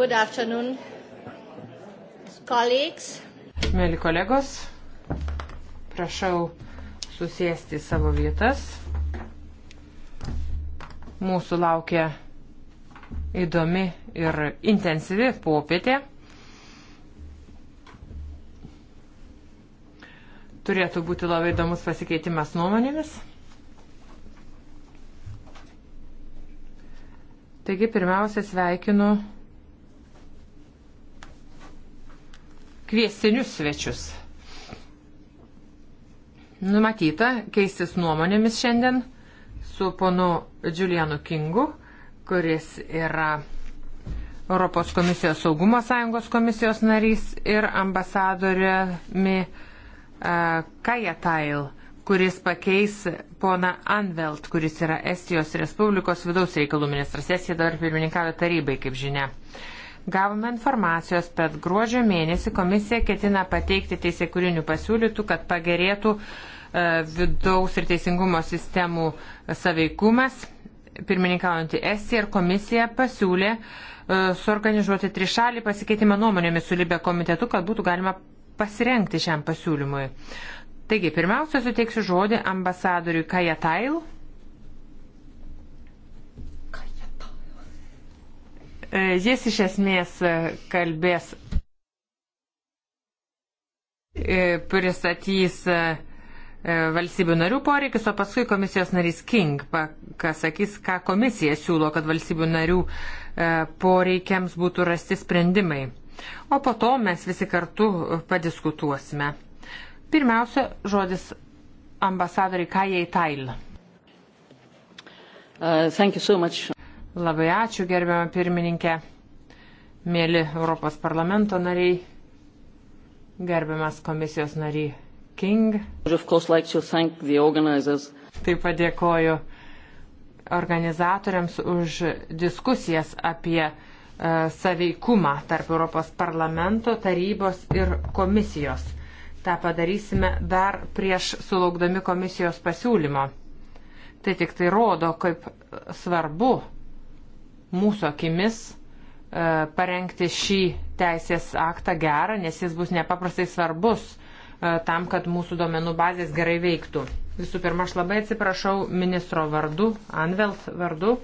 Good afternoon, colleagues. Mėly kolegos, prašau susėsti savo vietas. Mūsų laukia įdomi ir intensyvi popietė. Turėtų būti labai įdomus pasikeitimas nuomonėmis. Taigi pirmiausia sveikinu kviesinius svečius. Numatyta keistis nuomonėmis šiandien su ponu Julianu Kingu, kuris yra Europos komisijos saugumo sąjungos komisijos narys ir ambasadoriumi e, Kajatail, kuris pakeis pona Anvelt, kuris yra Estijos Respublikos vidaus reikalų ministras. Estija dabar pirmininkavo tarybai, kaip žinia. Uh, Gavome informacijos, kad gruodžio mėnesį komisija ketina pateikti teisėkurinių pasiūlytų, kad pagerėtų e, vidaus ir teisingumo sistemų saveikumas. Pirmininkaujantį Estiją ir komisiją pasiūlė e, suorganizuoti trišalį pasikeitimą nuomonėmis su Libė komitetu, kad būtų galima pasirengti šiam pasiūlymui. Taigi, pirmiausia, suteiksiu žodį ambasadoriui Kajatail E, jis iš esmės e, kalbės, e, pristatys valstybių narių poreikius, o paskui komisijos narys King pasakys, ką komisija siūlo, kad valstybių narių poreikiams būtų rasti sprendimai. O po to mes visi kartu padiskutuosime. Pirmiausia, žodis ambasadoriai Kajai Tail. Uh, so much. Labai ačiū, gerbiamą pirmininkę, mėly Europos parlamento nariai, gerbiamas komisijos nariai King. Taip pat dėkoju organizatoriams už diskusijas apie uh, saveikumą tarp Europos parlamento, tarybos ir komisijos. Ta padarysime dar prieš sulaukdami komisijos pasiūlymo. Tai tik tai rodo, kaip svarbu mūsų akimis e, parengti šį teisės aktą gerą, nes jis bus nepaprastai svarbus e, tam, kad mūsų duomenų bazės gerai veiktų. Visų pirma, aš labai atsiprašau ministro vardu, Anvelt vardu.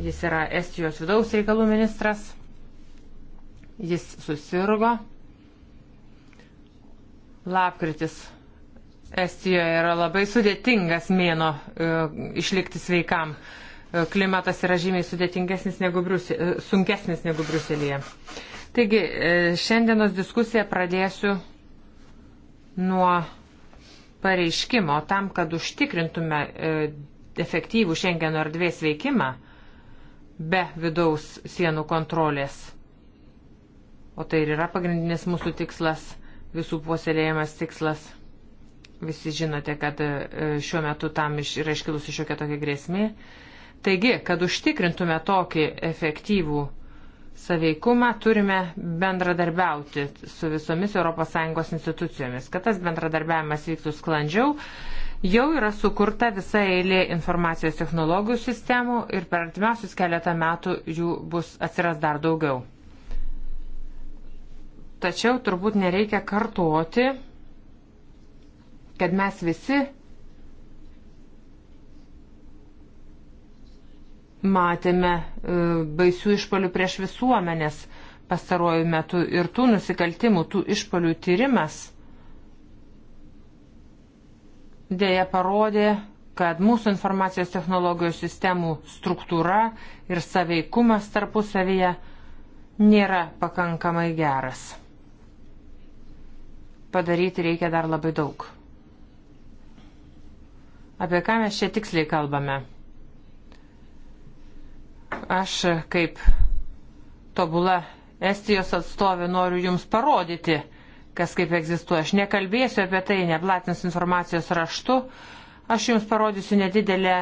Jis yra Estijos vidaus reikalų ministras. Jis susirgo. Lapkritis Estijoje yra labai sudėtingas mėno e, išlikti sveikam. E, E, klimatas yra žymiai sudėtingesnis negu Briusi, e, sunkesnis negu Briuselėje. Taigi, e, šiandienos diskusiją pradėsiu nuo pareiškimo tam, kad užtikrintume efektyvų Schengeno erdvės veikimą be vidaus sienų kontrolės. O tai ir yra pagrindinis mūsų tikslas, visų puoselėjimas tikslas. Visi žinote, kad šiuo metu tam yra iškilusi šiokia tokia grėsmė. Taigi, kad užtikrintume tokį efektyvų saveikumą, turime bendradarbiauti su visomis ES institucijomis. Kad tas bendradarbiavimas vyktų sklandžiau, jau yra sukurta visa eilė informacijos technologijų sistemų ir per artimiausius keletą metų jų bus atsiras dar daugiau. Tačiau turbūt nereikia kartuoti, kad mes visi matėme e, baisių išpolių prieš visuomenės pastaruoju metu ir tų nusikaltimų, tų išpolių tyrimas dėja parodė, kad mūsų informacijos technologijos sistemų struktūra ir saveikumas tarpusavyje nėra pakankamai geras. Padaryti reikia dar labai daug. Apie ką mes čia tiksliai kalbame? Aš kaip tobula Estijos atstovė noriu Jums parodyti, kas kaip egzistuoja. Aš nekalbėsiu apie tai, neplatinsiu informacijos raštu. Aš Jums parodysiu nedidelę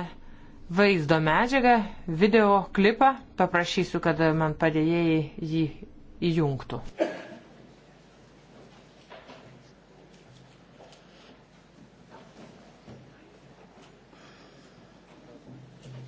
vaizdo medžiagą, video klipą. Paprašysiu, kad man padėjėjai jį įjungtų.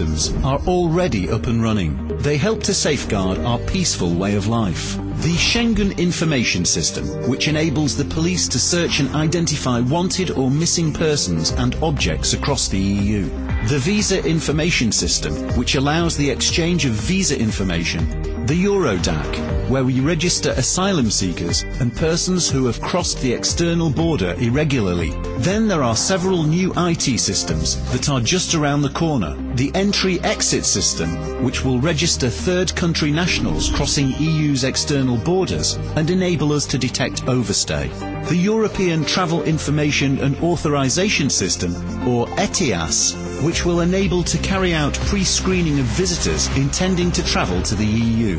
systems are already up and running. They help to safeguard our peaceful way of life. The Schengen Information System, which enables the police to search and identify wanted or missing persons and objects across the EU the Visa Information System, which allows the exchange of visa information, the Eurodac, where we register asylum seekers and persons who have crossed the external border irregularly. Then there are several new IT systems that are just around the corner. The Entry-Exit System, which will register third country nationals crossing EU's external borders and enable us to detect overstay. The European Travel Information and Authorization System, or ETIAS, which will enable to carry out pre-screening of visitors intending to travel to the EU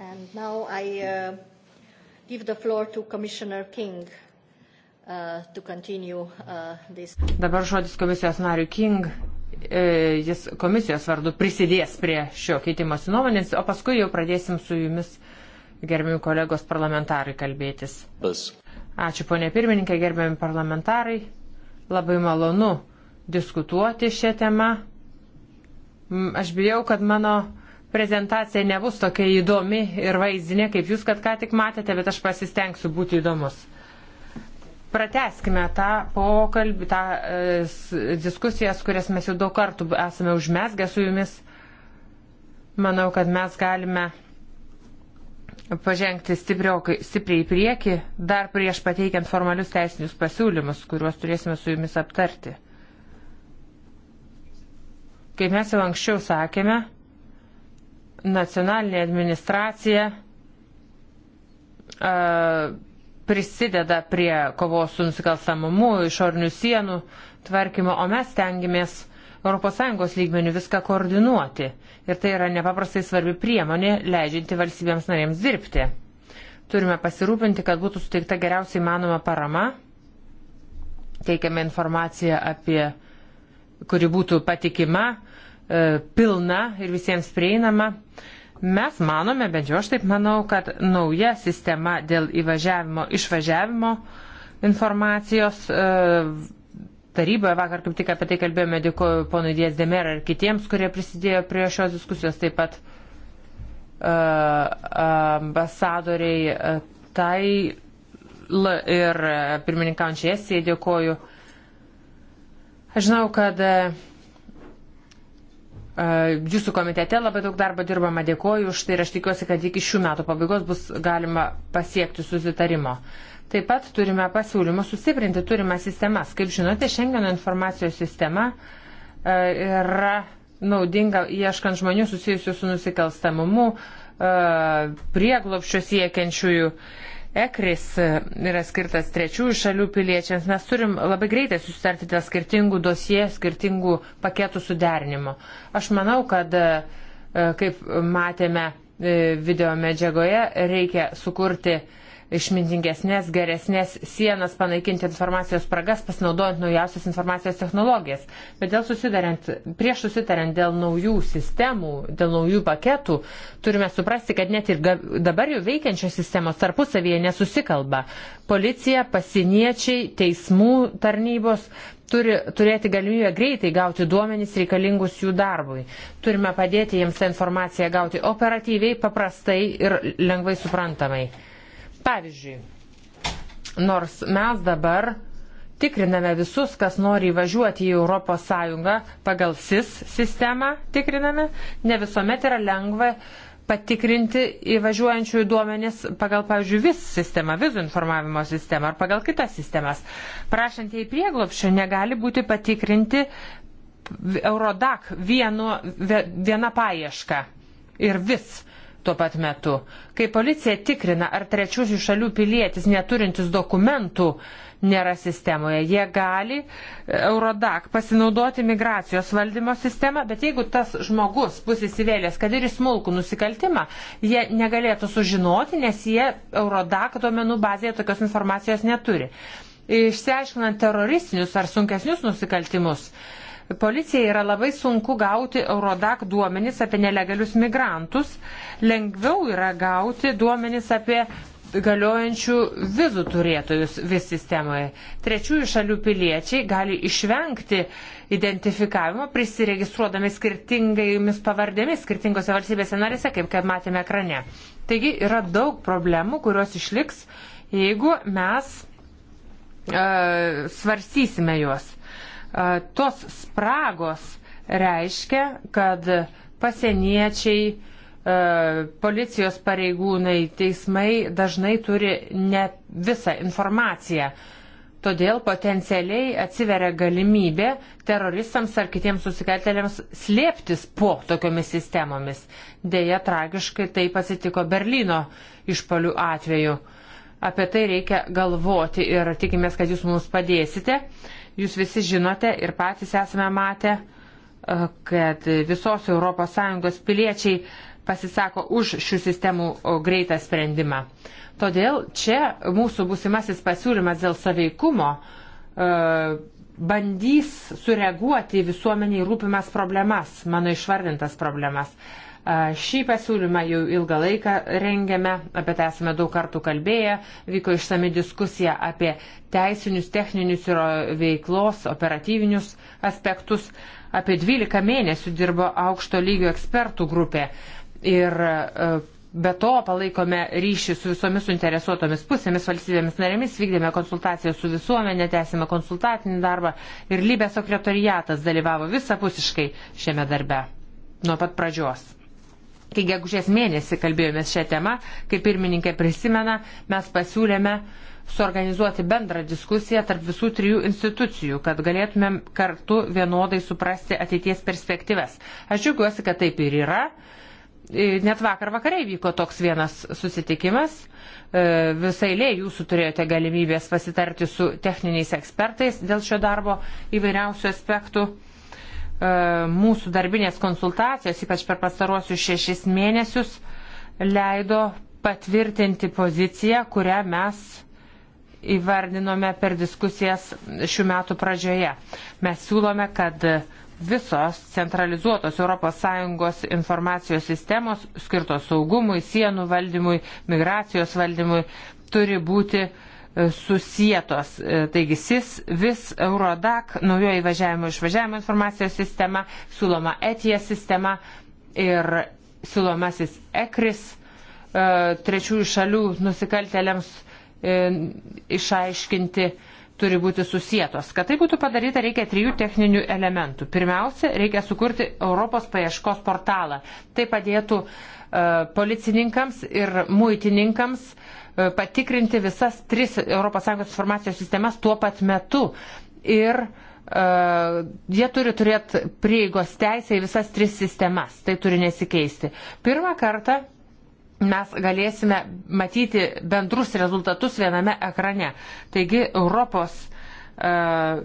And now I uh, give the floor to Commissioner King. Uh, to continue, uh, this. Dabar žodis komisijos nariu King e, jis komisijos vardu prisidės prie šio keitimosi nuomonės, o paskui jau pradėsim su jumis, gerbimi kolegos parlamentarai, kalbėtis. Bus. Ačiū, ponė pirmininkė, gerbimi parlamentarai. Labai malonu diskutuoti šią temą. Aš bijau, kad mano prezentacija nebus tokia įdomi ir vaizdinė, kaip jūs, kad ką tik matėte, bet aš pasistengsiu būti įdomus. Prateskime tą pokalbį, tą e, diskusijas, kurias mes jau daug kartų esame užmesgę su jumis. Manau, kad mes galime pažengti stipriai į priekį, dar prieš pateikiant formalius teisinius pasiūlymus, kuriuos turėsime su jumis aptarti. Kaip mes jau anksčiau sakėme, nacionalinė administracija prisideda prie kovos su nusikalstamumu, išorinių sienų tvarkymo, o mes tengiamės ES lygmenių viską koordinuoti. Ir tai yra nepaprastai svarbi priemonė, leidžianti valstybėms narėms dirbti. Turime pasirūpinti, kad būtų suteikta geriausiai manoma parama. Teikiame informaciją apie, kuri būtų patikima, E, pilna ir visiems prieinama. Mes manome, bent jau aš taip manau, kad nauja sistema dėl įvažiavimo, išvažiavimo informacijos e, taryboje, vakar kaip tik apie tai kalbėjome, dėkoju ponui Dies Demer ir kitiems, kurie prisidėjo prie šios diskusijos, taip pat e, ambasadoriai tai ir pirmininkaujančiai esijai dėkoju. Aš žinau, kad Jūsų komitete labai daug darbo dirbama, dėkoju už tai ir aš tikiuosi, kad iki šių metų pabaigos bus galima pasiekti susitarimo. Taip pat turime pasiūlymų sustiprinti turimą sistemas. Kaip žinote, šiandieno informacijos sistema yra naudinga ieškant žmonių susijusių su nusikalstamumu, prieglopščio siekiančiųjų ekris yra skirtas trečiųjų šalių piliečiams, mes turim labai greitai susitarti dėl skirtingų dosie, skirtingų paketų suderinimo. Aš manau, kad, e, kaip matėme e, video medžiagoje, reikia sukurti uh, išmintingesnės, geresnės sienas panaikinti informacijos spragas, pasinaudojant naujausias informacijos technologijas. Bet dėl susidarant, prieš susitariant dėl naujų sistemų, dėl naujų paketų, turime suprasti, kad net ir dabar jau veikiančios sistemos tarpusavyje nesusikalba. Policija, pasieniečiai, teismų tarnybos turi turėti galimybę greitai gauti duomenys reikalingus jų darbui. Turime padėti jiems tą informaciją gauti operatyviai, paprastai ir lengvai suprantamai. Pavyzdžiui, nors mes dabar tikriname visus, kas nori įvažiuoti į ES pagal SIS sistemą, tikriname, ne visuomet yra lengva patikrinti įvažiuojančiųjų duomenis pagal, pavyzdžiui, vis sistemą, vizų informavimo sistemą ar pagal kitas sistemas. Prašantieji prieglopščio negali būti patikrinti Eurodac vienu, viena paieška ir vis tuo pat metu. Kai policija tikrina, ar trečiųjų šalių pilietis neturintis dokumentų nėra sistemoje, jie gali e, Eurodak pasinaudoti migracijos valdymo sistemą, bet jeigu tas žmogus bus įsivėlęs, kad ir į smulkų nusikaltimą, jie negalėtų sužinoti, nes jie Eurodak duomenų bazėje tokios informacijos neturi. Išsiaiškinant teroristinius ar sunkesnius nusikaltimus, uh, Policijai yra labai sunku gauti Eurodak duomenis apie nelegalius migrantus, lengviau yra gauti duomenis apie galiojančių vizų turėtojus vis sistemoje. Trečiųjų šalių piliečiai gali išvengti identifikavimo prisiregistruodami skirtingomis pavardėmis skirtingose valstybėse narėse, kaip kad matėme ekrane. Taigi yra daug problemų, kurios išliks, jeigu mes e, svarstysime juos. Tos spragos reiškia, kad pasieniečiai, policijos pareigūnai, teismai dažnai turi ne visą informaciją. Todėl potencialiai atsiveria galimybė teroristams ar kitiems susikaltėliams slėptis po tokiomis sistemomis. Deja, tragiškai taip atsitiko Berlyno išpalių atveju. Apie tai reikia galvoti ir tikimės, kad jūs mums padėsite. Jūs visi žinote ir patys esame matę, e, kad visos ES piliečiai pasisako už šių sistemų greitą sprendimą. Todėl čia mūsų busimasis pasiūlymas dėl saveikumo e, bandys sureaguoti į visuomeniai rūpimas problemas, mano išvardintas problemas. Šį pasiūlymą jau ilgą laiką rengiame, apie tai esame daug kartų kalbėję, vyko išsami diskusija apie teisinius, techninius ir veiklos, operatyvinius aspektus. Apie 12 mėnesių dirbo aukšto lygio ekspertų grupė ir e, be to palaikome ryšį su visomis suinteresuotomis pusėmis, valstybėmis narėmis, vykdėme konsultaciją su visuomenė, tęsėme konsultacinį darbą ir Libės sekretoriatas dalyvavo visapusiškai šiame darbe nuo pat pradžios. Kai gegužės mėnesį kalbėjome šią temą, kaip pirmininkė prisimena, mes pasiūlėme suorganizuoti bendrą diskusiją tarp visų trijų institucijų, kad galėtumėm kartu vienodai suprasti ateities perspektyves. Aš džiaugiuosi, kad taip ir yra. E, net vakar vakarai vyko toks vienas susitikimas. E, visai lė jūsų turėjote galimybės pasitarti su techniniais ekspertais dėl šio darbo įvairiausių aspektų. E, mūsų darbinės konsultacijos, ypač per pastaruosius šešis mėnesius, leido patvirtinti poziciją, kurią mes įvardinome per diskusijas šių metų pradžioje. Mes siūlome, kad visos centralizuotos ES informacijos sistemos skirtos saugumui, sienų valdymui, migracijos valdymui turi būti uh, susijėtos. E, taigi SIS, vis Eurodac, naujoji važiavimo išvažiavimo informacijos sistema, siūloma ETIA sistema ir siūlomasis ECRIS e, trečiųjų šalių nusikaltelėms e, išaiškinti turi būti susijėtos. Kad tai būtų padaryta, reikia trijų techninių elementų. Pirmiausia, reikia sukurti Europos paieškos portalą. Tai padėtų uh, E, policininkams ir muitininkams e, patikrinti visas tris ES informacijos sistemas tuo pat metu. Ir Uh, jie turi turėti prieigos teisę į visas tris sistemas. Tai turi nesikeisti. Pirmą kartą mes galėsime matyti bendrus rezultatus viename ekrane. Taigi Europos uh,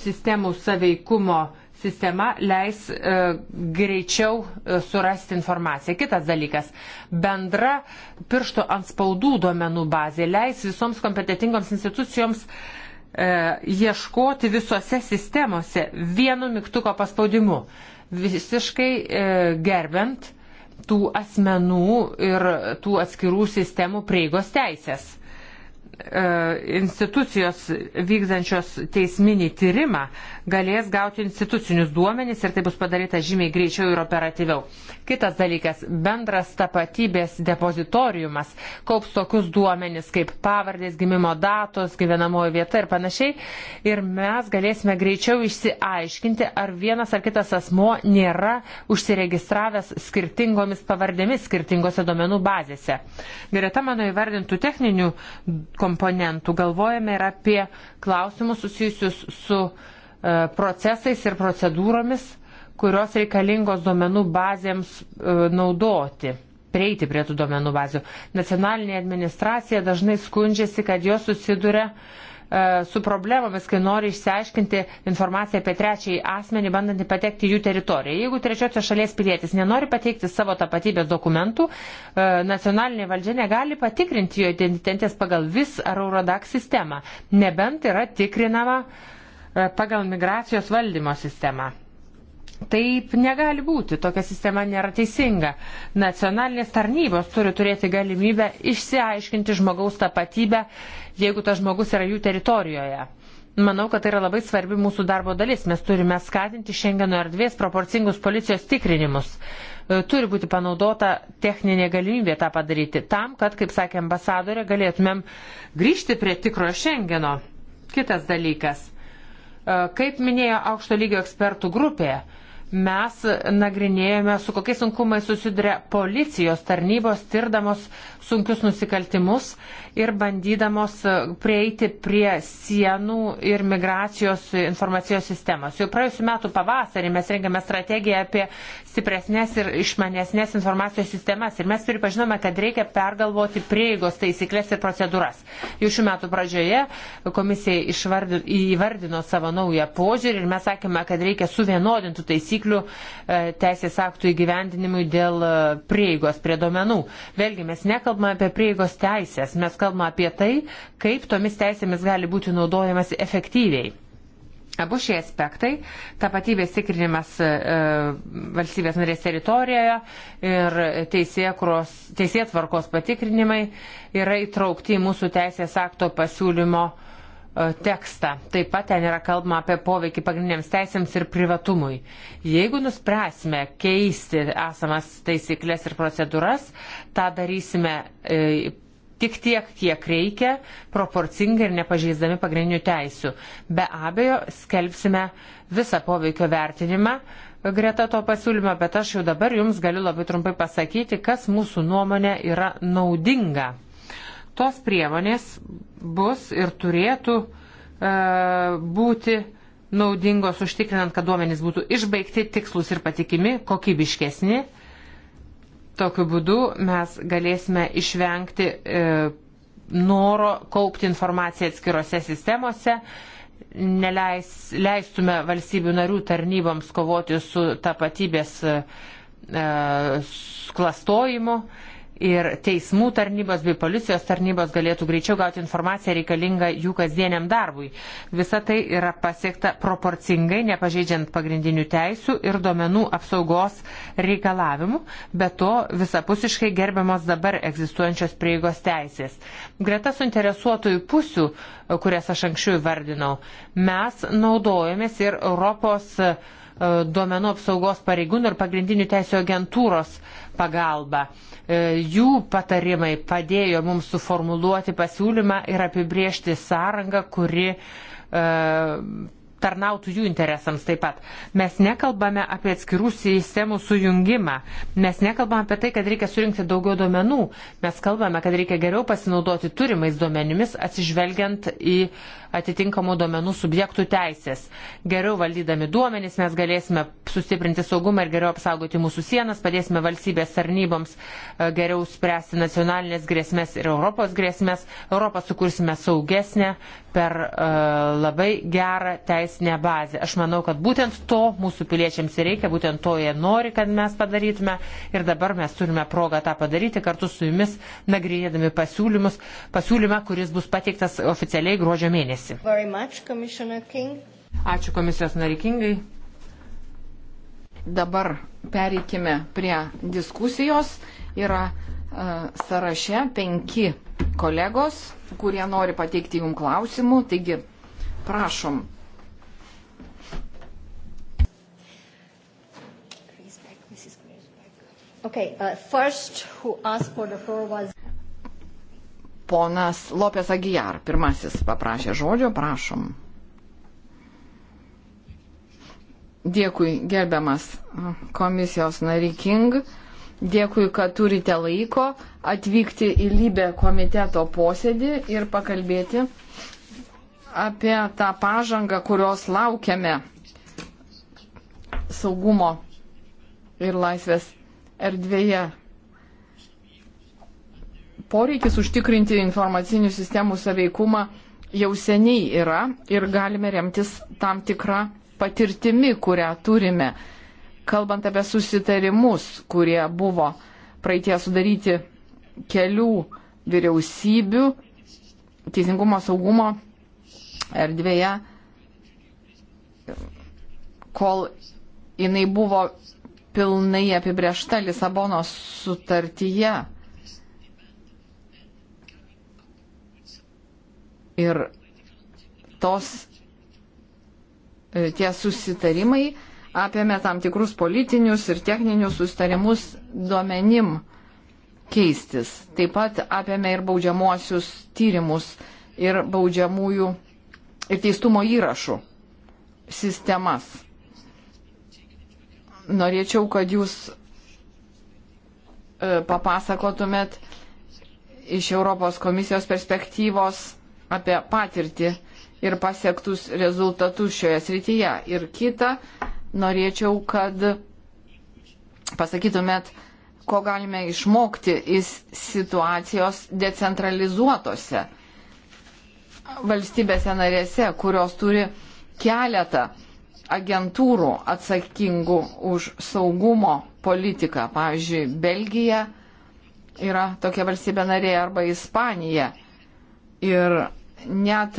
sistemų saveikumo uh, sistema leis e, greičiau e, surasti informaciją. Kitas dalykas - bendra piršto ant spaudų duomenų bazė leis visoms kompetitingoms institucijoms e, ieškoti visose sistemose vienu mygtuko paspaudimu, visiškai e, gerbent tų asmenų ir tų atskirų sistemų prieigos teisės. E, institucijos vykdančios teisminį tyrimą galės gauti institucinius duomenys ir tai bus padaryta žymiai greičiau ir operatyviau. Kitas dalykas - bendras tapatybės depozitoriumas kaups tokius duomenys kaip pavardės, gimimo datos, gyvenamoji vieta ir panašiai. Ir mes galėsime greičiau išsiaiškinti, ar vienas ar kitas asmo nėra užsiregistravęs skirtingomis pavardėmis skirtingose duomenų bazėse. Greta mano įvardintų techninių komponentų. Galvojame ir apie klausimus susijusius su e, procesais ir procedūromis, kurios reikalingos duomenų bazėms e, naudoti, prieiti prie tų duomenų bazių. Nacionalinė administracija dažnai skundžiasi, kad jos susiduria uh, E, su problemomis, kai nori išsiaiškinti informaciją apie trečiąjį asmenį, bandantį patekti jų teritoriją. Jeigu trečiosios šalies pilietis nenori pateikti savo tapatybės dokumentų, e, nacionalinė valdžia negali patikrinti jo identitetės pagal vis ar Eurodax sistemą, nebent yra tikrinama e, pagal migracijos valdymo sistemą. Taip negali būti, tokia sistema nėra teisinga. Nacionalinės tarnybos turi turėti galimybę išsiaiškinti žmogaus tapatybę, jeigu tas žmogus yra jų teritorijoje. Manau, kad tai yra labai svarbi mūsų darbo dalis. Mes turime skatinti Šengeno erdvės proporcingus policijos tikrinimus. E, turi būti panaudota techninė galimybė tą padaryti tam, kad, kaip sakė ambasadorė, galėtumėm grįžti prie tikrojo Šengeno. Kitas dalykas. E, kaip minėjo aukšto lygio ekspertų grupė, mes nagrinėjome, su kokiais sunkumais susiduria policijos tarnybos tirdamos sunkius nusikaltimus ir bandydamos prieiti prie sienų ir migracijos informacijos sistemos. Jau praėjusiu metu pavasarį mes rengėme strategiją apie stipresnės ir išmanesnės informacijos sistemas ir mes pripažinome, kad reikia pergalvoti prieigos taisyklės ir procedūras. Jau šių metų pradžioje komisija išvardino, įvardino savo naują požiūrį ir mes sakėme, kad reikia suvienodintų taisyklių e, teisės aktų įgyvendinimui dėl e, prieigos prie domenų. Vėlgi mes nekalbame apie prieigos teisės, mes kalbame kalbama apie tai, kaip tomis teisėmis gali būti naudojamas efektyviai. Abu šie aspektai - tapatybės tikrinimas e, valstybės narės teritorijoje ir teisėtvarkos patikrinimai yra įtraukti į mūsų teisės akto pasiūlymo e, tekstą. Taip pat ten yra kalbama apie poveikį pagrindiniams teisėms ir privatumui. Jeigu nuspręsime keisti esamas taisyklės ir procedūras, tą darysime e, tik tiek, kiek reikia, proporcingai ir nepažeisdami pagrindinių teisių. Be abejo, skelbsime visą poveikio vertinimą greta to pasiūlymo, bet aš jau dabar jums galiu labai trumpai pasakyti, kas mūsų nuomonė yra naudinga. Tos priemonės bus ir turėtų e, būti naudingos užtikrinant, kad duomenys būtų išbaigti, tikslus ir patikimi, kokybiškesni Tokiu būdu mes galėsime išvengti e, noro kaupti informaciją atskirose sistemose, neleis, leistume valstybių narių tarnyboms kovoti su tapatybės e, klastojimu ir teismų tarnybos bei policijos tarnybos galėtų greičiau gauti informaciją reikalingą jų kasdieniam darbui. Visa tai yra pasiekta proporcingai, nepažeidžiant pagrindinių teisų ir duomenų apsaugos reikalavimų, bet to visapusiškai gerbiamos dabar egzistuojančios prieigos teisės. Greta suinteresuotųjų pusių, kurias aš anksčiau įvardinau, mes naudojomės ir Europos e, duomenų apsaugos pareigūnų ir pagrindinių teisų agentūros pagalba. Uh, E, jų patarimai padėjo mums suformuluoti pasiūlymą ir apibriežti sąrangą, kuri e, tarnautų jų interesams taip pat. Mes nekalbame apie atskirų sistemų sujungimą, mes nekalbame apie tai, kad reikia surinkti daugiau duomenų, mes kalbame, kad reikia geriau pasinaudoti turimais duomenimis, atsižvelgiant į uh, atitinkamų duomenų subjektų teisės. Geriau valdydami duomenys mes galėsime sustiprinti saugumą ir geriau apsaugoti mūsų sienas, padėsime valstybės tarnyboms e, geriau spręsti nacionalinės grėsmės ir Europos grėsmės. Europą sukursime saugesnę per uh, labai gerą teisinę bazę. Aš manau, kad būtent to mūsų piliečiams reikia, būtent to jie nori, kad mes padarytume ir dabar mes turime progą tą padaryti kartu su jumis, nagrinėdami pasiūlymus, pasiūlymą, kuris bus pateiktas oficialiai gruodžio mėnesį mėnesį. Much, Ačiū komisijos narikingai. Dabar pereikime prie diskusijos. Yra uh, sąraše penki kolegos, kurie nori pateikti jums klausimų. Taigi, prašom. Okay, uh, first who asked for the floor was Ponas Lopės Agijar, pirmasis paprašė žodžio, prašom. Dėkui, gerbiamas komisijos naryking. Dėkui, kad turite laiko atvykti į Lybę komiteto posėdį ir pakalbėti apie tą pažangą, kurios laukiame saugumo ir laisvės erdvėje poreikis užtikrinti informacinių sistemų saveikumą jau seniai yra ir galime remtis tam tikrą patirtimi, kurią turime. Kalbant apie susitarimus, kurie buvo praeitie sudaryti kelių vyriausybių, teisingumo saugumo erdvėje, kol jinai buvo pilnai apibriešta Lisabono sutartyje Ir tos e, tie susitarimai apėmė tam tikrus politinius ir techninius susitarimus duomenim keistis. Taip pat apėmė ir baudžiamuosius tyrimus ir baudžiamųjų ir teistumo įrašų sistemas. Norėčiau, kad jūs e, papasakotumėt iš Europos komisijos perspektyvos apie patirtį ir pasiektus rezultatus šioje srityje. Ir kita, norėčiau, kad pasakytumėt, ko galime išmokti iš situacijos decentralizuotose valstybėse narėse, kurios turi keletą agentūrų atsakingų už saugumo politiką. Pavyzdžiui, Belgija yra tokia valstybė narė arba Ispanija. Ir net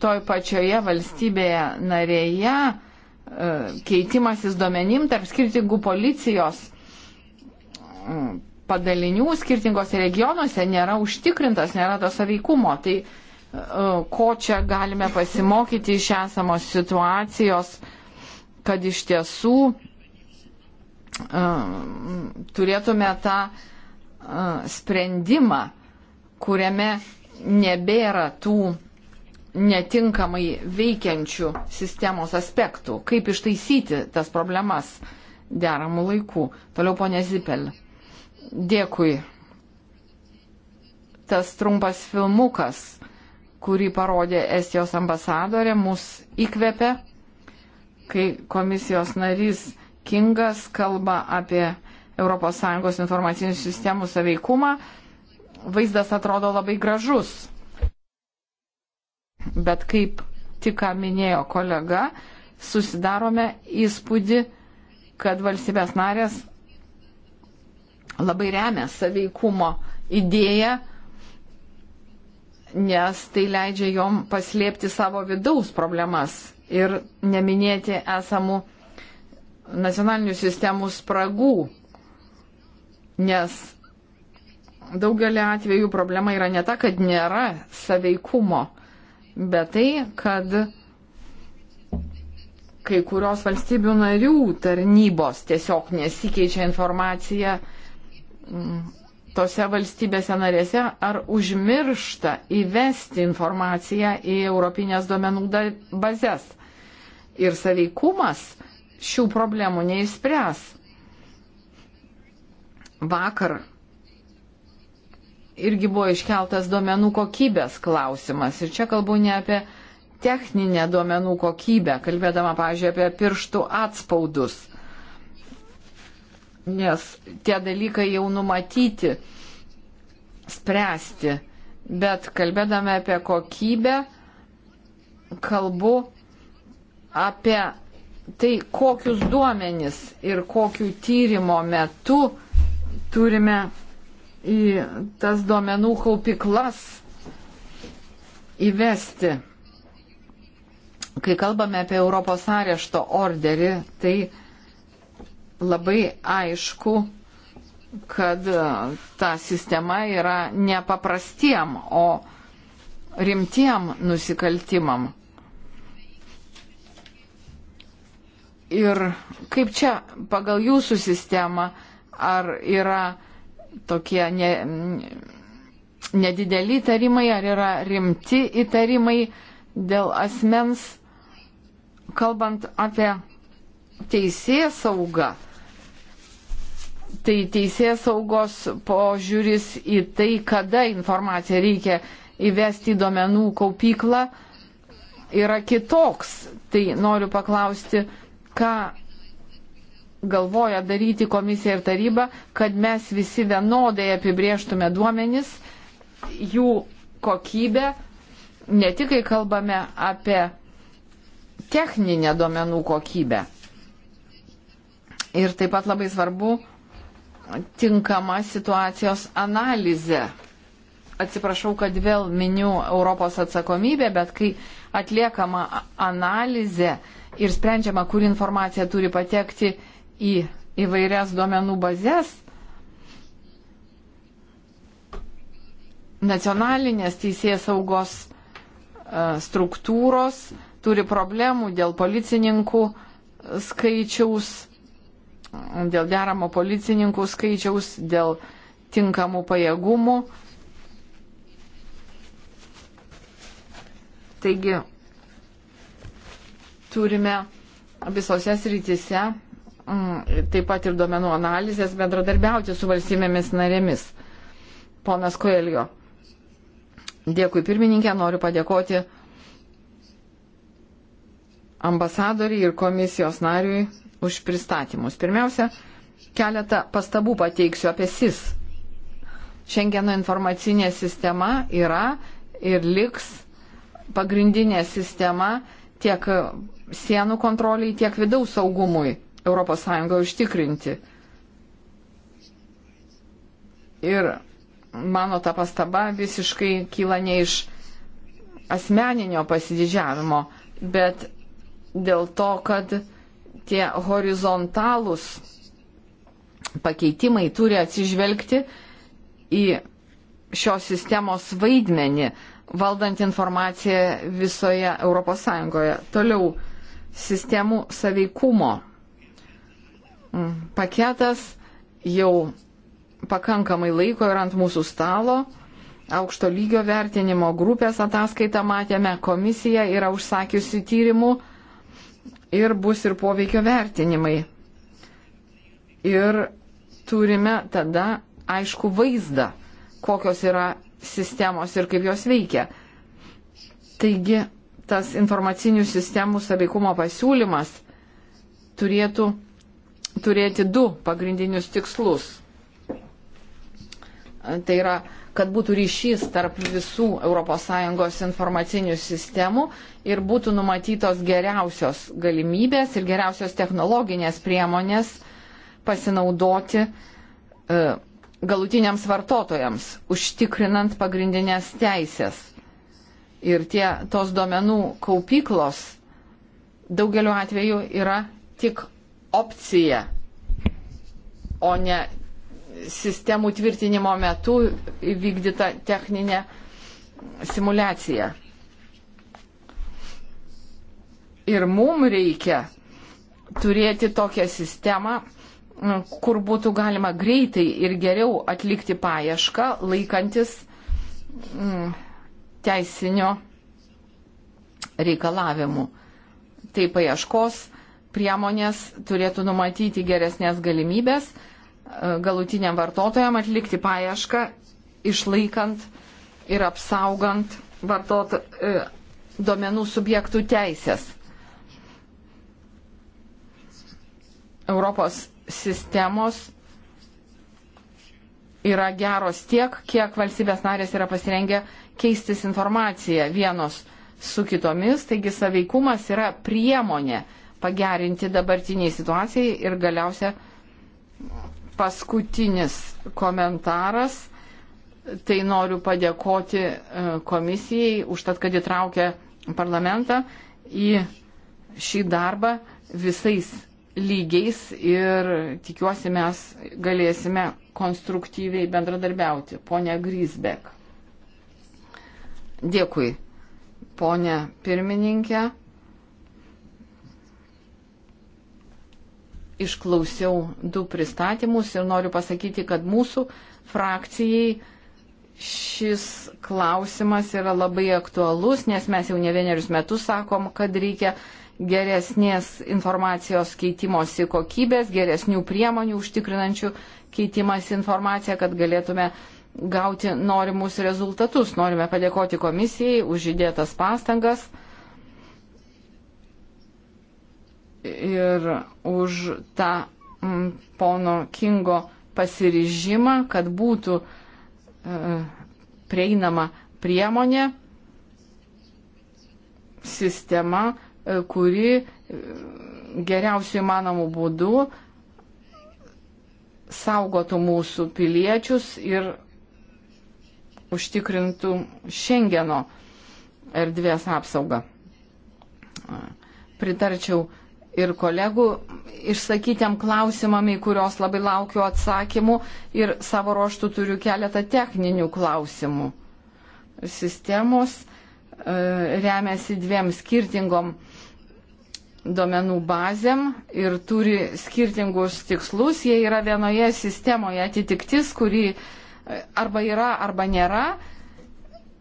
toj pačioje valstybėje narėje e, keitimasis duomenim tarp skirtingų policijos e, padalinių skirtingose regionuose nėra užtikrintas, nėra to saveikumo. Tai e, ko čia galime pasimokyti iš esamos situacijos, kad iš tiesų turėtume tą sprendimą, kuriame nebėra tų netinkamai veikiančių sistemos aspektų, kaip ištaisyti tas problemas deramų laikų. Toliau ponė Zipel. Dėkui. Tas trumpas filmukas, kurį parodė Estijos ambasadorė, mus įkvėpė, kai komisijos narys Kingas kalba apie ES informacinių sistemų saveikumą vaizdas atrodo labai gražus. Bet kaip tik ką minėjo kolega, susidarome įspūdį, kad valstybės narės labai remia saveikumo idėją, nes tai leidžia jom paslėpti savo vidaus problemas ir neminėti esamų nacionalinių sistemų spragų, nes daugelį atvejų problema yra ne ta, kad nėra saveikumo, bet tai, kad kai kurios valstybių narių tarnybos tiesiog nesikeičia informacija mm, tose valstybėse narėse ar užmiršta įvesti informaciją į Europinės duomenų bazės. Ir saveikumas šių problemų neišspręs. Vakar irgi buvo iškeltas duomenų kokybės klausimas. Ir čia kalbu ne apie techninę duomenų kokybę, kalbėdama, pavyzdžiui, apie pirštų atspaudus. Nes tie dalykai jau numatyti, spręsti. Bet kalbėdama apie kokybę, kalbu apie tai, kokius duomenis ir kokių tyrimo metu turime į tas duomenų kaupiklas įvesti. Kai kalbame apie Europos arešto orderį, tai labai aišku, kad ta sistema yra ne paprastiem, o rimtiem nusikaltimam. Ir kaip čia pagal jūsų sistemą, ar yra tokie ne, nedideli įtarimai, ar yra rimti įtarimai dėl asmens, kalbant apie teisėją saugą. Tai teisėjas saugos požiūris į tai, kada informaciją reikia įvesti į duomenų kaupyklą, yra kitoks. Tai noriu paklausti, ką galvoja daryti komisija ir taryba, kad mes visi vienodai apibrieštume duomenis, jų kokybę, ne tik kai kalbame apie techninę duomenų kokybę. Ir taip pat labai svarbu tinkama situacijos analizė. Atsiprašau, kad vėl miniu Europos atsakomybę, bet kai atliekama analizė ir sprendžiama, kur informacija turi patekti į įvairias duomenų bazės, nacionalinės teisės saugos e, struktūros turi problemų dėl policininkų e, skaičiaus, dėl deramo policininkų skaičiaus, dėl tinkamų pajėgumų. Taigi turime visose srityse Mm, taip pat ir duomenų analizės bendradarbiauti su valstybėmis narėmis. Ponas Koelio. Dėkui pirmininkė, noriu padėkoti ambasadoriai ir komisijos nariui už pristatymus. Pirmiausia, keletą pastabų pateiksiu apie SIS. Šengeno informacinė sistema yra ir liks pagrindinė sistema tiek sienų kontroliai, tiek vidaus saugumui. ES užtikrinti. Ir mano ta pastaba visiškai kyla ne iš asmeninio pasididžiavimo, bet dėl to, kad tie horizontalūs pakeitimai turi atsižvelgti į šios sistemos vaidmenį, valdant informaciją visoje ES. Toliau sistemų saveikumo Mm, paketas jau pakankamai laiko yra ant mūsų stalo. Aukšto lygio vertinimo grupės ataskaitą matėme, komisija yra užsakiusi tyrimų ir bus ir poveikio vertinimai. Ir turime tada aišku vaizdą, kokios yra sistemos ir kaip jos veikia. Taigi tas informacinių sistemų saveikumo pasiūlymas turėtų turėti du pagrindinius tikslus. Tai yra, kad būtų ryšys tarp visų ES informacinių sistemų ir būtų numatytos geriausios galimybės ir geriausios technologinės priemonės pasinaudoti e, galutiniams vartotojams, užtikrinant pagrindinės teisės. Ir tie, tos duomenų kaupyklos daugeliu atveju yra tik opcija, o ne sistemų tvirtinimo metu įvykdyta techninė simulacija. Ir mums reikia turėti tokią sistemą, kur būtų galima greitai ir geriau atlikti paiešką, laikantis mm, teisinio reikalavimų. Tai paieškos priemonės turėtų numatyti geresnės galimybės e, galutiniam vartotojam atlikti paiešką, išlaikant ir apsaugant vartot, e, duomenų subjektų teisės. Europos sistemos yra geros tiek, kiek valstybės narės yra pasirengę keistis informaciją vienos su kitomis, taigi saveikumas yra priemonė pagerinti dabartiniai situacijai. Ir galiausia paskutinis komentaras. Tai noriu padėkoti e, komisijai už tad, kad įtraukė parlamentą į šį darbą visais lygiais ir tikiuosi mes galėsime konstruktyviai bendradarbiauti. Pone Grisbek. Dėkui, ponė pirmininkė. išklausiau du pristatymus ir noriu pasakyti, kad mūsų frakcijai šis klausimas yra labai aktualus, nes mes jau ne vienerius metus sakom, kad reikia geresnės informacijos keitimosi kokybės, geresnių priemonių užtikrinančių keitimas informaciją, kad galėtume gauti norimus rezultatus. Norime padėkoti komisijai už įdėtas pastangas. ir už tą m, mm, pono Kingo pasiryžimą, kad būtų e, prieinama priemonė, sistema, e, kuri e, geriausių įmanomų būdų saugotų mūsų piliečius ir užtikrintų Šengeno erdvės apsaugą. Pritarčiau ir kolegų išsakytėm klausimam, į kurios labai laukiu atsakymų ir savo ruoštų turiu keletą techninių klausimų. Sistemos e, remiasi dviem skirtingom duomenų bazėm ir turi skirtingus tikslus. Jie yra vienoje sistemoje atitiktis, kuri arba yra, arba nėra.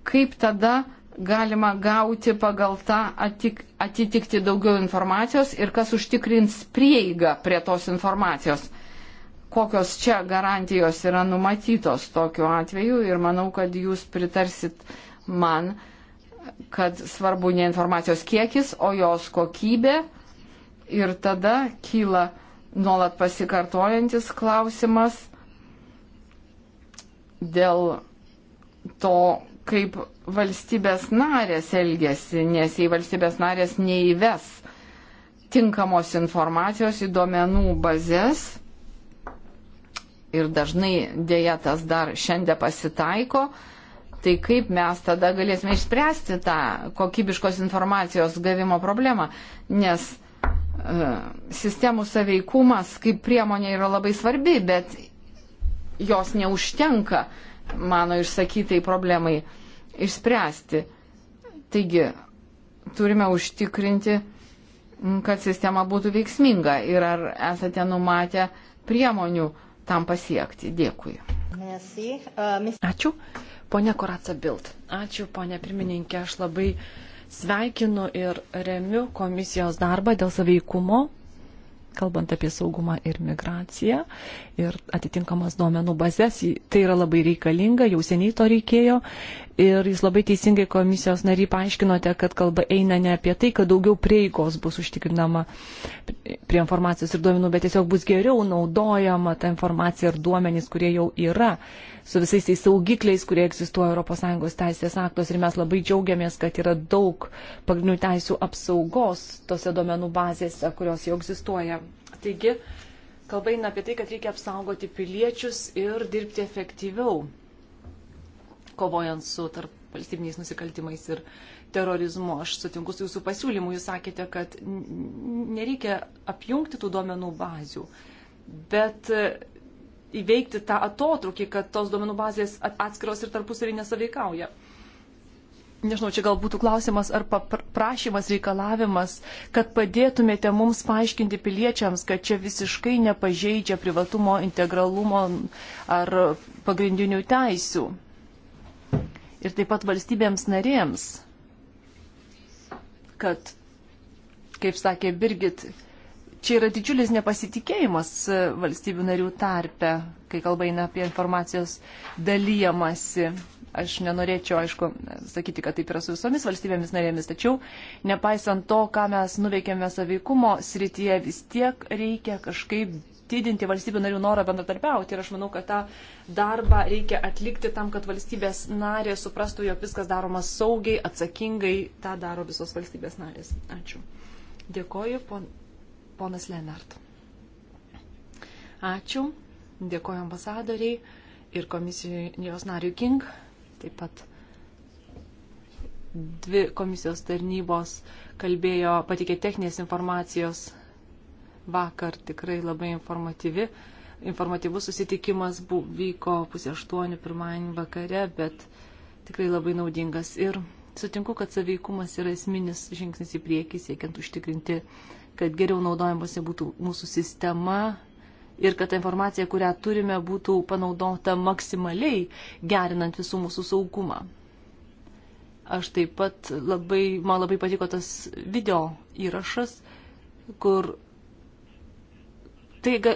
Kaip tada galima gauti pagal tą atik, atitikti daugiau informacijos ir kas užtikrins prieigą prie tos informacijos. Kokios čia garantijos yra numatytos tokiu atveju ir manau, kad jūs pritarsit man, kad svarbu ne informacijos kiekis, o jos kokybė. Ir tada kyla nuolat pasikartojantis klausimas dėl to, kaip valstybės narės elgesi, nes jei valstybės narės neįves tinkamos informacijos į duomenų bazės, ir dažnai dėja tas dar šiandien pasitaiko, tai kaip mes tada galėsime išspręsti tą kokybiškos informacijos gavimo problemą, nes e, sistemų saveikumas kaip priemonė yra labai svarbi, bet jos neužtenka. E, mano išsakytai problemai išspręsti. Taigi, turime užtikrinti, kad sistema būtų veiksminga ir ar esate numatę priemonių tam pasiekti. Dėkui. Uh, Ačiū. Pone Koratsa Bild. Ačiū, ponė pirmininkė. Aš labai sveikinu ir remiu komisijos darbą dėl saveikumo kalbant apie saugumą ir migraciją ir atitinkamas duomenų bazės. Tai yra labai reikalinga, jau seniai to reikėjo. Ir jūs labai teisingai komisijos nariai paaiškinote, kad kalba eina ne apie tai, kad daugiau prieigos bus užtikrinama prie informacijos ir duomenų, bet tiesiog bus geriau naudojama ta informacija ir duomenys, kurie jau yra su visais tais saugikliais, kurie egzistuoja ES teisės aktos ir mes labai džiaugiamės, kad yra daug pagrindinių teisų apsaugos tose duomenų bazėse, kurios jau egzistuoja. Taigi, kalba eina apie tai, kad reikia apsaugoti piliečius ir dirbti efektyviau, kovojant su tarp valstybiniais nusikaltimais ir terorizmu. Aš sutinku su jūsų pasiūlymu, jūs sakėte, kad nereikia apjungti tų duomenų bazių, bet įveikti tą atotrukį, kad tos duomenų bazės atskiros ir tarpusavį nesaveikauja. Nežinau, čia gal būtų klausimas ar prašymas, reikalavimas, kad padėtumėte mums paaiškinti piliečiams, kad čia visiškai nepažeidžia privatumo, integralumo ar pagrindinių teisių. Ir taip pat valstybėms narėms, kad, kaip sakė Birgit, čia yra didžiulis nepasitikėjimas e, valstybių narių tarpe, kai kalba eina apie informacijos dalyjamasi. Aš nenorėčiau, aišku, sakyti, kad taip yra su visomis valstybėmis narėmis, tačiau nepaisant to, ką mes nuveikėme saveikumo srityje, vis tiek reikia kažkaip didinti valstybių narių norą bendradarbiauti. Ir aš manau, kad tą darbą reikia atlikti tam, kad valstybės narės suprastų, jog viskas daroma saugiai, atsakingai. Ta daro visos valstybės narės. Ačiū. Dėkoju, pon ponas Lenart. Ačiū, dėkoju ambasadoriai ir komisijos nariui King, taip pat dvi komisijos tarnybos kalbėjo, patikė techninės informacijos vakar, tikrai labai informatyvi. Informatyvus susitikimas buvo, vyko pusė aštuonių pirmąjį vakare, bet tikrai labai naudingas. Ir sutinku, kad saveikumas yra esminis žingsnis į priekį, siekiant užtikrinti uh, kad geriau naudojimuose būtų mūsų sistema ir kad ta informacija, kurią turime, būtų panaudota maksimaliai gerinant visų mūsų saugumą. Aš taip pat labai, man labai patiko tas video įrašas, kur tai ga,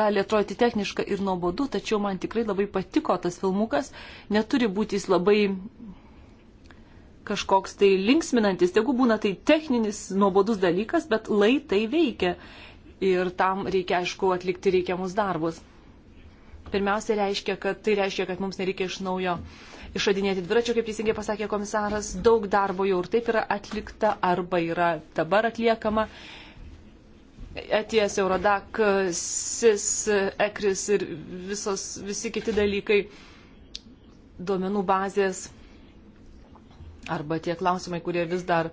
gali atrodyti techniška ir nuobodu, tačiau man tikrai labai patiko tas filmukas, neturi būti jis labai kažkoks tai linksminantis, tegu būna tai techninis nuobodus dalykas, bet lai tai veikia. Ir tam reikia, aišku, atlikti reikiamus darbus. Pirmiausia, reiškia, kad, tai reiškia, kad mums nereikia iš naujo išradinėti dviračio, kaip teisingai pasakė komisaras. Daug darbo jau ir taip yra atlikta arba yra dabar atliekama. ETS, Eurodac, SIS, ECRIS ir visos, visi kiti dalykai, duomenų bazės arba tie klausimai, kurie vis dar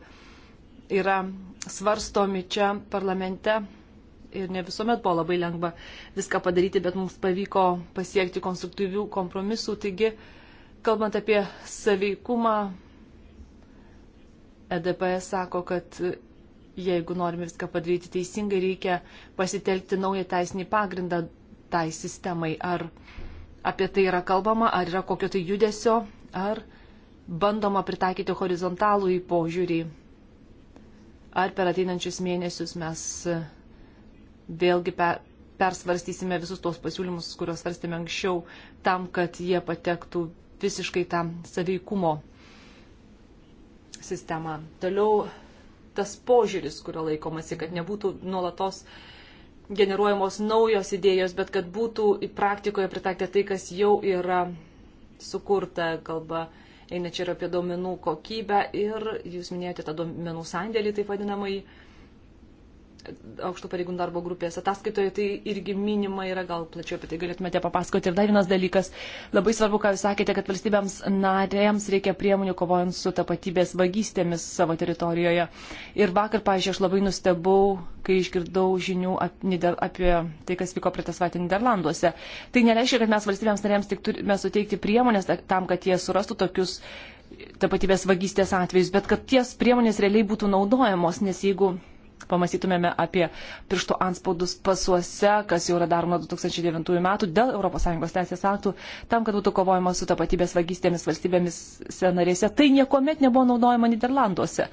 yra svarstomi čia parlamente. Ir ne visuomet buvo labai lengva viską padaryti, bet mums pavyko pasiekti konstruktyvių kompromisų. Taigi, kalbant apie saveikumą, EDPS sako, kad jeigu norime viską padaryti teisingai, reikia pasitelkti naują teisinį pagrindą tai sistemai. Ar apie tai yra kalbama, ar yra kokio tai judesio, ar bandoma pritaikyti horizontalų į požiūrį. Ar per ateinančius mėnesius mes e, vėlgi persvarstysime visus tos pasiūlymus, kuriuos svarstėme anksčiau, tam, kad jie patektų visiškai tą saveikumo sistemą. Toliau tas požiūris, kurio laikomasi, kad nebūtų nuolatos generuojamos naujos idėjos, bet kad būtų praktikoje pritaikyta tai, kas jau yra sukurta kalba eina čia ir apie duomenų kokybę ir jūs minėjote tą duomenų sandėlį, taip vadinamai. Uh, aukštų pareigūnų darbo grupės ataskaitoje, tai irgi minima yra, gal plačiau apie tai galėtumėte papasakoti. Ir dar vienas dalykas, labai svarbu, ką jūs sakėte, kad valstybėms narėms reikia priemonių kovojant su tapatybės vagystėmis savo teritorijoje. Ir vakar, pažiūrėjau, aš labai nustebau, kai išgirdau žinių apie tai, kas vyko prie tas vatį Niderlanduose. Tai nereiškia, kad mes valstybėms narėms tik turime suteikti priemonės tam, kad jie surastų tokius tapatybės vagystės atvejus, bet kad ties priemonės realiai būtų naudojamos, nes jeigu pamastytumėme apie piršto anspaudus pasuose, kas jau yra daroma 2009 metų dėl ES teisės aktų, tam, kad būtų kovojama su tapatybės vagystėmis valstybėmis senarėse. Tai niekuomet nebuvo naudojama Niderlanduose.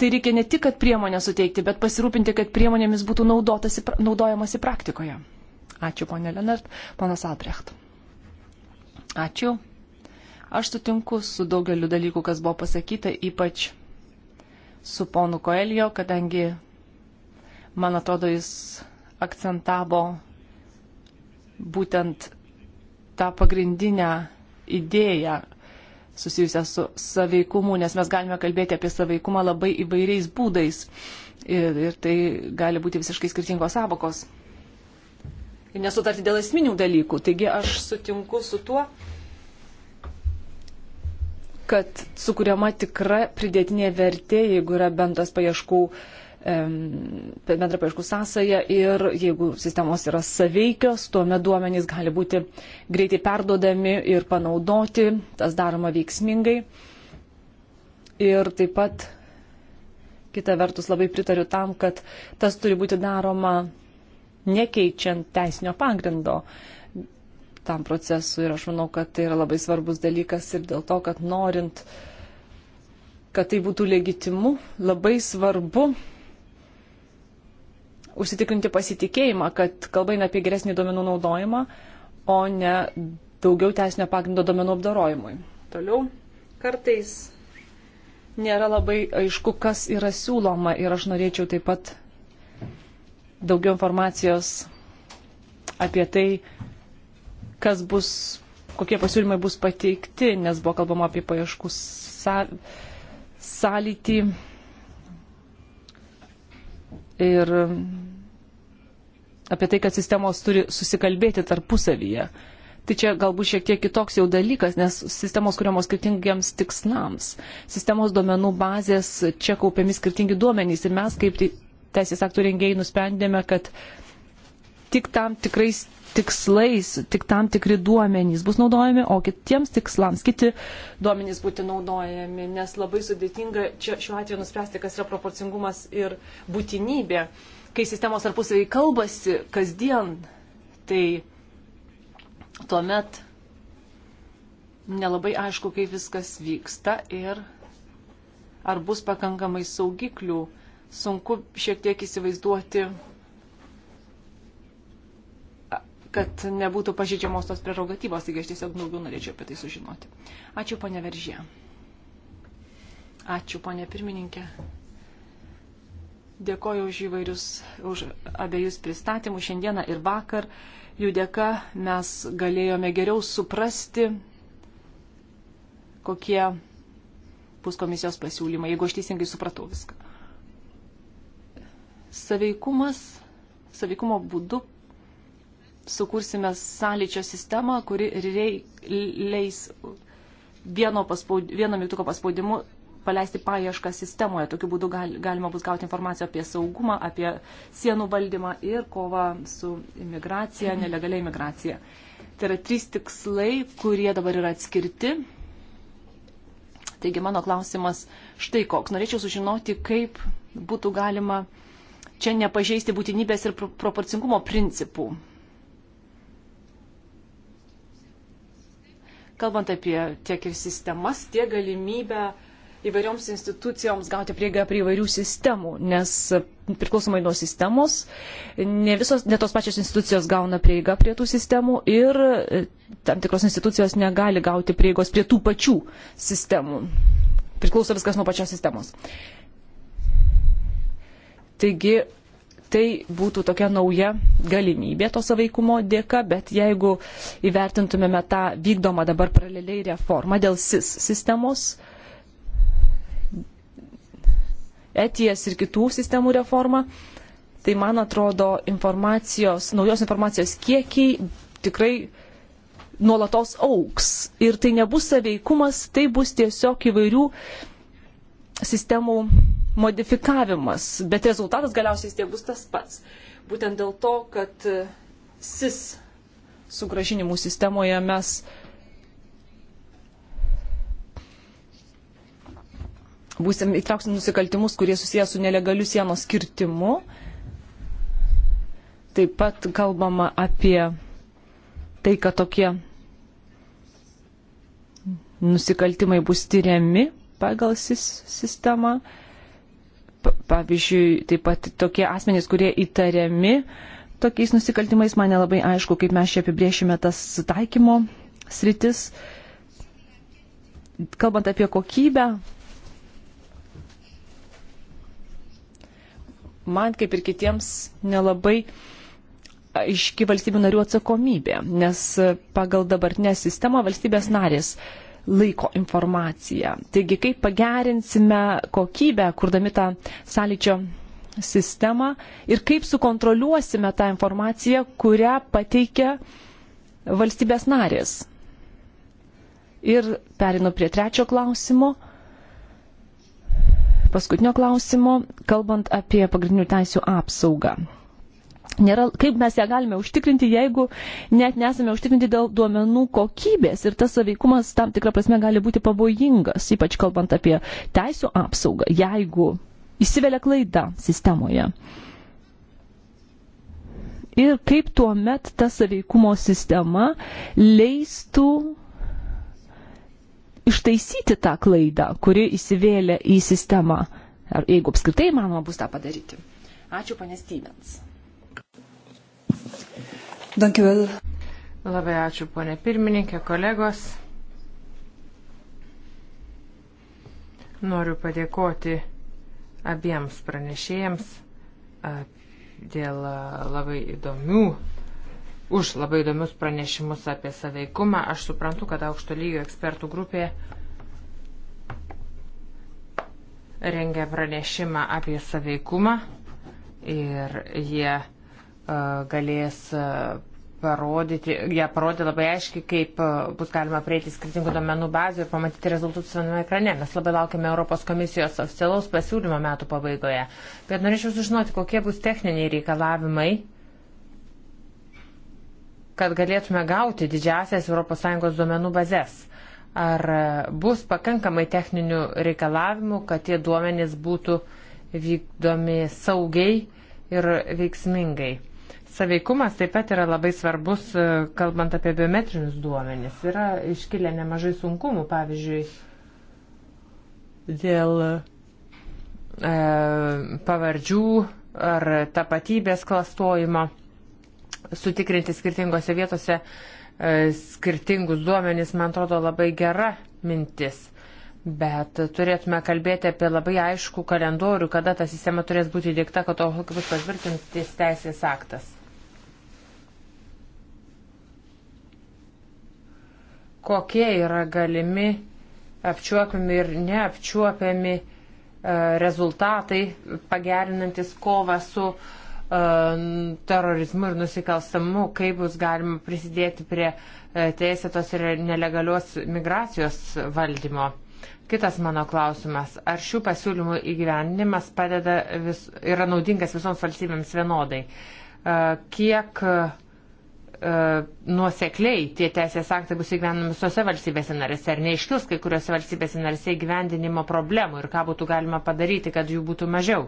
Tai reikia ne tik, kad priemonę suteikti, bet pasirūpinti, kad priemonėmis būtų naudojamasi praktikoje. Ačiū, ponė Lenart. Ponas Albrecht. Ačiū. Aš sutinku su daugeliu dalykų, kas buvo pasakyta, ypač su ponu Koelio, kadangi Man atrodo, jis akcentavo būtent tą pagrindinę idėją susijusią su saveikumu, nes mes galime kalbėti apie saveikumą labai įvairiais būdais ir, ir tai gali būti visiškai skirtingos savokos. Ir nesutarti dėl esminių dalykų. Taigi aš sutinku su tuo, kad sukūriama tikra pridėtinė vertė, jeigu yra bendras paieškų uh, bendra paieškų sąsaja ir jeigu sistemos yra saveikios, tuomet duomenys gali būti greitai perdodami ir panaudoti, tas daroma veiksmingai. Ir taip pat, kita vertus, labai pritariu tam, kad tas turi būti daroma nekeičiant teisinio pagrindo tam procesui ir aš manau, kad tai yra labai svarbus dalykas ir dėl to, kad norint, kad tai būtų legitimu, labai svarbu užsitikrinti pasitikėjimą, kad kalba eina apie geresnį duomenų naudojimą, o ne daugiau teisinio pagrindo duomenų apdarojimui. Toliau kartais nėra labai aišku, kas yra siūloma ir aš norėčiau taip pat daugiau informacijos apie tai, kas bus, kokie pasiūlymai bus pateikti, nes buvo kalbama apie paieškų sąlytį. Sa ir apie tai, kad sistemos turi susikalbėti tarpusavyje. Tai čia galbūt šiek tiek kitoks jau dalykas, nes sistemos kuriamos skirtingiems tikslams. Sistemos duomenų bazės čia kaupiami skirtingi duomenys ir mes kaip teisės aktų rengėjai nusprendėme, kad tik tam tikrais tikslais tik tam tikri duomenys bus naudojami, o kitiems tikslams kiti duomenys būti naudojami, nes labai sudėtinga čia šiuo atveju nuspręsti, kas yra proporcingumas ir būtinybė. Kai sistemos tarpusavį kalbasi kasdien, tai tuomet nelabai aišku, kaip viskas vyksta ir ar bus pakankamai saugiklių. Sunku šiek tiek įsivaizduoti kad nebūtų pažydžiamos tos prerogatyvos, taigi aš tiesiog daugiau norėčiau apie tai sužinoti. Ačiū, ponė Veržė. Ačiū, ponė pirmininkė. Dėkoju už įvairius, už abiejus pristatymus šiandieną ir vakar. Jų dėka mes galėjome geriau suprasti, kokie bus komisijos pasiūlymai, jeigu aš teisingai supratau viską. Saveikumas, saveikumo būdu sukursime sąlyčio sistemą, kuri rei, leis vieno, paspaud, vieno mygtuko paspaudimu paleisti paiešką sistemoje. Tokiu būdu gal, galima bus gauti informaciją apie saugumą, apie sienų valdymą ir kovą su imigracija, nelegalia imigracija. Tai yra trys tikslai, kurie dabar yra atskirti. Taigi mano klausimas štai koks. Norėčiau sužinoti, kaip būtų galima čia nepažeisti būtinybės ir proporcingumo principų kalbant apie tiek ir sistemas, tiek galimybę įvairioms institucijoms gauti prieigą prie įvairių sistemų, nes priklausomai nuo sistemos, ne, visos, ne tos pačios institucijos gauna prieigą prie tų sistemų ir e, tam tikros institucijos negali gauti prieigos prie tų pačių sistemų. Priklauso viskas nuo pačios sistemos. Taigi Tai būtų tokia nauja galimybė to savaikumo dėka, bet jeigu įvertintumėme tą vykdomą dabar paraleliai reformą dėl SIS sistemos, ETIES ir kitų sistemų reformą, tai man atrodo informacijos, naujos informacijos kiekiai tikrai nuolatos auks. Ir tai nebus saveikumas, tai bus tiesiog įvairių sistemų modifikavimas, bet rezultatas galiausiai tie bus tas pats. Būtent dėl to, kad e, SIS sugražinimų sistemoje mes būsim įtrauksim nusikaltimus, kurie susijęs su nelegaliu sienos kirtimu. Taip pat kalbama apie tai, kad tokie nusikaltimai bus tyriami pagal SIS sistemą. Pavyzdžiui, taip pat tokie asmenys, kurie įtariami tokiais nusikaltimais, man nelabai aišku, kaip mes čia apibriešime tas taikymo sritis. Kalbant apie kokybę, man kaip ir kitiems nelabai aiški valstybių narių atsakomybė, nes pagal dabartinę sistemą valstybės narės laiko informaciją. Taigi, kaip pagerinsime kokybę, kurdami tą sąlyčio sistemą ir kaip sukontroliuosime tą informaciją, kurią pateikia valstybės narės. Ir perinu prie trečio klausimo, paskutinio klausimo, kalbant apie pagrindinių teisų apsaugą. Nėra, kaip mes ją galime užtikrinti, jeigu net nesame užtikrinti dėl duomenų kokybės ir tas saveikumas tam tikrą prasme gali būti pavojingas, ypač kalbant apie teisų apsaugą, jeigu įsivelia klaida sistemoje. Ir kaip tuo met ta saveikumo sistema leistų ištaisyti tą klaidą, kuri įsivėlė į sistemą, ar jeigu apskritai įmanoma bus tą padaryti. Ačiū, panė Stevens. Dank u wel. Labai ačiū, ponė pirmininkė, kolegos. Noriu padėkoti abiems pranešėjams dėl labai įdomių, už labai įdomius pranešimus apie saveikumą. Aš suprantu, kad aukšto lygio ekspertų grupė rengia pranešimą apie saveikumą ir jie galės parodyti, jie parodė labai aiškiai, kaip bus galima prieiti skirtingų domenų bazių ir pamatyti rezultatus viename ekrane. Mes labai laukime Europos komisijos oficialaus pasiūlymo metų pabaigoje. Bet norėčiau sužinoti, kokie bus techniniai reikalavimai, kad galėtume gauti didžiasias ES duomenų bazės. Ar bus pakankamai techninių reikalavimų, kad tie duomenys būtų vykdomi saugiai ir veiksmingai? Saveikumas taip pat yra labai svarbus, e, kalbant apie biometrinius duomenis. Yra iškilę nemažai sunkumų, pavyzdžiui, dėl e, pavardžių ar tapatybės klastojimo, sutikrinti skirtingose vietose e, skirtingus duomenis, man atrodo, labai gera mintis. Bet turėtume kalbėti apie labai aišku kalendorių, kada ta sistema turės būti įdėkta, kad to bus patvirtintis teisės aktas. kokie yra galimi apčiuopiami ir neapčiuopiami e, rezultatai pagerinantis kovą su e, terorizmu ir nusikalstamu, kaip bus galima prisidėti prie e, teisėtos ir nelegalios migracijos valdymo. Kitas mano klausimas. Ar šių pasiūlymų įgyvendinimas padeda vis, yra naudingas visoms valstybėms vienodai? Kiek uh, E, nuosekliai tie teisės aktai bus įgyvendinami visose valstybėse narėse, ar neiškils kai kuriuose valstybėse narėse įgyvendinimo problemų ir ką būtų galima padaryti, kad jų būtų mažiau.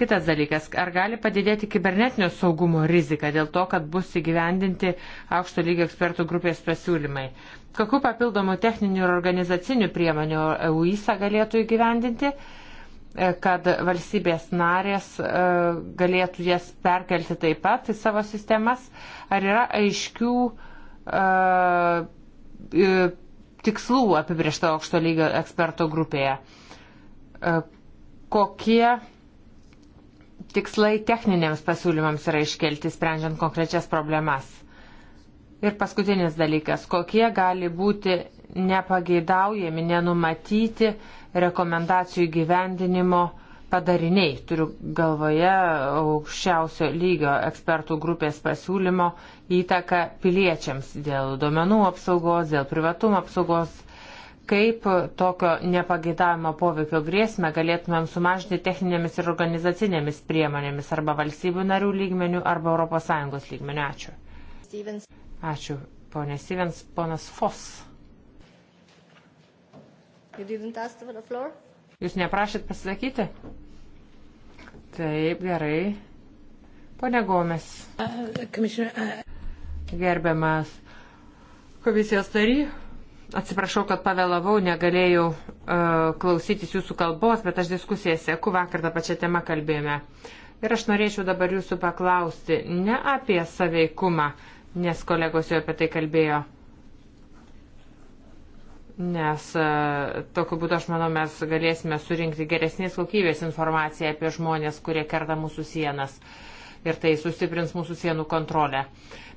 Kitas dalykas, ar gali padidėti kibernetinio saugumo rizika dėl to, kad bus įgyvendinti aukšto lygio ekspertų grupės pasiūlymai. Kokiu papildomu techniniu ir organizaciniu priemonių EUISA galėtų įgyvendinti? E, kad valstybės narės e, galėtų jas perkelti taip pat į savo sistemas? Ar yra aiškių e, tikslų apibriešto aukšto lygio eksperto grupėje? Kokie tikslai techniniams pasiūlymams yra iškelti, sprendžiant konkrečias problemas? Ir paskutinis dalykas, kokie gali būti nepageidaujami, nenumatyti uh, rekomendacijų gyvendinimo padariniai. Turiu galvoje aukščiausio lygio ekspertų grupės pasiūlymo įtaką piliečiams dėl duomenų apsaugos, dėl privatumo apsaugos, kaip tokio nepagėdavimo poveikio grėsmę galėtumėm sumažinti techninėmis ir organizacinėmis priemonėmis arba valstybių narių lygmenių arba ES lygmenių. Ačiū. Stevens. Ačiū, ponė Stevens, ponas Foss. Jūs neprašyt pasisakyti? Taip, gerai. Pone Gomes. Uh, uh, Gerbiamas komisijos nary, atsiprašau, kad pavėlavau, negalėjau uh, klausytis jūsų kalbos, bet aš diskusiją sėku, vakar tą pačią temą kalbėjome. Ir aš norėčiau dabar jūsų paklausti ne apie saveikumą, nes kolegos jau apie tai kalbėjo nes e, tokiu būdu, aš manau, mes galėsime surinkti geresnės kokybės informaciją apie žmonės, kurie kerta mūsų sienas ir tai sustiprins mūsų sienų kontrolę.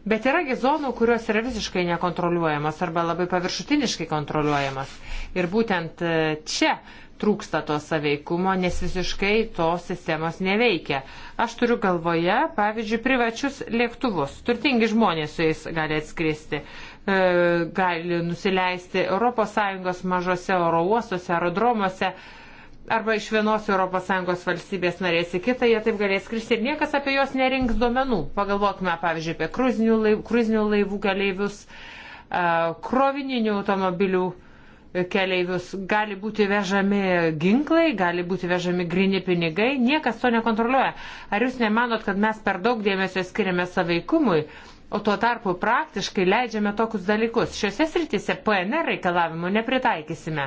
Bet yra zonų, kurios yra visiškai nekontroliuojamas arba labai paviršutiniškai kontroliuojamas. Ir būtent e, čia trūksta to saveikumo, nes visiškai tos sistemos neveikia. Aš turiu galvoje, pavyzdžiui, privačius lėktuvus. Turtingi žmonės su jais gali atskristi. E, gali nusileisti ES mažose oro uostuose, aerodromuose arba iš vienos ES valstybės narės į kitą, jie taip galės skristi ir niekas apie juos nerinks duomenų. Pagalvokime, pavyzdžiui, apie kruzinių laivų, kruzinių laivų keleivius, e, krovininių automobilių e, keleivius. Gali būti vežami ginklai, gali būti vežami grini pinigai, niekas to nekontroliuoja. Ar jūs nemanot, kad mes per daug dėmesio skiriame saveikumui? O tuo tarpu praktiškai leidžiame tokius dalykus. Šiuose srityse PNR reikalavimų nepritaikysime.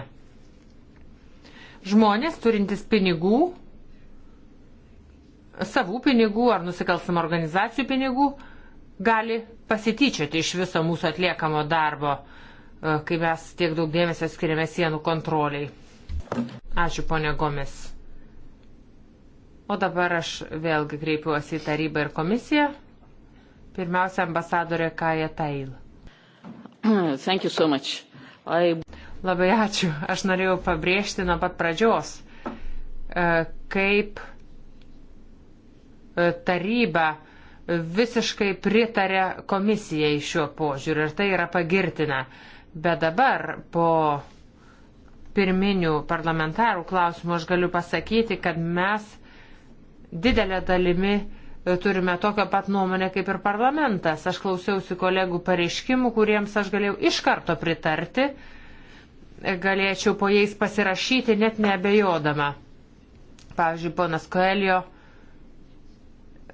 Žmonės turintis pinigų, savų pinigų ar nusikalstamų organizacijų pinigų, gali pasityčioti iš viso mūsų atliekamo darbo, e, kai mes tiek daug dėmesio skiriame sienų kontroliai. Ačiū, ponė Gomis. O dabar aš vėlgi kreipiuosi į tarybą ir komisiją. Pirmiausia, ambasadorė Kaja Tail. So much. I... Labai ačiū. Aš norėjau pabrėžti nuo pat pradžios, e, kaip e, taryba visiškai pritarė komisijai šiuo požiūriu ir tai yra pagirtina. Bet dabar po pirminių parlamentarų klausimų aš galiu pasakyti, kad mes didelę dalimi turime tokią pat nuomonę kaip ir parlamentas. Aš klausiausi kolegų pareiškimų, kuriems aš galėjau iš karto pritarti, galėčiau po jais pasirašyti net nebejodama. Pavyzdžiui, ponas Koelio,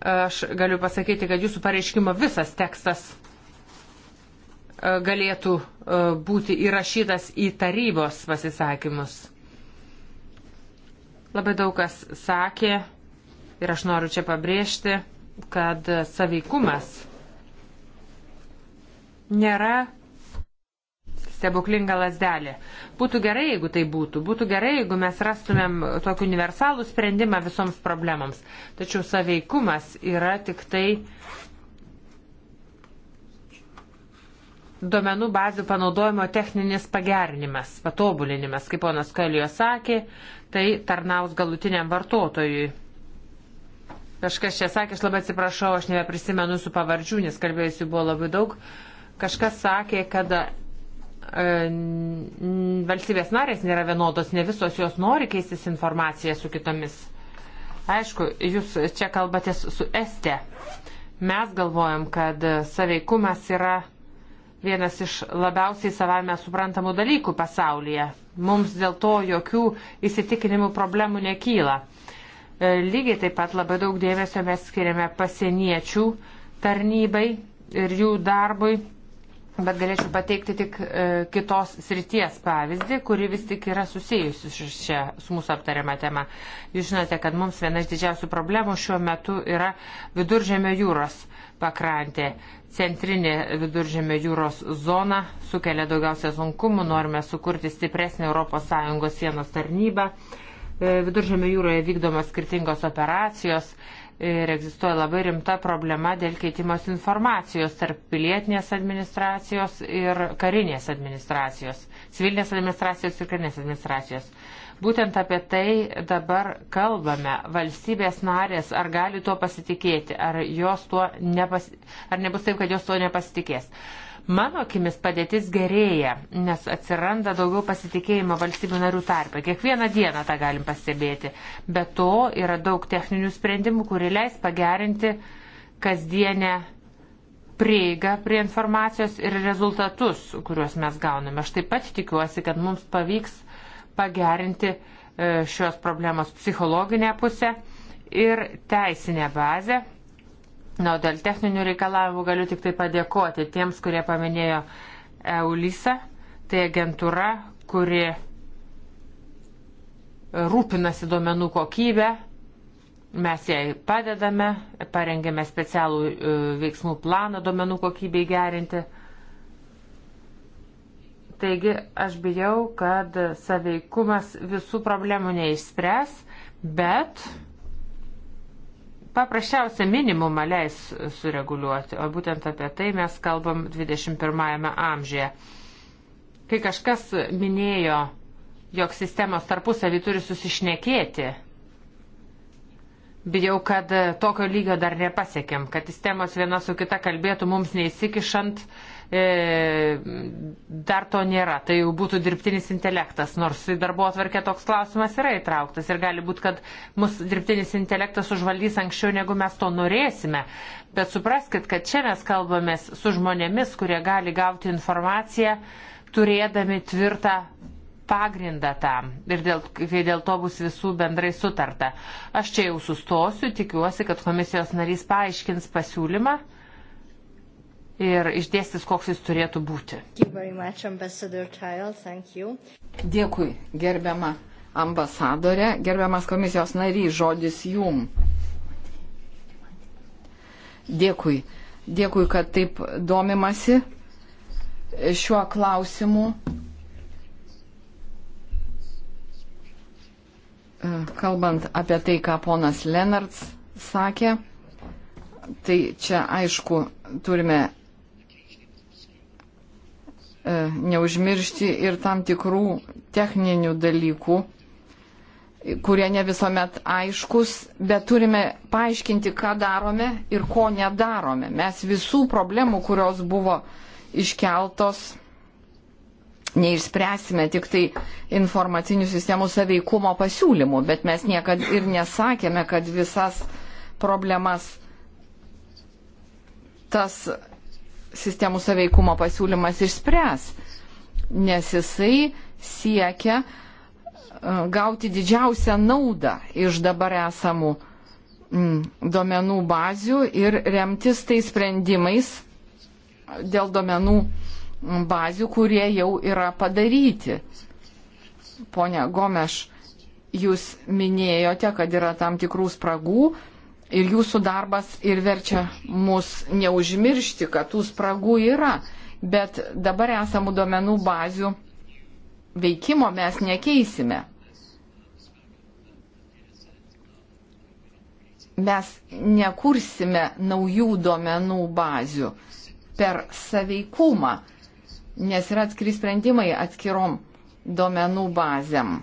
aš galiu pasakyti, kad jūsų pareiškimo visas tekstas e, galėtų e, būti įrašytas į tarybos pasisakymus. Labai daug kas sakė, Ir aš noriu čia pabrėžti, kad saveikumas nėra stebuklinga lasdelė. Būtų gerai, jeigu tai būtų. Būtų gerai, jeigu mes rastumėm tokį universalų sprendimą visoms problemams. Tačiau saveikumas yra tik tai duomenų bazių panaudojimo techninis pagerinimas, patobulinimas, kaip ponas Kalijo sakė, tai tarnaus galutiniam vartotojui. Kažkas čia sakė, aš labai atsiprašau, aš nebeprisimenu su pavardžių, nes kalbėjusių buvo labai daug. Kažkas sakė, kad e, valstybės narės nėra vienodos, ne visos jos nori keistis informaciją su kitomis. Aišku, jūs čia kalbatės su Este. Mes galvojam, kad saveikumas yra vienas iš labiausiai savame suprantamų dalykų pasaulyje. Mums dėl to jokių įsitikinimų problemų nekyla. E, lygiai taip pat labai daug dėmesio mes skiriame pasieniečių tarnybai ir jų darbui, bet galėčiau pateikti tik e, kitos srities pavyzdį, kuri vis tik yra susijusi šia, su mūsų aptariama tema. Jūs žinote, kad mums viena iš didžiausių problemų šiuo metu yra viduržėmio jūros pakrantė. Centrinė viduržėmio jūros zona sukelia daugiausia sunkumų, norime sukurti stipresnį ES sienos tarnybą. E, Viduržėmio jūroje vykdomas skirtingos operacijos ir egzistuoja labai rimta problema dėl keitimos informacijos tarp pilietinės administracijos ir karinės administracijos, civilinės administracijos ir karinės administracijos. Būtent apie tai dabar kalbame. Valstybės narės, ar gali tuo pasitikėti, ar, jos tuo nepas... ar nebus taip, kad jos tuo nepasitikės. Uh, Mano akimis padėtis gerėja, nes atsiranda daugiau pasitikėjimo valstybių narių tarpe. Kiekvieną dieną tą galim pastebėti. Be to yra daug techninių sprendimų, kurie leis pagerinti kasdienę prieigą prie informacijos ir rezultatus, kuriuos mes gauname. Aš taip pat tikiuosi, kad mums pavyks pagerinti e, šios problemos psichologinę pusę ir teisinę bazę Na, o dėl techninių reikalavimų galiu tik tai padėkoti tiems, kurie paminėjo EULISA. Tai agentūra, kuri rūpinasi duomenų kokybę. Mes jai padedame, parengėme specialų e, veiksmų planą duomenų kokybei gerinti. Taigi aš bijau, kad saveikumas visų problemų neišspręs, bet paprasčiausią minimumą leis sureguliuoti, o būtent apie tai mes kalbam 21 amžiuje. Kai kažkas minėjo, jog sistemos tarpusavį turi susišnekėti, bijau, kad tokio lygio dar nepasiekėm, kad sistemos viena su kita kalbėtų mums neįsikišant, uh, E, dar to nėra. Tai jau būtų dirbtinis intelektas, nors į darbo atvarkę toks klausimas yra įtrauktas ir gali būti, kad mus dirbtinis intelektas užvaldys anksčiau, negu mes to norėsime. Bet supraskit, kad čia mes kalbamės su žmonėmis, kurie gali gauti informaciją, turėdami tvirtą pagrindą tam ir dėl, kai dėl to bus visų bendrai sutarta. Aš čia jau sustosiu, tikiuosi, kad komisijos narys paaiškins pasiūlymą ir išdėstys, koks jis turėtų būti. Dėkui, gerbiama ambasadorė, gerbiamas komisijos narys, žodis jum. Dėkui, dėkui, kad taip domimasi šiuo klausimu. E, kalbant apie tai, ką ponas Lenarts sakė, tai čia aišku turime E, neužmiršti ir tam tikrų techninių dalykų, kurie ne visuomet aiškus, bet turime paaiškinti, ką darome ir ko nedarome. Mes visų problemų, kurios buvo iškeltos, neišspręsime tik tai informacinių sistemų saveikumo pasiūlymų, bet mes niekad ir nesakėme, kad visas problemas tas sistemų saveikumo pasiūlymas išspręs, nes jisai siekia e, gauti didžiausią naudą iš dabar esamų mm, duomenų bazių ir remtis tai sprendimais dėl duomenų mm, bazių, kurie jau yra padaryti. Pone Gomeš, jūs minėjote, kad yra tam tikrų spragų ir jūsų darbas ir verčia mus neužmiršti, kad tų spragų yra, bet dabar esamų duomenų bazių veikimo mes nekeisime. Mes nekursime naujų duomenų bazių per saveikumą, nes yra atskiri sprendimai atskirom duomenų bazėm.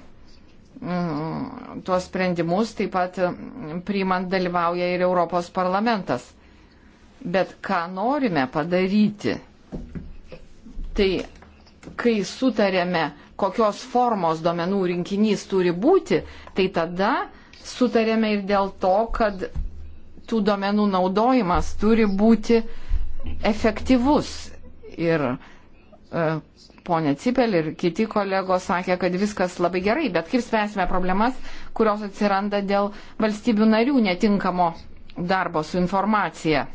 Mm, tuos sprendimus taip pat mm, priimant dalyvauja ir Europos parlamentas. Bet ką norime padaryti, tai kai sutarėme, kokios formos duomenų rinkinys turi būti, tai tada sutarėme ir dėl to, kad tų duomenų naudojimas turi būti efektyvus ir e, ponė Cipel ir kiti kolegos sakė, kad viskas labai gerai, bet kaip spręsime problemas, kurios atsiranda dėl valstybių narių netinkamo darbo su informacija,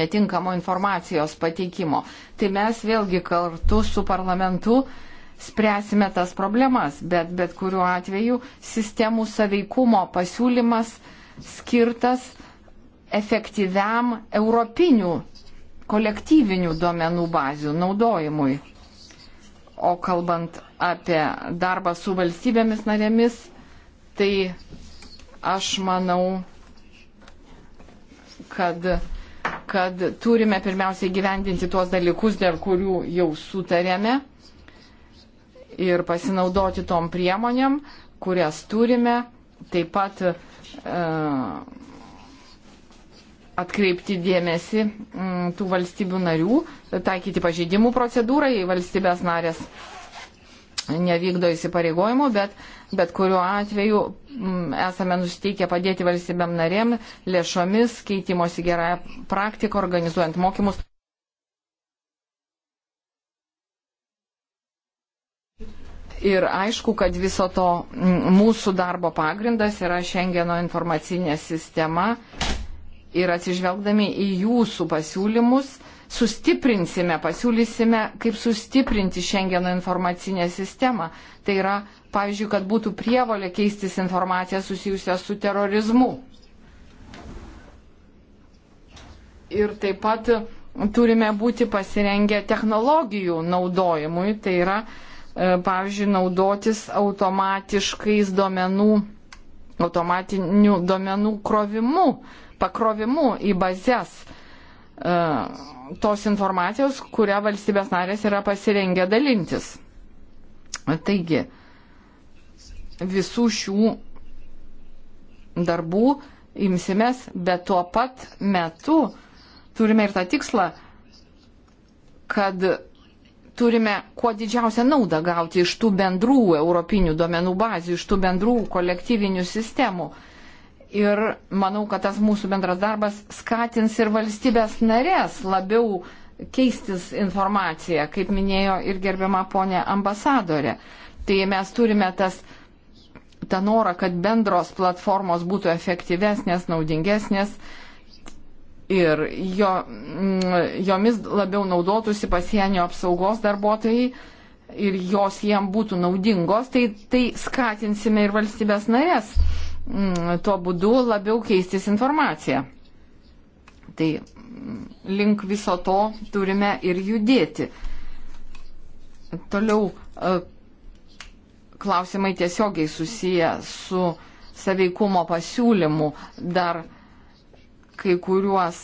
netinkamo informacijos pateikimo. Tai mes vėlgi kartu su parlamentu spręsime tas problemas, bet bet kuriuo atveju sistemų saveikumo pasiūlymas skirtas efektyviam europinių kolektyvinių duomenų bazių naudojimui. O kalbant apie darbą su valstybėmis narėmis, tai aš manau, kad, kad turime pirmiausiai gyvendinti tuos dalykus, dėl kurių jau sutarėme ir pasinaudoti tom priemonėm, kurias turime. Taip pat e, atkreipti dėmesį m, mm, tų valstybių narių, taikyti pažeidimų procedūrą, jei valstybės narės nevykdo įsipareigojimų, bet, bet kuriuo atveju m, mm, esame nusiteikę padėti valstybėm narėm lėšomis, keitimosi gerąją praktiką, organizuojant mokymus. Ir aišku, kad viso to mm, mūsų darbo pagrindas yra Šengeno informacinė sistema, ir atsižvelgdami į jūsų pasiūlymus sustiprinsime, pasiūlysime, kaip sustiprinti Šengeno informacinę sistemą. Tai yra, pavyzdžiui, kad būtų prievolė keistis informaciją susijusią su terorizmu. Ir taip pat turime būti pasirengę technologijų naudojimui, tai yra, e, pavyzdžiui, naudotis automatiškais duomenų automatiniu duomenų krovimu, pakrovimu į bazės e, tos informacijos, kurią valstybės narės yra pasirengę dalintis. Taigi, visų šių darbų imsimės, bet tuo pat metu turime ir tą tikslą, kad turime kuo didžiausią naudą gauti iš tų bendrų europinių duomenų bazių, iš tų bendrų kolektyvinių sistemų. Ir manau, kad tas mūsų bendras darbas skatins ir valstybės narės labiau keistis informaciją, kaip minėjo ir gerbiama ponė ambasadorė. Tai mes turime tas, tą norą, kad bendros platformos būtų efektyvesnės, naudingesnės ir jo, mm, jomis labiau naudotųsi pasienio apsaugos darbuotojai ir jos jiem būtų naudingos, tai, tai skatinsime ir valstybės narės mm, tuo būdu labiau keistis informaciją. Tai mm, link viso to turime ir judėti. Toliau e, klausimai tiesiogiai susiję su saveikumo pasiūlymu. Dar uh, kai kuriuos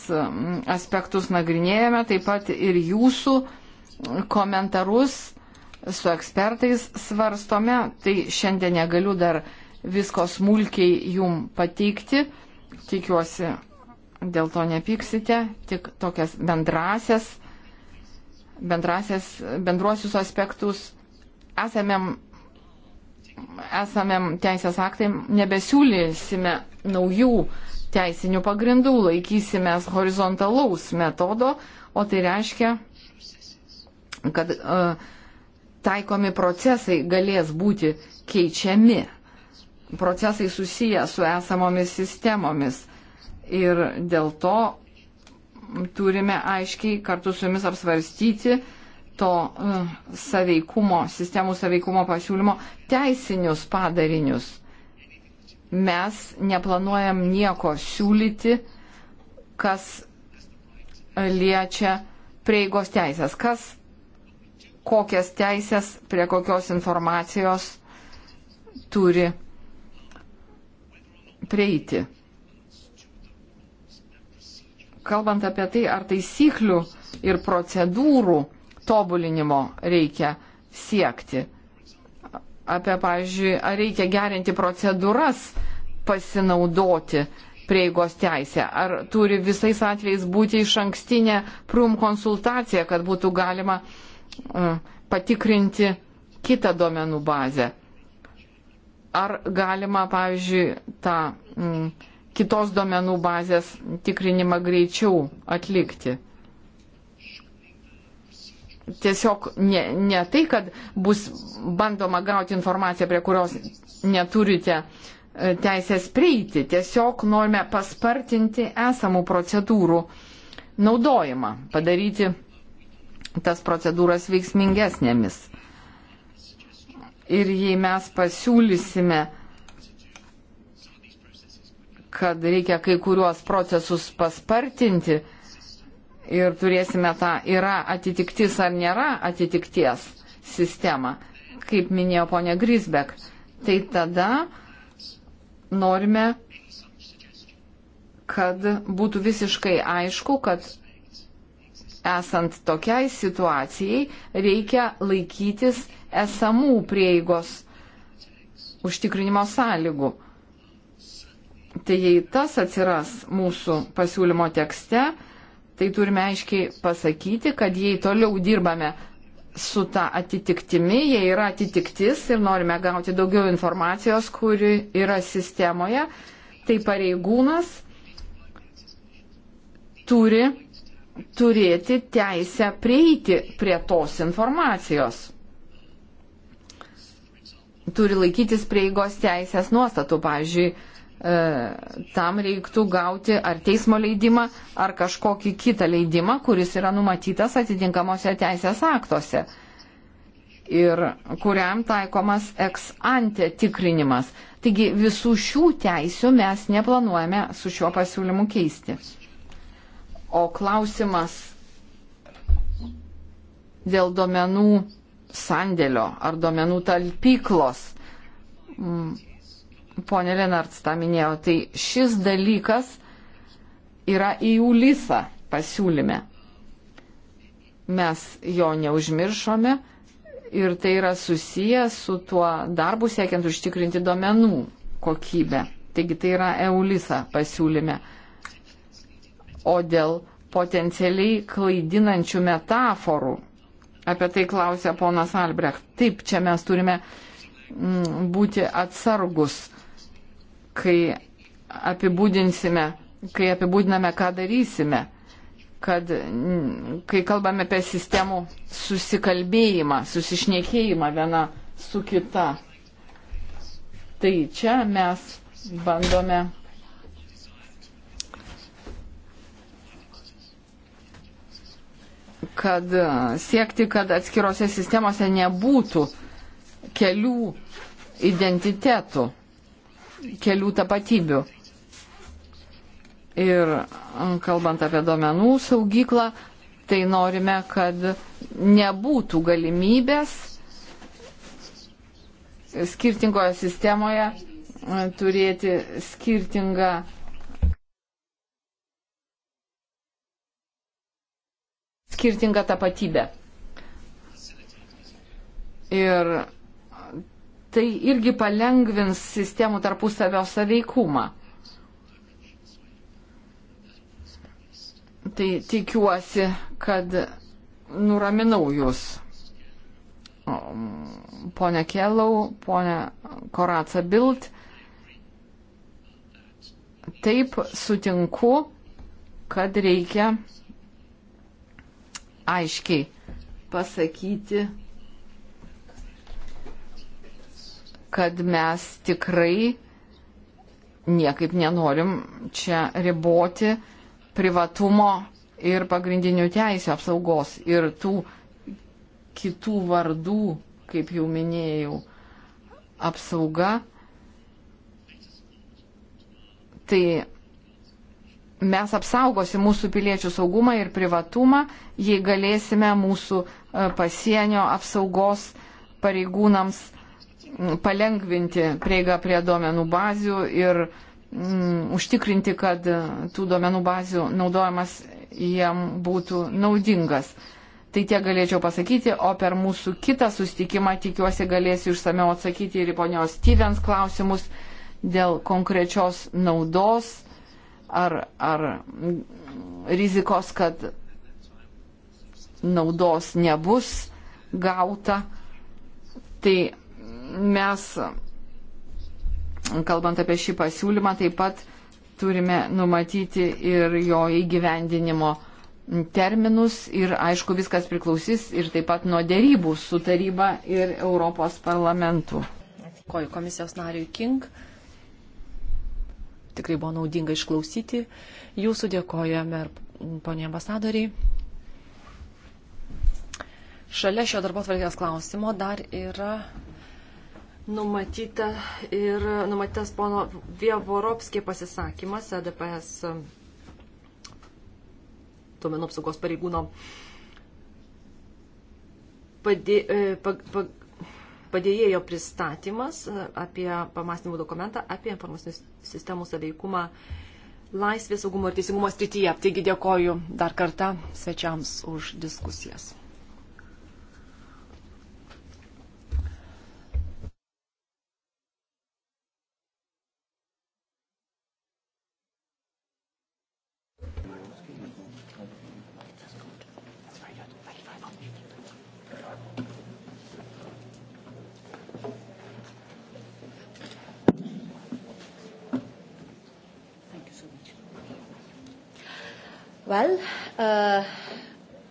aspektus nagrinėjame, taip pat ir jūsų komentarus su ekspertais svarstome. Tai šiandien negaliu dar visko smulkiai jum pateikti. Tikiuosi, dėl to nepyksite, tik tokias bendrasias, bendrasias, bendruosius aspektus esamėm, esamėm teisės aktai nebesiūlysime naujų teisinių pagrindų, laikysimės horizontalaus metodo, o tai reiškia, kad e, taikomi procesai galės būti keičiami, procesai susiję su esamomis sistemomis. Ir dėl to turime aiškiai kartu su jumis apsvarstyti to e, saveikumo, sistemų saveikumo pasiūlymo teisinius padarinius mes neplanuojam nieko siūlyti, kas liečia prieigos teisės, kas kokias teisės prie kokios informacijos turi prieiti. Kalbant apie tai, ar taisyklių ir procedūrų tobulinimo reikia siekti apie, pavyzdžiui, ar reikia gerinti procedūras pasinaudoti prieigos teisę, ar turi visais atvejais būti iš ankstinė prum konsultacija, kad būtų galima e, patikrinti kitą duomenų bazę. Ar galima, pavyzdžiui, tą m, kitos duomenų bazės tikrinimą greičiau atlikti tiesiog ne, ne tai, kad bus bandoma gauti informaciją, prie kurios neturite e, teisės prieiti, tiesiog norime paspartinti esamų procedūrų naudojimą, padaryti tas procedūras veiksmingesnėmis. Ir jei mes pasiūlysime, kad reikia kai kuriuos procesus paspartinti, ir turėsime tą yra atitiktis ar nėra atitikties sistemą, kaip minėjo ponė Grisbek, tai tada norime, kad būtų visiškai aišku, kad esant tokiai situacijai reikia laikytis esamų prieigos užtikrinimo sąlygų. Tai jei tas atsiras mūsų pasiūlymo tekste, tai turime aiškiai pasakyti, kad jei toliau dirbame su ta atitiktimi, jei yra atitiktis ir norime gauti daugiau informacijos, kuri yra sistemoje, tai pareigūnas turi turėti teisę prieiti prie tos informacijos. Turi laikytis prieigos teisės nuostatų, pavyzdžiui, E, tam reiktų gauti ar teismo leidimą, ar kažkokį kitą leidimą, kuris yra numatytas atitinkamuose teisės aktuose ir kuriam taikomas ex ante tikrinimas. Taigi visų šių teisių mes neplanuojame su šiuo pasiūlymu keisti. O klausimas dėl duomenų sandėlio ar duomenų talpyklos mm, ponė Lenarts tą minėjo, tai šis dalykas yra į Ulisą pasiūlyme. Mes jo neužmiršome ir tai yra susijęs su tuo darbu siekiant užtikrinti duomenų kokybę. Taigi tai yra Eulisa pasiūlyme. O dėl potencialiai klaidinančių metaforų, apie tai klausė ponas Albrecht, taip čia mes turime mm, būti atsargus kai apibūdinsime, kai apibūdiname, ką darysime, kad kai kalbame apie sistemų susikalbėjimą, susišnekėjimą viena su kita. Tai čia mes bandome kad e, siekti, kad atskirose sistemose nebūtų kelių identitetų kelių tapatybių. Ir mm, kalbant apie duomenų saugyklą, tai norime, kad nebūtų galimybės skirtingoje sistemoje mm, turėti skirtingą skirtingą tapatybę. Ir tai irgi palengvins sistemų tarpusavio saveikumą. Tai tikiuosi, kad nuraminau jūs. Pone Kelau, pone Koraca Bild. Taip sutinku, kad reikia aiškiai pasakyti kad mes tikrai niekaip nenorim čia riboti privatumo ir pagrindinių teisų apsaugos ir tų kitų vardų, kaip jau minėjau, apsauga. Tai mes apsaugosim mūsų piliečių saugumą ir privatumą, jei galėsime mūsų e, pasienio apsaugos pareigūnams palengvinti prieigą prie duomenų bazių ir mm, užtikrinti, kad tų duomenų bazių naudojimas jiem būtų naudingas. Tai tie galėčiau pasakyti, o per mūsų kitą sustikimą tikiuosi galėsiu išsameu atsakyti ir į ponios Stevens klausimus dėl konkrečios naudos ar, ar rizikos, kad naudos nebus gauta. Tai mes, kalbant apie šį pasiūlymą, taip pat turime numatyti ir jo įgyvendinimo terminus ir aišku viskas priklausys ir taip pat nuo dėrybų su taryba ir Europos parlamentu. Koju komisijos nariui King. Tikrai buvo naudinga išklausyti. Jūsų dėkojame ir poniai ambasadoriai. Šalia šio darbo tvarkės klausimo dar yra numatyta ir numatytas pono Vievoropskė pasisakymas ADPS e um, duomenų apsaugos pareigūno padė, e, pag, pag, padėjėjo pristatymas e, apie pamastymų dokumentą apie informacinių sistemų saveikumą laisvės, saugumo ir teisingumo srityje. Taigi dėkoju dar kartą svečiams už diskusijas. Well, uh,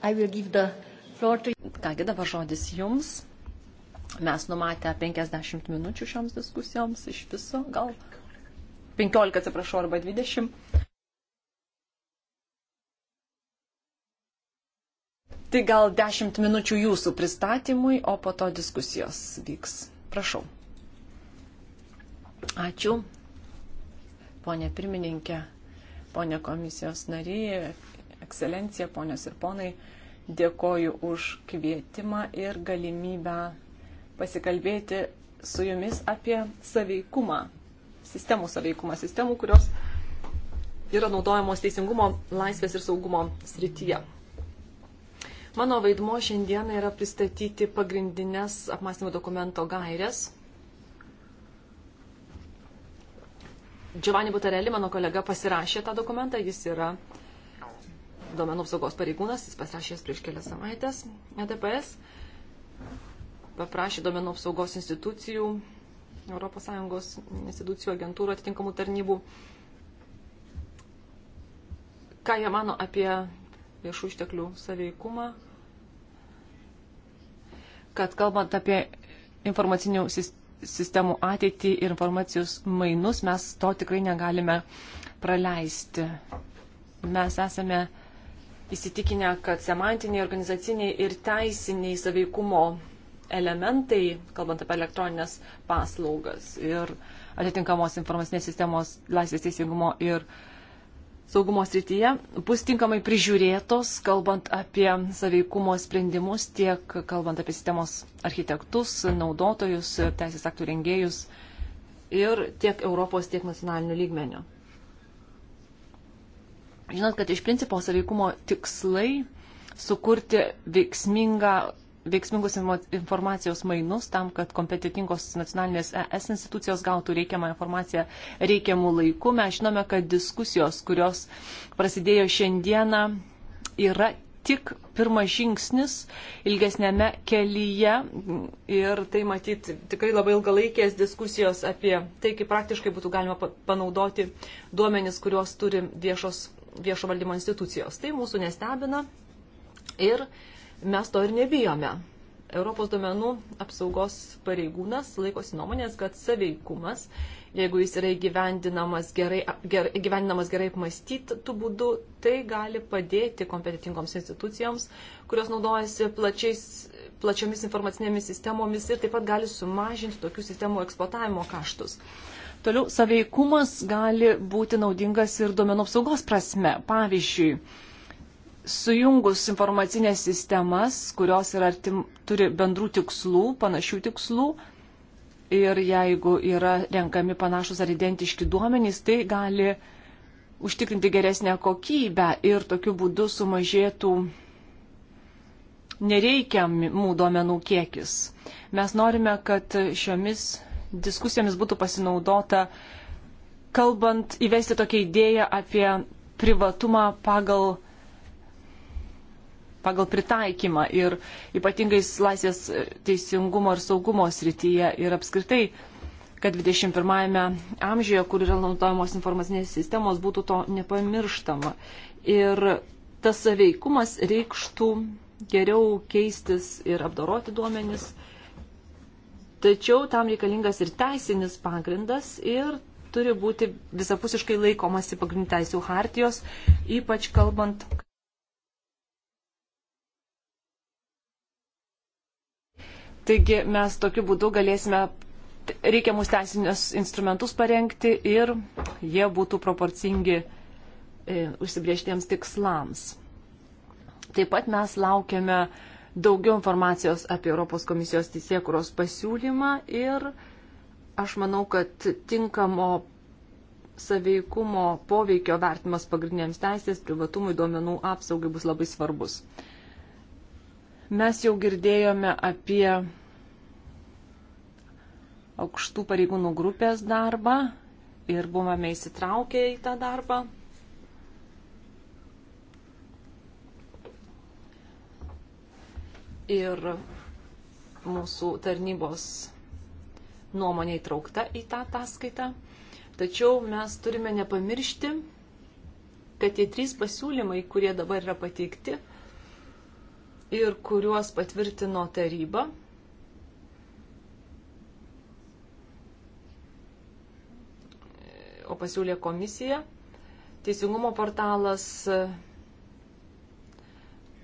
I will give the floor to you. Kągi dabar žodis jums. Mes numatę 50 minučių šioms diskusijoms iš viso, gal 15 atsiprašau arba 20. Tai gal 10 minučių jūsų pristatymui, o po to diskusijos vyks. Prašau. Ačiū. Pone pirmininkė, ponė komisijos narė, ekscelencija, ponios ir ponai, dėkoju už kvietimą ir galimybę pasikalbėti su jumis apie saveikumą, sistemų saveikumą, sistemų, kurios yra naudojamos teisingumo, laisvės ir saugumo srityje. Mano vaidmo šiandieną yra pristatyti pagrindinės apmąstymo dokumento gairias, Giovanni Butarelli, mano kolega, pasirašė tą dokumentą, jis yra duomenų apsaugos pareigūnas, jis pasirašė prieš kelias savaitės EDPS, paprašė duomenų apsaugos institucijų, ES institucijų, agentūrų atitinkamų tarnybų, ką jie mano apie viešų išteklių saveikumą, kad kalbant apie informacinių sistemų sistemų ateitį ir informacijos mainus, mes to tikrai negalime praleisti. Mes esame įsitikinę, kad semantiniai, organizaciniai ir teisiniai saveikumo elementai, kalbant apie elektroninės paslaugas ir atitinkamos informacinės sistemos laisvės teisingumo ir uh, saugumo srityje bus tinkamai prižiūrėtos, kalbant apie saveikumo sprendimus, tiek kalbant apie sistemos architektus, naudotojus, teisės aktų rengėjus ir tiek Europos, tiek nacionalinių lygmenių. Žinot, kad iš principo saveikumo tikslai sukurti veiksmingą veiksmingus informacijos mainus tam, kad kompetitingos nacionalinės ES institucijos gautų reikiamą informaciją reikiamų laikų. Mes žinome, kad diskusijos, kurios prasidėjo šiandieną, yra tik pirmas žingsnis ilgesnėme kelyje ir tai matyti tikrai labai ilgalaikės diskusijos apie tai, kaip praktiškai būtų galima panaudoti duomenis, kuriuos turi viešos, viešo valdymo institucijos. Tai mūsų nestebina ir uh, mes to ir nebijome. Europos duomenų apsaugos pareigūnas laikosi nuomonės, kad saveikumas, jeigu jis yra įgyvendinamas gerai, ger, įgyvendinamas gerai apmastytų būdų, tai gali padėti kompetitingoms institucijoms, kurios naudojasi plačiais, plačiomis informacinėmis sistemomis ir taip pat gali sumažinti tokių sistemų eksploatavimo kaštus. Toliau, saveikumas gali būti naudingas ir duomenų apsaugos prasme. Pavyzdžiui, sujungus informacinės sistemas, kurios yra artim, turi bendrų tikslų, panašių tikslų, ir jeigu yra renkami panašus ar identiški duomenys, tai gali užtikrinti geresnę kokybę ir tokiu būdu sumažėtų nereikiamų duomenų kiekis. Mes norime, kad šiomis diskusijomis būtų pasinaudota, kalbant įvesti tokią idėją apie privatumą pagal pagal pritaikymą ir ypatingai laisvės e, teisingumo ir saugumo srityje ir apskritai, kad 21-ame amžiuje, kur yra naudojamos informacinės sistemos, būtų to nepamirštama. Ir tas saveikumas reikštų geriau keistis ir apdoroti duomenis. Tačiau tam reikalingas ir teisinis pagrindas ir turi būti visapusiškai laikomasi pagrindinių teisų hartijos, ypač kalbant Taigi mes tokiu būdu galėsime reikiamus teisinius instrumentus parengti ir jie būtų proporcingi e, užsibrieštiems tikslams. Taip pat mes laukiame daugiau informacijos apie Europos komisijos teisėkuros pasiūlymą ir aš manau, kad tinkamo saveikumo poveikio vertimas pagrindiniams teisės, privatumui, duomenų apsaugai bus labai svarbus. Mes jau girdėjome apie aukštų pareigūnų grupės darbą ir buvome įsitraukę į tą darbą. Ir mūsų tarnybos nuomonė įtraukta į tą ataskaitą. Tačiau mes turime nepamiršti, kad tie trys pasiūlymai, kurie dabar yra pateikti, ir kuriuos patvirtino taryba. O pasiūlė komisija. Teisingumo portalas,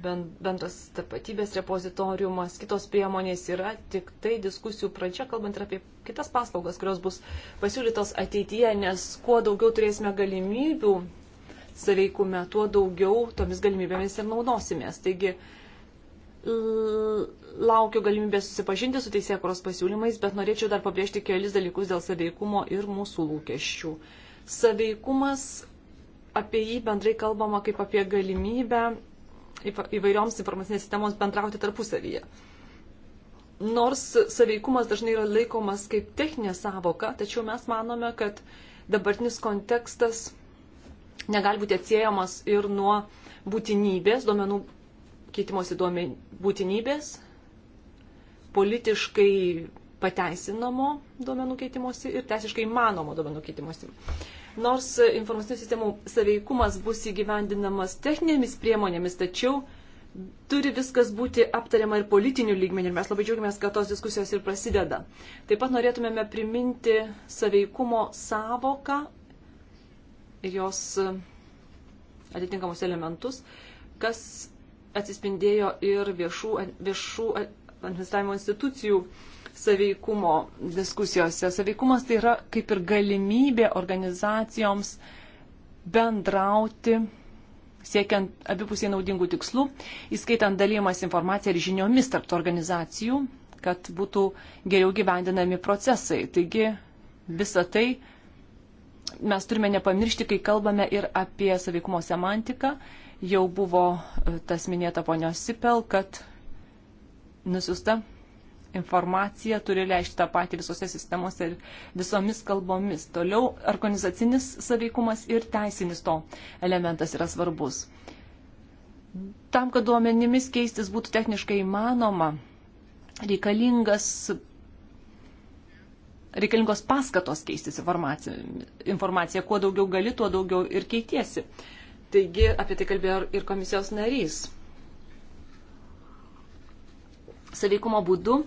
bendras tapatybės repozitoriumas, kitos priemonės yra tik tai diskusijų pradžia, kalbant ir apie kitas paslaugas, kurios bus pasiūlytos ateityje, nes kuo daugiau turėsime galimybių saveikume, tuo daugiau tomis galimybėmis ir naudosimės. Taigi, uh, laukiu galimybės susipažinti su teisėkuros pasiūlymais, bet norėčiau dar pabrėžti kelis dalykus dėl saveikumo ir mūsų lūkesčių. Saveikumas, apie jį bendrai kalbama kaip apie galimybę įvairioms informacinės sistemos bendrauti tarpusavyje. Nors saveikumas dažnai yra laikomas kaip techninė savoka, tačiau mes manome, kad dabartinis kontekstas negali būti atsiejamas ir nuo būtinybės duomenų keitimosi duomen būtinybės, politiškai pateisinamo duomenų keitimosi ir teisiškai manomo duomenų keitimosi. Nors informacinių sistemų saveikumas bus įgyvendinamas techninėmis priemonėmis, tačiau turi viskas būti aptariama ir politinių lygmenių ir mes labai džiaugiamės, kad tos diskusijos ir prasideda. Taip pat norėtumėme priminti saveikumo savoką ir jos atitinkamus elementus, kas atsispindėjo ir viešų, viešų administravimo institucijų saveikumo diskusijose. Saveikumas tai yra kaip ir galimybė organizacijoms bendrauti siekiant abipusiai naudingų tikslų, įskaitant dalymas informaciją ir žiniomis tarp organizacijų, kad būtų geriau gyvendinami procesai. Taigi visą tai mes turime nepamiršti, kai kalbame ir apie saveikumo semantiką jau buvo e, tas minėta ponios Sipel, kad nusiusta informacija turi leisti tą patį visose sistemose ir visomis kalbomis. Toliau organizacinis saveikumas ir teisinis to elementas yra svarbus. Tam, kad duomenimis keistis būtų techniškai įmanoma, reikalingas reikalingos paskatos keistis informacija. informacija. Kuo daugiau gali, tuo daugiau ir keitiesi. Uh, Taigi apie tai kalbėjo ir komisijos narys. Saveikumo būdu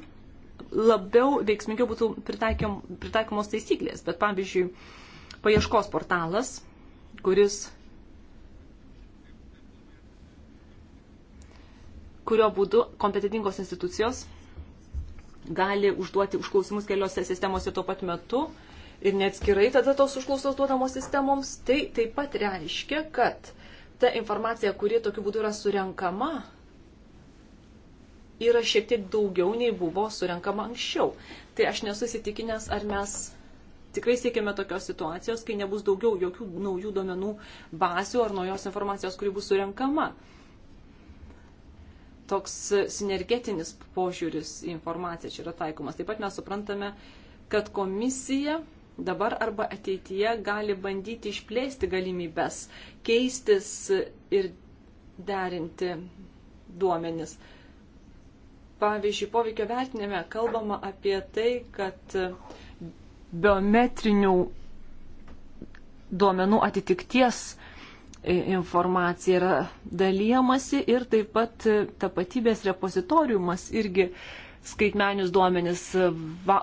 labiau veiksmingiau būtų pritaikomos taisyklės, bet pavyzdžiui, paieškos portalas, kuris kurio būdu kompetitingos institucijos gali užduoti užklausimus keliose sistemose tuo pat metu, uh, ir neatskirai tada tos užklausos duodamos sistemoms, tai taip pat reiškia, kad ta informacija, kuri tokiu būdu yra surenkama, yra šiek tiek daugiau nei buvo surenkama anksčiau. Tai aš nesu įsitikinęs, ar mes tikrai siekiame tokios situacijos, kai nebus daugiau jokių naujų duomenų bazių ar naujos informacijos, kuri bus surenkama. Toks sinergetinis požiūris į informaciją čia yra taikomas. Taip pat mes suprantame, kad komisija dabar arba ateityje gali bandyti išplėsti galimybės, keistis ir derinti duomenis. Pavyzdžiui, poveikio vertinime kalbama apie tai, kad biometrinių duomenų atitikties informacija yra dalyjamasi ir taip pat tapatybės repozitoriumas irgi uh, skaitmenius duomenis,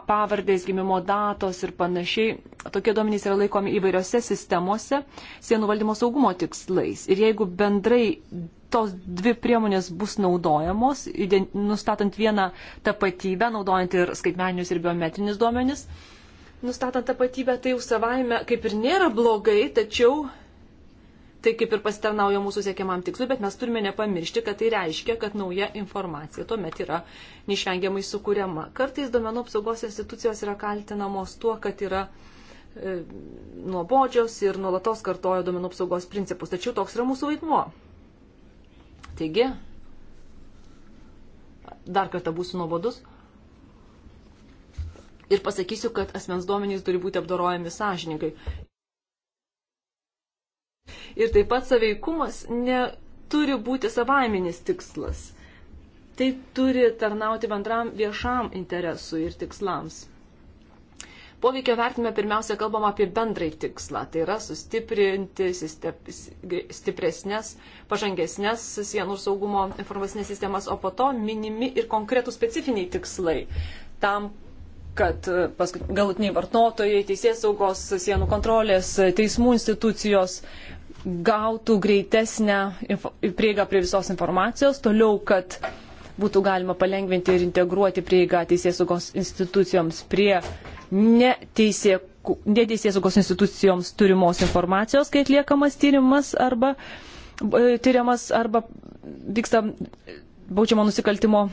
pavardės, gimimo datos ir panašiai. Tokie duomenys yra laikomi įvairiose sistemose sienų valdymo saugumo tikslais. Ir jeigu bendrai tos dvi priemonės bus naudojamos, nustatant vieną tapatybę, naudojant ir skaitmeninius ir biometrinius duomenis, nustatant tapatybę, tai jau savaime kaip ir nėra blogai, tačiau tai kaip ir pasitarnauja mūsų siekiamam tikslui, bet mes turime nepamiršti, kad tai reiškia, kad nauja informacija tuomet yra neišvengiamai sukūriama. Kartais duomenų apsaugos institucijos yra kaltinamos tuo, kad yra e, nuobodžios ir nuolatos kartoja duomenų apsaugos principus, tačiau toks yra mūsų vaidmuo. Taigi, dar kartą būsiu nuobodus. Ir pasakysiu, kad asmens duomenys turi būti apdorojami sąžininkai. Ir taip pat saveikumas neturi būti savaiminis tikslas. Tai turi tarnauti bendram viešam interesui ir tikslams. Poveikio vertime pirmiausia kalbam apie bendrąjį tikslą, tai yra sustiprinti sistep, stipresnės, pažangesnės sienų ir saugumo informacinės sistemas, o po to minimi ir konkretų specifiniai tikslai tam, kad e, galutiniai vartotojai, teisės saugos, sienų kontrolės, e, teismų institucijos gautų greitesnę prieigą prie visos informacijos, toliau, kad būtų galima palengventi ir integruoti prieigą teisės saugos institucijoms prie neteisė, neteisės saugos institucijoms turimos informacijos, kai atliekamas tyrimas arba e, tyriamas arba vyksta baudžiamo nusikaltimo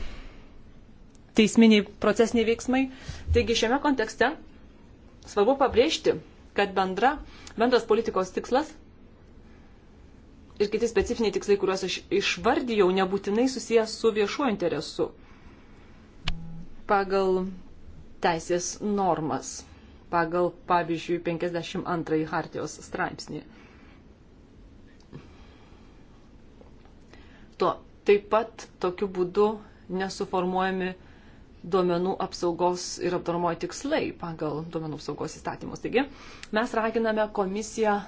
teisminiai procesiniai veiksmai. Taigi šiame kontekste svarbu pabrėžti, kad bendra, bendras politikos tikslas ir kiti specifiniai tikslai, kuriuos aš išvardijau, nebūtinai susijęs su viešuoju interesu pagal teisės normas, pagal, pavyzdžiui, 52 hartijos straipsnį. To, taip pat tokiu būdu nesuformuojami duomenų apsaugos ir apdarmojo tikslai pagal duomenų apsaugos įstatymus. Taigi mes raginame komisiją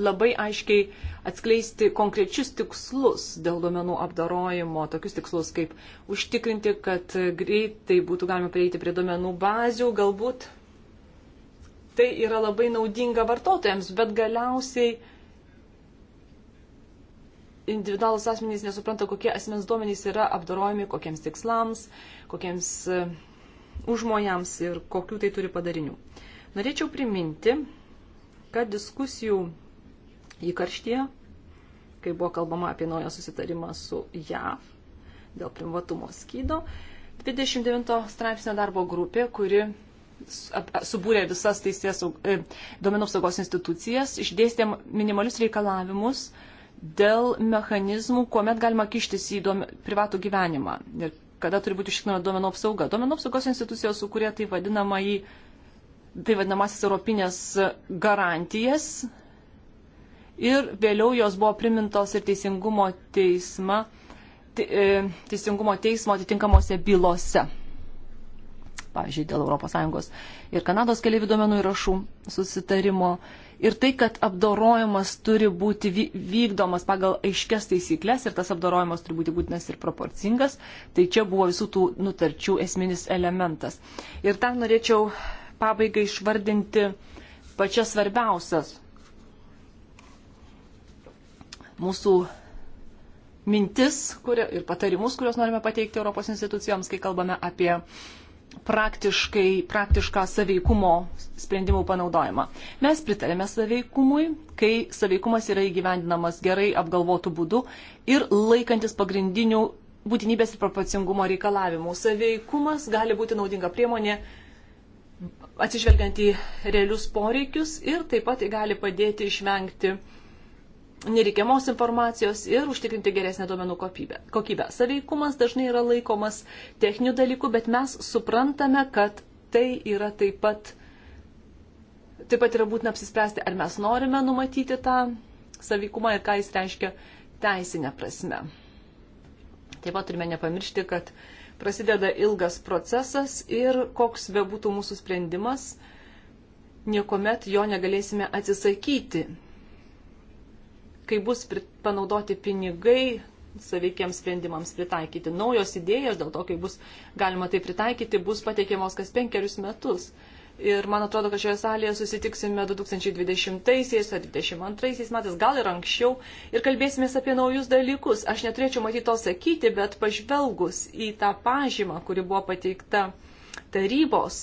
labai aiškiai atskleisti konkrečius tikslus dėl duomenų apdarojimo, tokius tikslus kaip užtikrinti, kad greitai būtų galima prieiti prie duomenų bazių, galbūt tai yra labai naudinga vartotojams, bet galiausiai individualus asmenys nesupranta, kokie asmens duomenys yra apdarojami, kokiems tikslams, kokiems e, užmojams ir kokių tai turi padarinių. Norėčiau priminti, kad diskusijų įkarštie, kai buvo kalbama apie naują susitarimą su JAV dėl privatumo skydo, 29 straipsnio darbo grupė, kuri subūrė visas teisės e, duomenų apsaugos institucijas, išdėstė minimalius reikalavimus dėl mechanizmų, kuomet galima kištis į duome, privatų gyvenimą ir kada turi būti užtikrinama duomenų apsauga. Duomenų apsaugos institucijos sukūrė tai, vadinamąjį, tai vadinamasis europinės garantijas ir vėliau jos buvo primintos ir teisingumo, teisma, te, e, teisingumo teismo atitinkamuose bylose. Pavyzdžiui, dėl ES ir Kanados keliaivių duomenų įrašų susitarimo ir tai, kad apdorojimas turi būti vykdomas pagal aiškias taisyklės ir tas apdorojimas turi būti būtinas ir proporcingas, tai čia buvo visų tų nutarčių esminis elementas. Ir ten norėčiau pabaigai išvardinti pačias svarbiausias mūsų mintis kuria, ir patarimus, kuriuos norime pateikti Europos institucijoms, kai kalbame apie uh, praktišką saveikumo sprendimų panaudojimą. Mes pritarėme saveikumui, kai saveikumas yra įgyvendinamas gerai apgalvotų būdų ir laikantis pagrindinių būtinybės ir proporcingumo reikalavimų. Saveikumas gali būti naudinga priemonė atsižvelgiant į realius poreikius ir taip pat gali padėti išvengti nereikiamos informacijos ir užtikrinti geresnę duomenų kokybę. kokybę. Saveikumas dažnai yra laikomas techninių dalykų, bet mes suprantame, kad tai yra taip pat, taip pat yra būtina apsispręsti, ar mes norime numatyti tą saveikumą ir ką jis reiškia teisinę prasme. Taip pat turime nepamiršti, kad prasideda ilgas procesas ir koks bebūtų mūsų sprendimas, niekuomet jo negalėsime atsisakyti kai bus panaudoti pinigai saveikiams sprendimams pritaikyti. Naujos idėjos dėl to, kai bus galima tai pritaikyti, bus pateikiamos kas penkerius metus. Ir man atrodo, kad šioje salėje susitiksime 2020-aisiais, 2022-aisiais metais, gal ir anksčiau, ir kalbėsime apie naujus dalykus. Aš neturėčiau matyti to sakyti, bet pažvelgus į tą pažymą, kuri buvo pateikta tarybos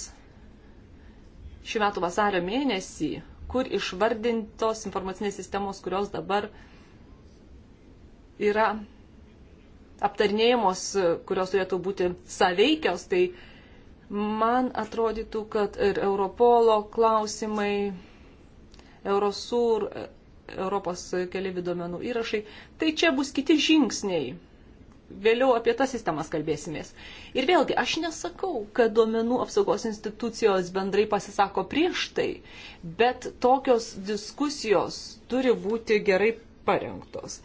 šių metų vasario mėnesį, kur išvardintos informacinės sistemos, kurios dabar yra aptarnėjimos, kurios turėtų būti saveikios, tai man atrodytų, kad ir Europolo klausimai, Eurosur, Europos keliaivių duomenų įrašai, tai čia bus kiti žingsniai vėliau apie tas sistemas kalbėsimės. Ir vėlgi, aš nesakau, kad duomenų apsaugos institucijos bendrai pasisako prieš tai, bet tokios diskusijos turi būti gerai parengtos.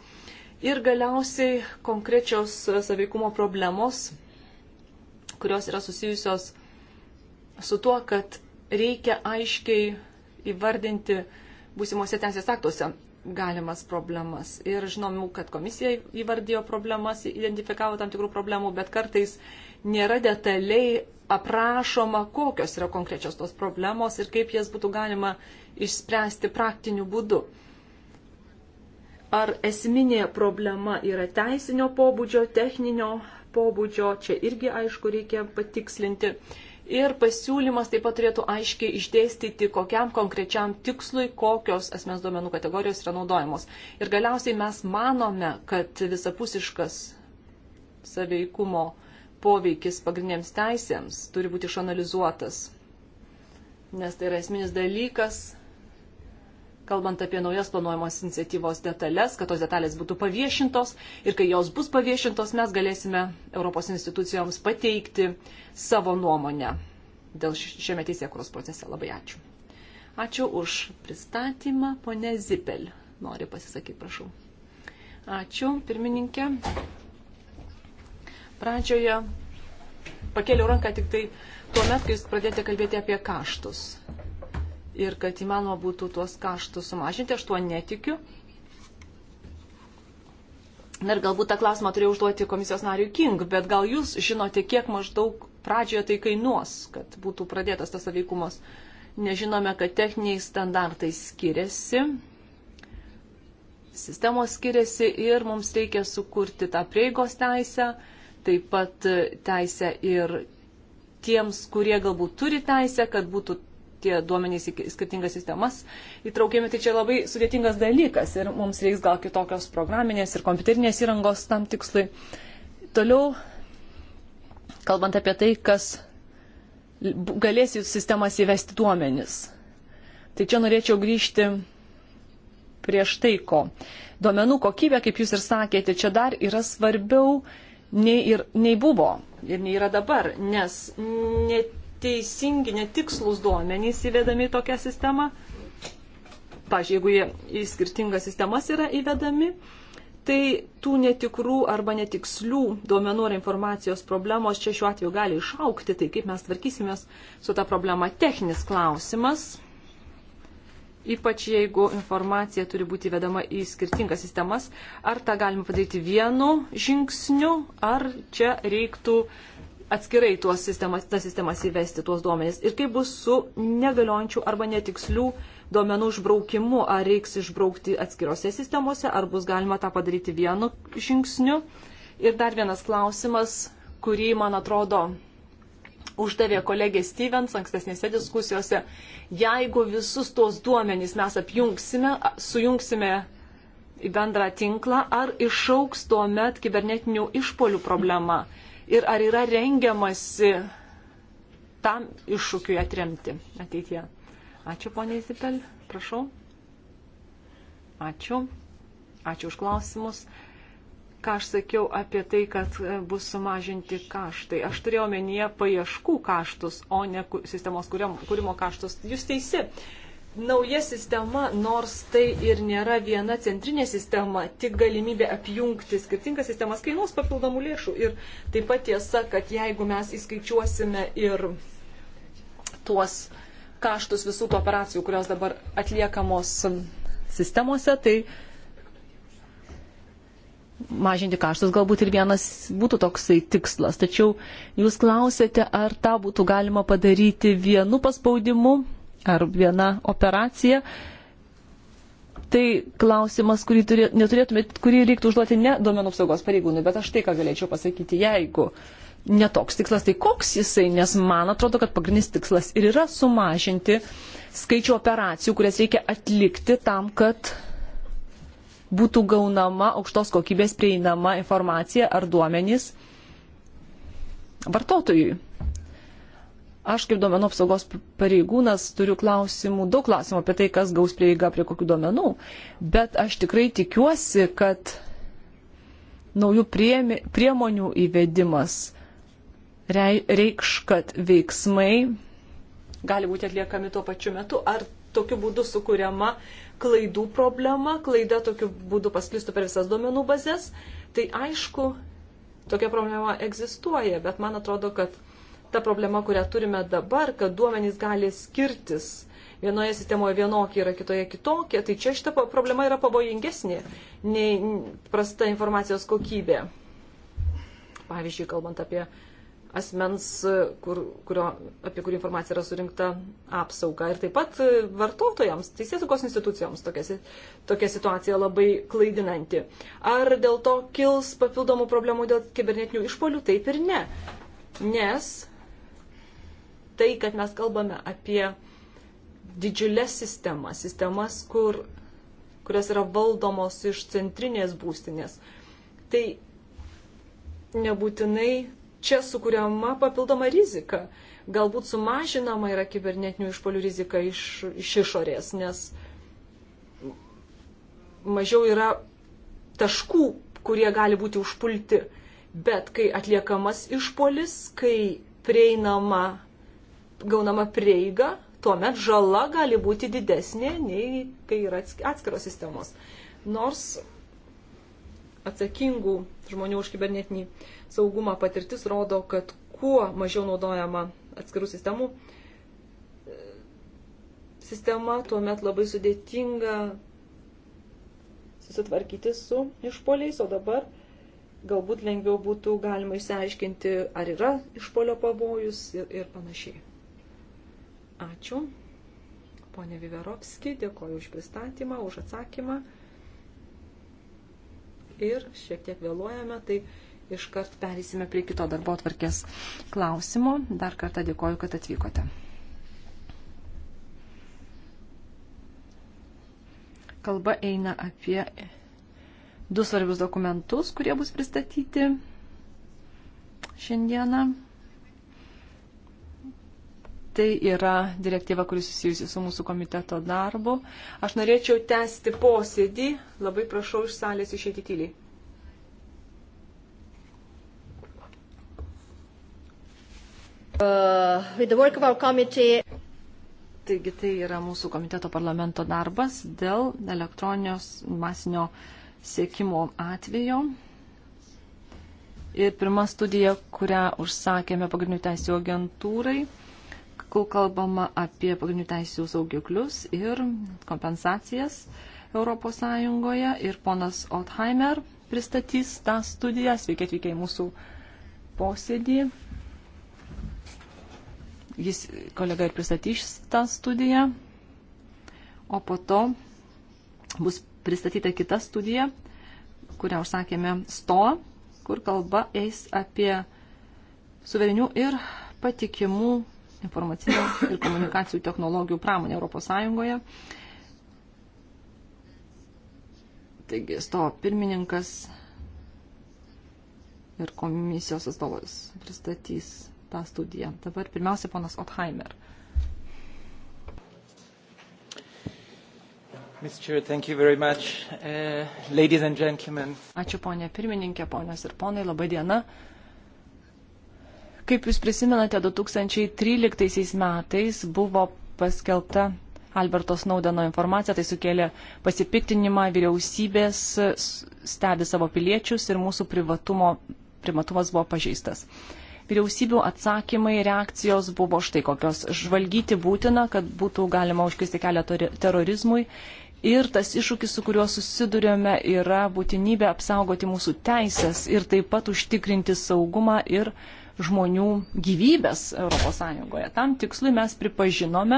Ir galiausiai konkrečios saveikumo problemos, kurios yra susijusios su tuo, kad reikia aiškiai įvardinti būsimose teisės aktuose galimas problemas. Ir žinoma, kad komisija įvardijo problemas, identifikavo tam tikrų problemų, bet kartais nėra detaliai aprašoma, kokios yra konkrečios tos problemos ir kaip jas būtų galima išspręsti praktiniu būdu. Ar esminė problema yra teisinio pobūdžio, techninio pobūdžio, čia irgi aišku reikia patikslinti. Ir pasiūlymas taip pat turėtų aiškiai išdėstyti, kokiam konkrečiam tikslui kokios asmens duomenų kategorijos yra naudojamos. Ir galiausiai mes manome, kad visapusiškas saveikumo poveikis pagrindiniams teisėms turi būti išanalizuotas, nes tai yra esminis dalykas kalbant apie naujas planuojamos iniciatyvos detalės, kad tos detalės būtų paviešintos ir kai jos bus paviešintos, mes galėsime Europos institucijoms pateikti savo nuomonę dėl šiame teisėkuros procese. Labai ačiū. Ačiū už pristatymą. Pone Zipel, nori pasisakyti, prašau. Ačiū, pirmininkė. Pradžioje pakėliau ranką tik tai tuo metu, kai jūs pradėjote kalbėti apie kaštus ir kad įmanoma būtų tuos kaštus sumažinti, aš tuo netikiu. Na ir galbūt tą klausimą turėjau užduoti komisijos nariui King, bet gal jūs žinote, kiek maždaug pradžioje tai kainuos, kad būtų pradėtas tas aveikumas. Nežinome, kad techniniai standartai skiriasi, sistemos skiriasi ir mums reikia sukurti tą prieigos teisę, taip pat teisę ir tiems, kurie galbūt turi teisę, kad būtų tie duomenys į skirtingas sistemas įtraukiami, tai čia labai sudėtingas dalykas ir mums reiks gal kitokios programinės ir kompiuterinės įrangos tam tikslui. Toliau, kalbant apie tai, kas galės jūsų sistemas įvesti duomenis. Tai čia norėčiau grįžti prieš tai, ko. Duomenų kokybė, kaip jūs ir sakėte, čia dar yra svarbiau nei, ir, nei buvo ir nei yra dabar, nes net neteisingi, netikslus duomenys įvedami į tokią sistemą. Pavyzdžiui, jeigu jie į skirtingas sistemas yra įvedami, tai tų netikrų arba netikslių duomenų ar informacijos problemos čia šiuo atveju gali išaukti. Tai kaip mes tvarkysimės su ta problema techninis klausimas ypač jeigu informacija turi būti vedama į skirtingas sistemas, ar tą galima padaryti vienu žingsniu, ar čia reiktų atskirai tuos sistemas, tas sistemas įvesti tuos duomenys ir kaip bus su negaliojančių arba netikslių duomenų išbraukimu, ar reiks išbraukti atskirose sistemose, ar bus galima tą padaryti vienu žingsniu. Ir dar vienas klausimas, kurį, man atrodo, uždavė kolegė Stevens ankstesnėse diskusijose. Jeigu visus tuos duomenys mes apjungsime, sujungsime į bendrą tinklą, ar išauks tuo met kibernetinių išpolių problema? Mm ir ar yra rengiamasi tam iššūkiui atremti ateityje. Ačiū, ponė Zipel, prašau. Ačiū. Ačiū už klausimus. Ką aš sakiau apie tai, kad e, bus sumažinti kaštai. Aš turėjau omenyje paieškų kaštus, o ne sistemos kūrimo kaštus. Jūs teisi. Uh, nauja sistema, nors tai ir nėra viena centrinė sistema, tik galimybė apjungti skirtingas sistemas kainuos papildomų lėšų. Ir taip pat tiesa, kad jeigu mes įskaičiuosime ir tuos kaštus visų tų operacijų, kurios dabar atliekamos sistemose, tai mažinti kaštus galbūt ir vienas būtų toksai tikslas. Tačiau jūs klausėte, ar tą būtų galima padaryti vienu paspaudimu ar viena operacija. Tai klausimas, kurį turė, neturėtumėt, kurį reiktų užduoti ne duomenų apsaugos pareigūnui, bet aš tai, ką galėčiau pasakyti, jeigu netoks tikslas, tai koks jisai, nes man atrodo, kad pagrindinis tikslas ir yra sumažinti skaičių operacijų, kurias reikia atlikti tam, kad būtų gaunama aukštos kokybės prieinama informacija ar duomenys vartotojui. Aš kaip duomenų apsaugos pareigūnas turiu klausimų, daug klausimų apie tai, kas gaus prieigą prie kokių duomenų, bet aš tikrai tikiuosi, kad naujų priemi, priemonių įvedimas reikš, kad veiksmai gali būti atliekami tuo pačiu metu, ar tokiu būdu sukūriama klaidų problema, klaida tokiu būdu pasklistų per visas duomenų bazės, tai aišku, tokia problema egzistuoja, bet man atrodo, kad ta problema, kurią turime dabar, kad duomenys gali skirtis. Vienoje sistemoje vienokia yra kitoje kitokia, tai čia šita problema yra pavojingesnė nei prasta informacijos kokybė. Pavyzdžiui, kalbant apie asmens, kur, kurio, apie kurį informacija yra surinkta apsauga. Ir taip pat vartotojams, teisėsaugos institucijoms tokia, tokia situacija labai klaidinanti. Ar dėl to kils papildomų problemų dėl kibernetinių išpolių? Taip ir ne. Nes tai, kad mes kalbame apie didžiulės sistemas, sistemas, kur, kurios yra valdomos iš centrinės būstinės. Tai nebūtinai čia sukūriama papildoma rizika. Galbūt sumažinama yra kibernetinių išpolių rizika iš, iš išorės, nes mažiau yra taškų, kurie gali būti užpulti. Bet kai atliekamas išpolis, kai prieinama gaunama prieiga, tuomet žala gali būti didesnė nei kai yra atskiros sistemos. Nors atsakingų žmonių už kibernetinį saugumą patirtis rodo, kad kuo mažiau naudojama atskirų sistemų, sistema tuomet labai sudėtinga susitvarkyti su išpoliais, o dabar galbūt lengviau būtų galima išsiaiškinti, ar yra išpolio pavojus ir, ir panašiai. Ačiū. Pone Viverovski, dėkoju už pristatymą, už atsakymą. Ir šiek tiek vėluojame, tai iškart perėsime prie kito darbo atvarkės klausimo. Dar kartą dėkoju, kad atvykote. Kalba eina apie du svarbius dokumentus, kurie bus pristatyti šiandieną. Tai yra direktyva, kuris susijusi su mūsų komiteto darbu. Aš norėčiau tęsti posėdį. Labai prašau iš salės išėti tyliai. Uh, Taigi tai yra mūsų komiteto parlamento darbas dėl elektroninės masinio sėkimo atvejo. Ir pirma studija, kurią užsakėme pagrindinių teisų agentūrai, kol kalbama apie pagrindinių teisų saugiklius ir kompensacijas ES ir ponas Otheimer pristatys tą studiją. Sveiki atvykę į mūsų posėdį. Jis kolega ir pristatys tą studiją, o po to bus pristatyta kita studija, kurią užsakėme STO, kur kalba eis apie suverenių ir patikimų informacinių ir komunikacijų technologijų pramonė Europos Sąjungoje. Taigi, sto pirmininkas ir komisijos atstovas pristatys tą studiją. Dabar pirmiausia, ponas Otheimer. Uh, Ačiū ponė pirmininkė, ponios ir ponai, labai diena. Kaip jūs prisimenate, 2013 metais buvo paskelbta Alberto Snaudeno informacija, tai sukėlė pasipiktinimą, vyriausybės stebi savo piliečius ir mūsų privatumo, privatumas buvo pažeistas. Vyriausybių atsakymai, reakcijos buvo štai kokios. Žvalgyti būtina, kad būtų galima užkisti kelią terorizmui. Ir tas iššūkis, su kuriuo susidurėme, yra būtinybė apsaugoti mūsų teisės ir taip pat užtikrinti saugumą ir saugumą žmonių gyvybės ES. Tam tikslui mes pripažinome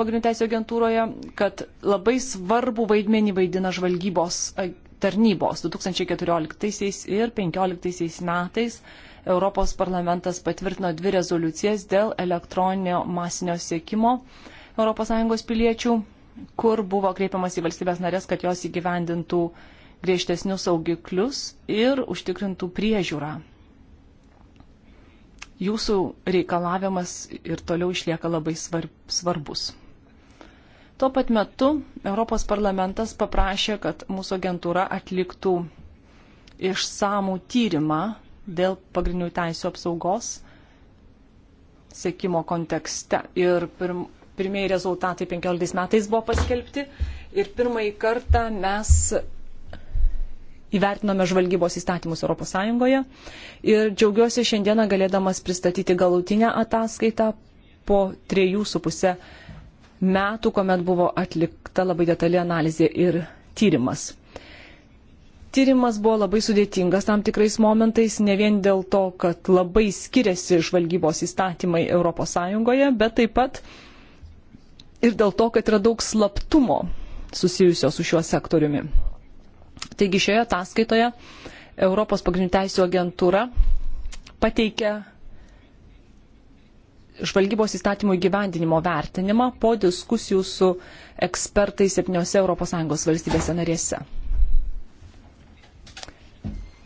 pagrindinėse agentūroje, kad labai svarbu vaidmenį vaidina žvalgybos tarnybos 2014 ir 2015 metais. Europos parlamentas patvirtino dvi rezoliucijas dėl elektroninio masinio siekimo ES piliečių, kur buvo kreipiamas į valstybės narės, kad jos įgyvendintų griežtesnius saugiklius ir užtikrintų priežiūrą jūsų reikalavimas ir toliau išlieka labai svarbus. Tuo pat metu Europos parlamentas paprašė, kad mūsų agentūra atliktų išsamų tyrimą dėl pagrindinių teisų apsaugos sėkimo kontekste. Ir pirm, pirmieji rezultatai 15 metais buvo paskelbti ir pirmąjį kartą mes įvertinome žvalgybos įstatymus ES. Ir džiaugiuosi šiandieną galėdamas pristatyti galutinę ataskaitą po trejų su pusę metų, kuomet buvo atlikta labai detali analizė ir tyrimas. Tyrimas buvo labai sudėtingas tam tikrais momentais, ne vien dėl to, kad labai skiriasi žvalgybos įstatymai ES, bet taip pat ir dėl to, kad yra daug slaptumo susijusio su šiuo sektoriumi. Taigi šioje ataskaitoje Europos pagrindinių teisų agentūra pateikia žvalgybos įstatymų įgyvendinimo vertinimą po diskusijų su ekspertais septyniose ES valstybėse narėse.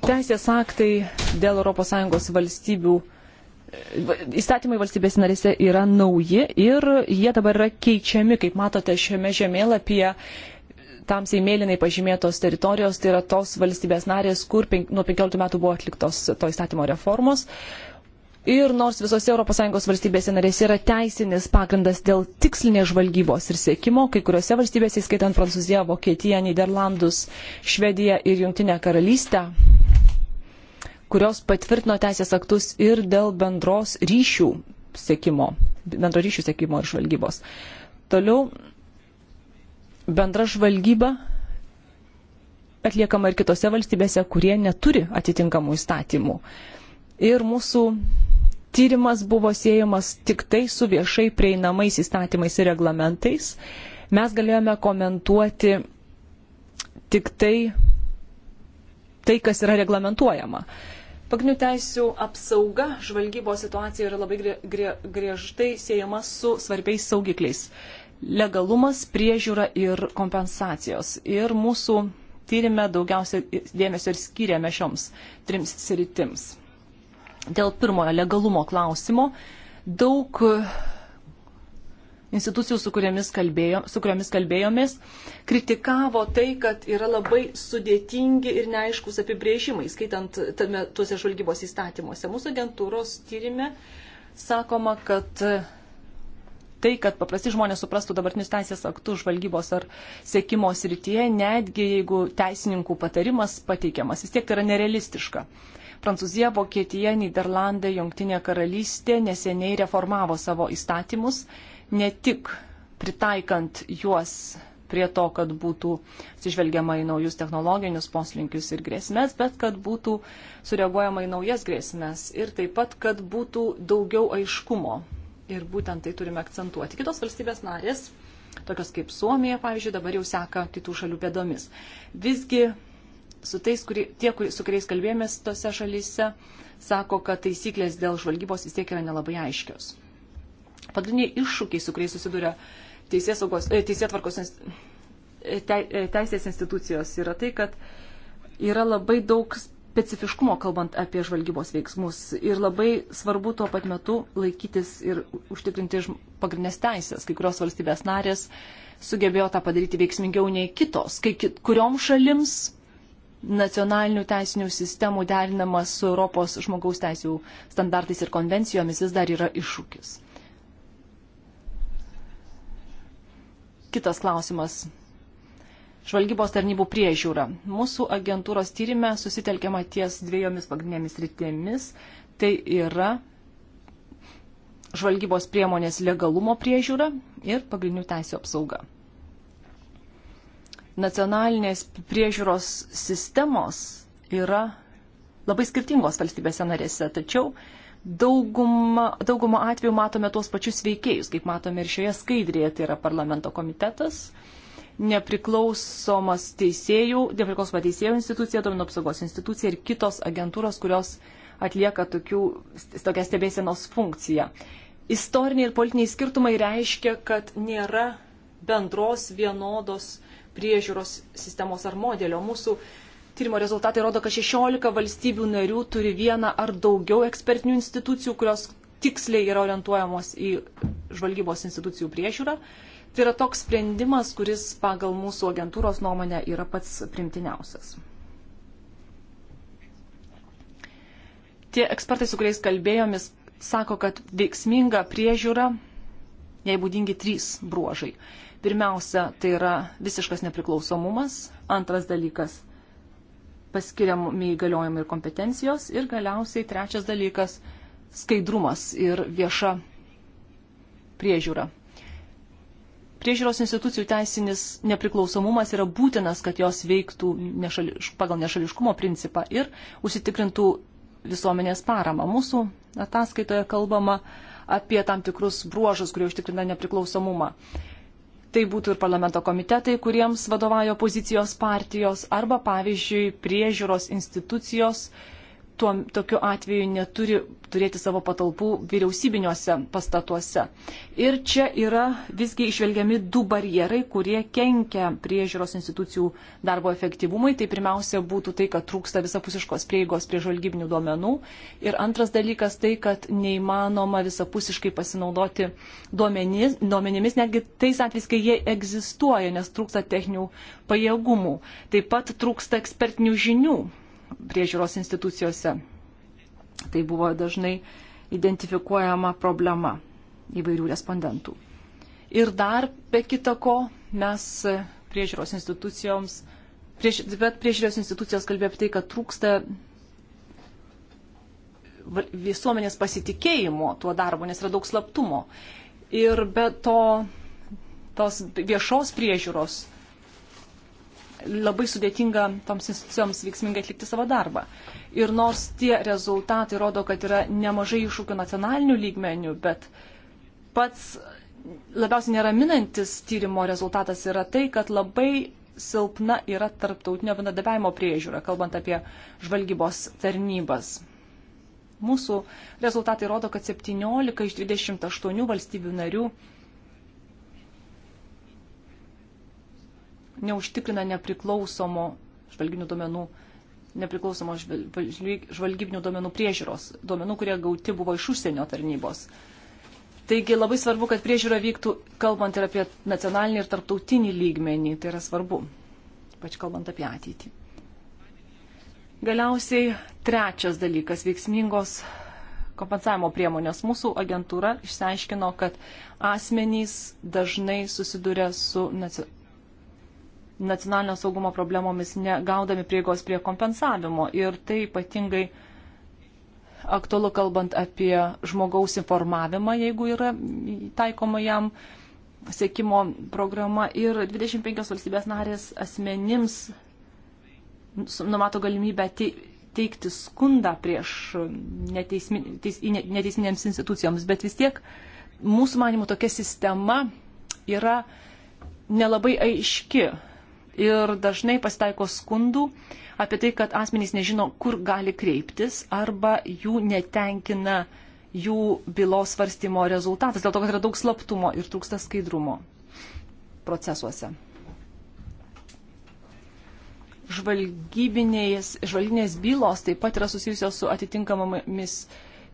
Teisės aktai dėl ES valstybių įstatymai valstybės narėse yra nauji ir jie dabar yra keičiami, kaip matote šiame žemėlapyje tamsiai mėlynai pažymėtos teritorijos, tai yra tos valstybės narės, kur penk, nuo 15 metų buvo atliktos to įstatymo reformos. Ir nors visose ES valstybėse narėse yra teisinis pagrindas dėl tikslinės žvalgybos ir sėkimo, kai kuriuose valstybėse, įskaitant Prancūziją, Vokietiją, Niderlandus, Švediją ir Junktinę karalystę, kurios patvirtino teisės aktus ir dėl bendros ryšių sėkimo, bendro ryšių sėkimo ir žvalgybos. Toliau bendra žvalgyba atliekama ir kitose valstybėse, kurie neturi atitinkamų įstatymų. Ir mūsų tyrimas buvo siejamas tik tai su viešai prieinamais įstatymais ir reglamentais. Mes galėjome komentuoti tik tai tai, kas yra reglamentuojama. Pagrindinių teisių apsauga žvalgybos situacija yra labai griežtai siejama su svarbiais saugikliais legalumas, priežiūra ir kompensacijos. Ir mūsų tyrimė daugiausia dėmesio ir skiriame šioms trims sritims. Dėl pirmojo legalumo klausimo daug institucijų, su kuriamis, kalbėjo, su kuriamis kalbėjomės, kritikavo tai, kad yra labai sudėtingi ir neaiškus apibrėžimai, skaitant tame, tuose žvalgybos įstatymuose. Mūsų agentūros tyrimė sakoma, kad tai, kad paprasti žmonės suprastų dabartinius teisės aktus žvalgybos ar sėkimo srityje, netgi jeigu teisininkų patarimas pateikiamas, vis tiek tai yra nerealistiška. Prancūzija, Vokietija, Niderlandai, Junktinė karalystė neseniai reformavo savo įstatymus, ne tik pritaikant juos prie to, kad būtų atsižvelgiama į naujus technologinius poslinkius ir grėsmės, bet kad būtų sureaguojama į naujas grėsmės ir taip pat, kad būtų daugiau aiškumo Ir būtent tai turime akcentuoti. Kitos valstybės narės, tokios kaip Suomija, pavyzdžiui, dabar jau seka kitų šalių pėdomis. Visgi su tais, kuri, tie, kuri, su kuriais kalbėjomės tose šalyse, sako, kad taisyklės dėl žvalgybos vis tiek yra nelabai aiškios. Pagrindiniai iššūkiai, su kuriais susiduria e, teisėtvarkos e, e, teisės institucijos, yra tai, kad yra labai daug specifiškumo, kalbant apie žvalgybos veiksmus. Ir labai svarbu tuo pat metu laikytis ir užtikrinti pagrindinės teisės. Kai kurios valstybės narės sugebėjo tą padaryti veiksmingiau nei kitos. Kai kit, kuriom šalims nacionalinių teisinių sistemų derinamas su Europos žmogaus teisų standartais ir konvencijomis vis dar yra iššūkis. Kitas klausimas žvalgybos tarnybų priežiūra. Mūsų agentūros tyrimė susitelkiama ties dviejomis pagrindinėmis rytėmis. Tai yra žvalgybos priemonės legalumo priežiūra ir pagrindinių teisų apsauga. Nacionalinės priežiūros sistemos yra labai skirtingos valstybėse narėse, tačiau daugumą, daugumą atveju matome tuos pačius veikėjus, kaip matome ir šioje skaidrėje, tai yra parlamento komitetas, nepriklausomas teisėjų, nepriklausoma teisėjų institucija, domino apsaugos institucija ir kitos agentūros, kurios atlieka tokių, tokią stebėsienos funkciją. Istoriniai ir politiniai skirtumai reiškia, kad nėra bendros vienodos priežiūros sistemos ar modelio. Mūsų Tyrimo rezultatai rodo, kad 16 valstybių narių turi vieną ar daugiau ekspertinių institucijų, kurios tiksliai yra orientuojamos į žvalgybos institucijų priežiūrą. Tai yra toks sprendimas, kuris pagal mūsų agentūros nuomonę yra pats primtiniausias. Tie ekspertai, su kuriais kalbėjomis, sako, kad veiksminga priežiūra, jai būdingi trys bruožai. Pirmiausia, tai yra visiškas nepriklausomumas. Antras dalykas paskiriami įgaliojimai ir kompetencijos. Ir galiausiai trečias dalykas - skaidrumas ir vieša priežiūra priežiūros institucijų teisinis nepriklausomumas yra būtinas, kad jos veiktų nešališ, pagal nešališkumo principą ir užsitikrintų visuomenės paramą. Mūsų ataskaitoje kalbama apie tam tikrus bruožus, kurie užtikrina nepriklausomumą. Tai būtų ir parlamento komitetai, kuriems vadovauja pozicijos partijos arba, pavyzdžiui, priežiūros institucijos, uh, tuo, tokiu atveju neturi turėti savo patalpų vyriausybiniuose pastatuose. Ir čia yra visgi išvelgiami du barjerai, kurie kenkia priežiūros institucijų darbo efektyvumui. Tai pirmiausia būtų tai, kad trūksta visapusiškos prieigos prie žvalgybinių duomenų. Ir antras dalykas tai, kad neįmanoma visapusiškai pasinaudoti duomenis, duomenimis, netgi tais atvejais, kai jie egzistuoja, nes trūksta techninių pajėgumų. Taip pat trūksta ekspertinių žinių priežiūros institucijose. Tai buvo dažnai identifikuojama problema įvairių respondentų. Ir dar be kita ko mes priežiūros institucijoms, prieš, bet priežiūros institucijos kalbėjo apie tai, kad trūksta visuomenės pasitikėjimo tuo darbu, nes yra daug slaptumo. Ir be to, tos viešos priežiūros labai sudėtinga toms institucijoms veiksmingai atlikti savo darbą. Ir nors tie rezultatai rodo, kad yra nemažai iššūkių nacionalinių lygmenių, bet pats labiausiai neraminantis tyrimo rezultatas yra tai, kad labai silpna yra tarptautinio bendradarbiavimo priežiūra, kalbant apie žvalgybos tarnybas. Mūsų rezultatai rodo, kad 17 iš 28 valstybių narių neužtikrina nepriklausomo žvalginių duomenų, nepriklausomo žvalgybinių duomenų priežiūros, duomenų, kurie gauti buvo iš užsienio tarnybos. Taigi labai svarbu, kad priežiūra vyktų, kalbant ir apie nacionalinį ir tarptautinį lygmenį, tai yra svarbu, pač kalbant apie ateitį. Galiausiai trečias dalykas - veiksmingos kompensavimo priemonės. Mūsų agentūra išsiaiškino, kad asmenys dažnai susiduria su nacionalinio saugumo problemomis, negaudami prieigos prie kompensavimo. Ir tai ypatingai aktualu kalbant apie žmogaus informavimą, jeigu yra taikoma jam sėkimo programa. Ir 25 valstybės narės asmenims numato galimybę teikti skundą prieš neteismi, teis, neteisminėms institucijoms, bet vis tiek mūsų manimų tokia sistema yra nelabai aiški ir dažnai pasitaiko skundų apie tai, kad asmenys nežino, kur gali kreiptis arba jų netenkina jų bylos svarstymo rezultatas, dėl to, kad yra daug slaptumo ir trūksta skaidrumo procesuose. Žvalgybinės, žvalginės bylos taip pat yra susijusios su atitinkamomis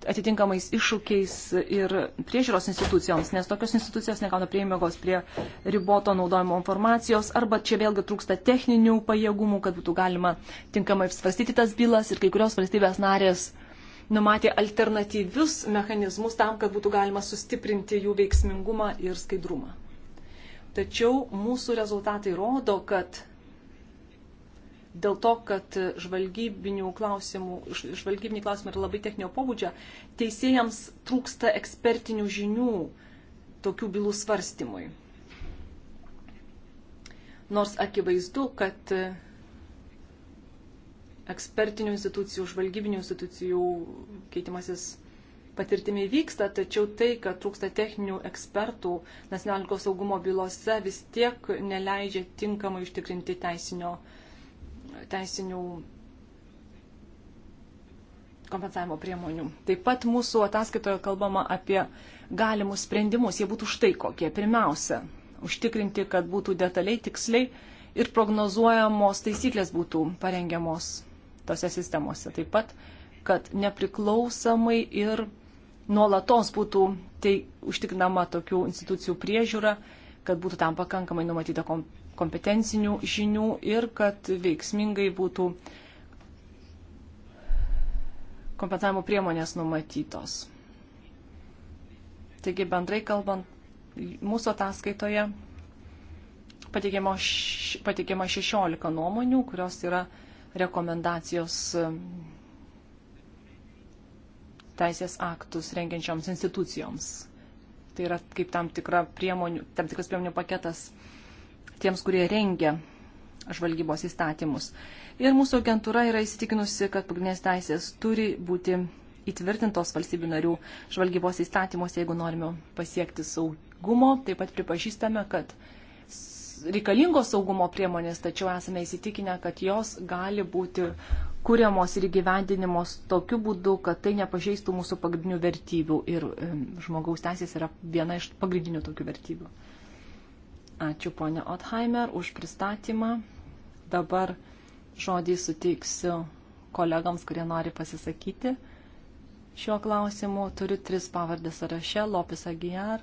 atitinkamais iššūkiais ir priežiūros institucijoms, nes tokios institucijos negauna prieimėgos prie riboto naudojimo informacijos, arba čia vėlgi trūksta techninių pajėgumų, kad būtų galima tinkamai svarstyti tas bylas ir kai kurios valstybės narės numatė alternatyvius mechanizmus tam, kad būtų galima sustiprinti jų veiksmingumą ir skaidrumą. Tačiau mūsų rezultatai rodo, kad dėl to, kad žvalgybinių klausimų, žvalgybiniai klausimai yra labai techninio pobūdžio, teisėjams trūksta ekspertinių žinių tokių bylų svarstymui. Nors akivaizdu, kad ekspertinių institucijų, žvalgybinių institucijų keitimasis patirtimi vyksta, tačiau tai, kad trūksta techninių ekspertų nacionalinio saugumo bylose, vis tiek neleidžia tinkamai užtikrinti teisinio uh, teisinių kompensavimo priemonių. Taip pat mūsų ataskaitoje kalbama apie galimus sprendimus. Jie būtų štai kokie. Pirmiausia, užtikrinti, kad būtų detaliai, tiksliai ir prognozuojamos taisyklės būtų parengiamos tose sistemose. Taip pat, kad nepriklausomai ir nuolatos būtų tai užtikrinama tokių institucijų priežiūra, kad būtų tam pakankamai numatyta kompensacija kompetencinių žinių ir kad veiksmingai būtų kompensavimo priemonės numatytos. Taigi bendrai kalbant, mūsų ataskaitoje pateikiama 16 nuomonių, kurios yra rekomendacijos teisės aktus rengiančioms institucijoms. Tai yra kaip tam, tikra priemonių, tam tikras priemonių paketas tiems, kurie rengia žvalgybos įstatymus. Ir mūsų agentūra yra įsitikinusi, kad pagrindinės teisės turi būti įtvirtintos valstybių narių žvalgybos įstatymuose, jeigu norime pasiekti saugumo. Taip pat pripažįstame, kad reikalingos saugumo priemonės, tačiau esame įsitikinę, kad jos gali būti kūriamos ir įgyvendinimos tokiu būdu, kad tai nepažeistų mūsų pagrindinių vertybių ir žmogaus teisės yra viena iš pagrindinių tokių vertybių. Ačiū ponė Otheimer už pristatymą. Dabar žodį suteiksiu kolegams, kurie nori pasisakyti. Šiuo klausimu turiu tris pavardės sąraše - Lopis Agijar,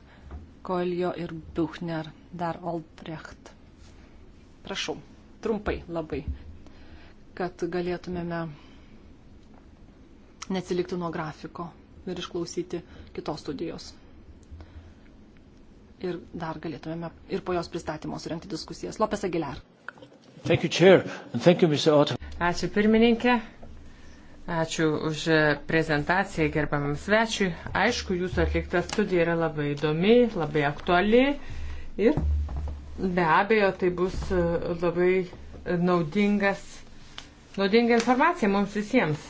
Koljo ir Buchner, dar Olbrecht. Prašau, trumpai labai, kad galėtumėme neatsilikti nuo grafiko ir išklausyti kitos studijos ir dar galėtumėme ir po jos pristatymo surenkti diskusijas. Lopes Aguilar. Thank you, Chair, and thank you, Mr. Otto. Ačiū pirmininkė, ačiū už prezentaciją gerbamam svečiui. Aišku, jūsų atlikta studija yra labai įdomi, labai aktuali ir be abejo tai bus labai naudingas, naudinga informacija mums visiems.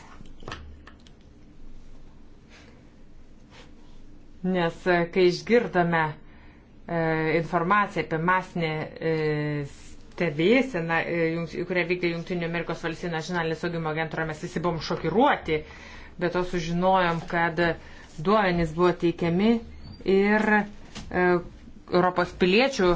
Nes kai išgirdome E, informacija apie masinę e, stebėseną, e, kurią vykdė Junktinių Amerikos valstybių nacionalinės saugimo agentūra, mes visi buvom šokiruoti, bet to sužinojom, kad duomenys buvo teikiami ir Europos piliečių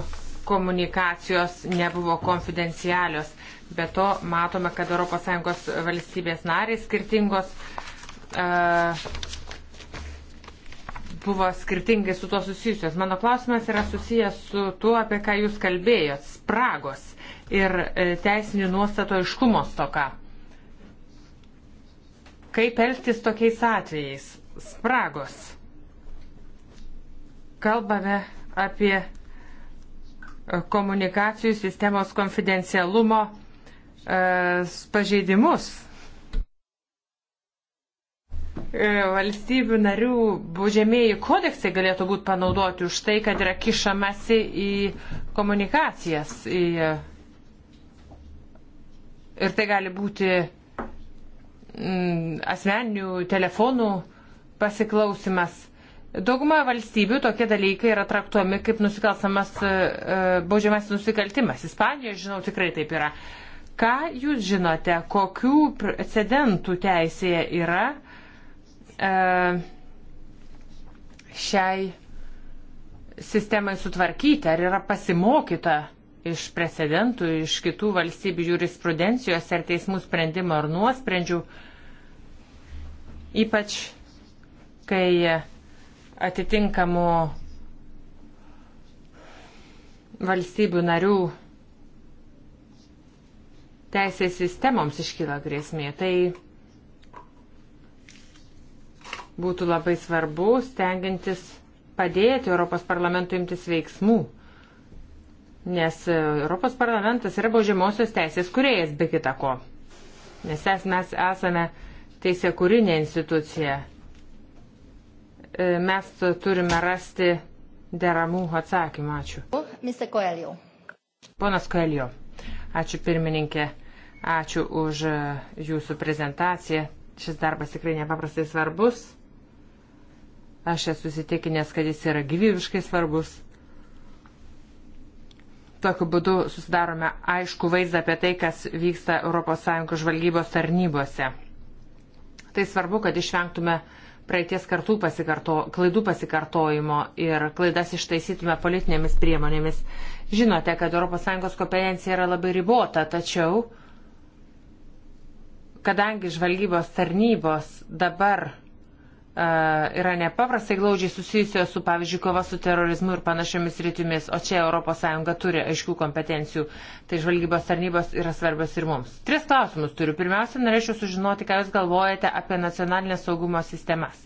komunikacijos nebuvo konfidencialios. Be to matome, kad ES valstybės nariai skirtingos uh, buvo skirtingai su tuo susijusios. Mano klausimas yra susijęs su tuo, apie ką jūs kalbėjot - spragos ir e, teisinių nuostato iškumo stoka. Kaip elgtis tokiais atvejais? Spragos. Kalbame apie e, komunikacijų sistemos konfidencialumo e, pažeidimus E, valstybių narių baudžiamieji kodeksai galėtų būti panaudoti už tai, kad yra kišamasi į komunikacijas. Į... Ir tai gali būti mm, asmeninių telefonų pasiklausimas. Dauguma valstybių tokie dalykai yra traktuomi kaip nusikalstamas e, e, baudžiamas nusikaltimas. Ispanijoje, žinau, tikrai taip yra. Ką jūs žinote, kokių precedentų teisėje yra? E, šiai sistemai sutvarkyti, ar yra pasimokyta iš precedentų, iš kitų valstybių jurisprudencijos ar teismų sprendimų ar nuosprendžių, ypač kai atitinkamų valstybių narių teisės sistemoms iškyla grėsmė. Tai būtų labai svarbu stengiantis padėti Europos parlamentui imtis veiksmų. Nes Europos parlamentas yra baudžiamosios teisės kuriejas be kita ko. Nes mes esame teisė kūrinė institucija. E, mes turime rasti deramų atsakymą. Ačiū. Ponas Koelio, ačiū pirmininkė, ačiū už jūsų prezentaciją. Šis darbas tikrai nepaprastai svarbus. Aš esu įsitikinęs, kad jis yra gyvybiškai svarbus. Tokiu būdu susidarome aišku vaizdą apie tai, kas vyksta ES žvalgybos tarnybose. Tai svarbu, kad išvengtume praeities pasikarto, klaidų pasikartojimo ir klaidas ištaisytume politinėmis priemonėmis. Žinote, kad ES kompetencija yra labai ribota, tačiau kadangi žvalgybos tarnybos dabar yra nepaprastai glaudžiai susijusios su, pavyzdžiui, kova su terorizmu ir panašiomis rytimis, o čia ES turi aiškių kompetencijų, tai žvalgybos tarnybos yra svarbios ir mums. Tris klausimus turiu. Pirmiausia, norėčiau sužinoti, ką Jūs galvojate apie nacionalinės saugumo sistemas.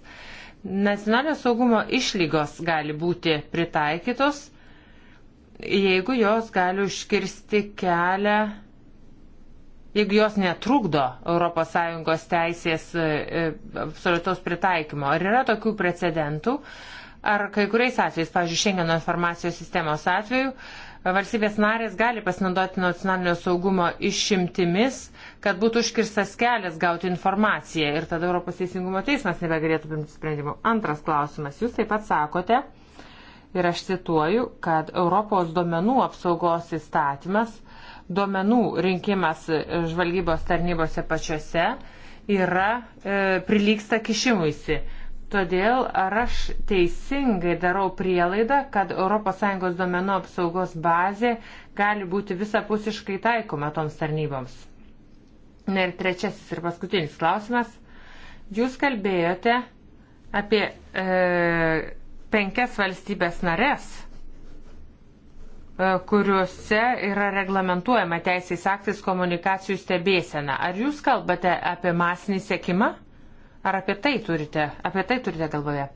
Nacionalinio saugumo išlygos gali būti pritaikytos, jeigu jos gali užkirsti kelią jeigu jos netrukdo ES teisės e, e, absoliutos pritaikymo. Ar yra tokių precedentų, ar kai kuriais atvejais, pavyzdžiui, Šengeno informacijos sistemos atveju, valstybės narės gali pasinaudoti nacionalinio saugumo išimtimis, kad būtų užkirstas kelias gauti informaciją ir tada Europos Teisingumo teismas nebegalėtų priimti sprendimų. Antras klausimas. Jūs taip pat sakote, ir aš cituoju, kad Europos duomenų apsaugos įstatymas duomenų rinkimas žvalgybos tarnybose pačiose yra e, prilyksta kišimuisi. Todėl ar aš teisingai darau prielaidą, kad ES duomenų apsaugos bazė gali būti visapusiškai taikoma toms tarnyboms? Na ir trečiasis ir paskutinis klausimas. Jūs kalbėjote apie e, penkias valstybės narės E, kuriuose yra reglamentuojama teisės aktais komunikacijų stebėsena. Ar jūs kalbate apie masinį sekimą? Ar apie tai turite, apie tai turite galvoje?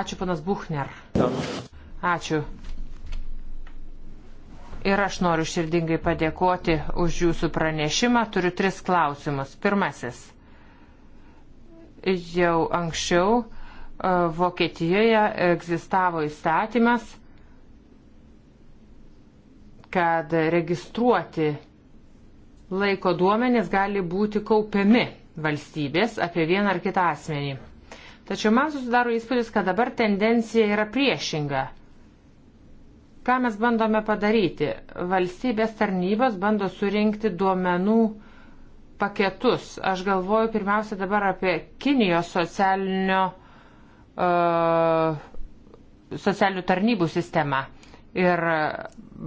Ačiū, panas Buchner. Ačiū. Ir aš noriu širdingai padėkoti už jūsų pranešimą. Turiu tris klausimus. Pirmasis. Jau anksčiau e, Vokietijoje egzistavo įstatymas, kad registruoti laiko duomenys gali būti kaupiami valstybės apie vieną ar kitą asmenį. Tačiau man susidaro įspūdis, kad dabar tendencija yra priešinga. Ką mes bandome padaryti? Valstybės tarnybos bando surinkti duomenų paketus. Aš galvoju pirmiausia dabar apie Kinijos socialinio, uh, socialinių tarnybų sistemą. Uh, ir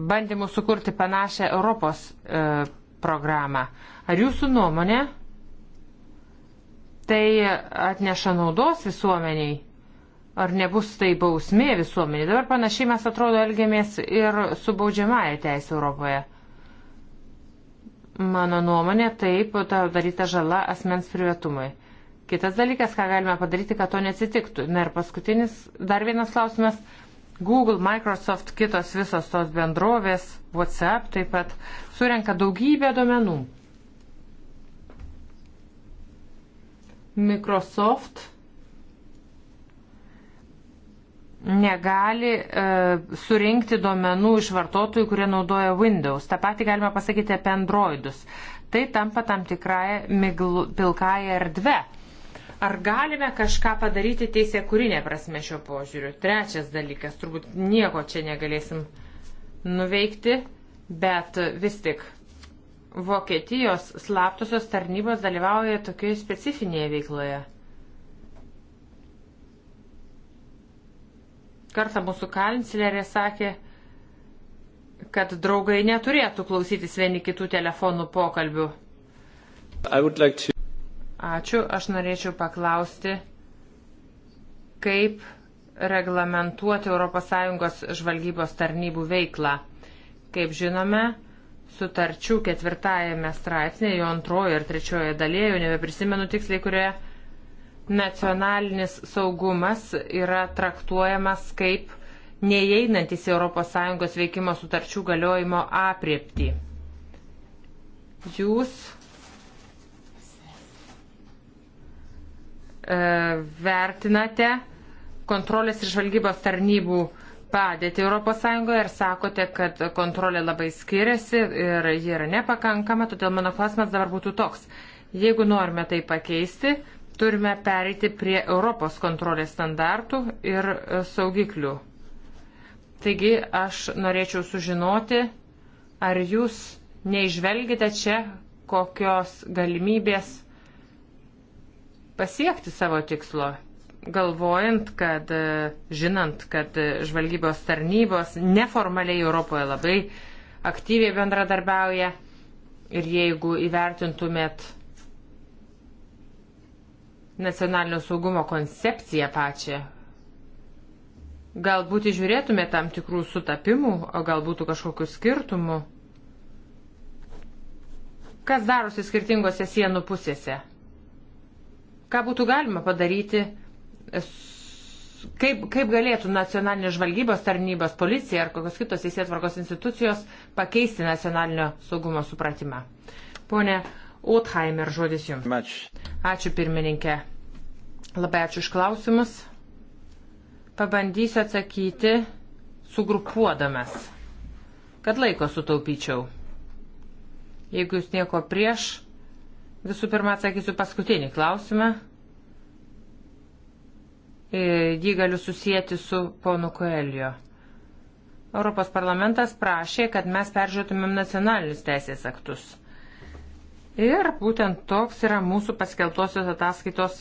bandymų sukurti panašią Europos e, programą. Ar jūsų nuomonė tai atneša naudos visuomeniai? Ar nebus tai bausmė visuomeniai? Dabar panašiai mes atrodo elgiamės ir su baudžiamąją teisę Europoje. Mano nuomonė taip, ta daryta žala asmens privatumui. Kitas dalykas, ką galime padaryti, kad to neatsitiktų. Na ir paskutinis, dar vienas klausimas Google, Microsoft, kitos visos tos bendrovės, WhatsApp taip pat surenka daugybę duomenų. Microsoft negali e, surinkti duomenų iš vartotojų, kurie naudoja Windows. Ta pati galima pasakyti apie Androidus. Tai tampa tam tikrąją pilkąją erdvę. E, Ar galime kažką padaryti teisė kūrinė prasme šio požiūriu? Trečias dalykas, turbūt nieko čia negalėsim nuveikti, bet vis tik Vokietijos slaptosios tarnybos dalyvauja tokioje specifinėje veikloje. Kartą mūsų kanclerė sakė, kad draugai neturėtų klausytis vieni kitų telefonų pokalbių. Like to... Ačiū. Aš norėčiau paklausti, kaip reglamentuoti ES žvalgybos tarnybų veiklą. Kaip žinome, sutarčių ketvirtajame straipsnėje, jo antrojo ir trečiojo dalyje, jau nebeprisimenu tiksliai, kurioje nacionalinis saugumas yra traktuojamas kaip neįeinantis į ES veikimo sutarčių galiojimo apriepti. Jūs E, vertinate kontrolės ir žvalgybos tarnybų padėtį ES ir sakote, kad kontrolė labai skiriasi ir ji yra nepakankama, todėl mano klausimas dabar būtų toks. Jeigu norime tai pakeisti, turime pereiti prie Europos kontrolės standartų ir saugiklių. Taigi aš norėčiau sužinoti, ar jūs neižvelgite čia kokios galimybės pasiekti savo tikslo, galvojant, kad e, žinant, kad e, žvalgybos tarnybos neformaliai Europoje labai aktyviai bendradarbiauja ir jeigu įvertintumėt nacionalinio saugumo koncepciją pačią, galbūt įžiūrėtumėt tam tikrų sutapimų, o galbūt kažkokių skirtumų. Kas darosi skirtingose sienų pusėse? Ką būtų galima padaryti, kaip, kaip galėtų nacionalinės žvalgybos tarnybos, policija ar kokios kitos teisėtvarkos institucijos pakeisti nacionalinio saugumo supratimą? Pone Otheimer, žodis jums. Ačiū pirmininkė. Labai ačiū iš klausimus. Pabandysiu atsakyti sugrupuodamas, kad laiko sutaupyčiau. Jeigu jūs nieko prieš, Visų pirma, atsakysiu paskutinį klausimą. E, jį galiu susijęti su ponu Koelio. Europos parlamentas prašė, kad mes peržiūrėtumėm nacionalinius teisės aktus. Ir būtent toks yra mūsų paskeltosios ataskaitos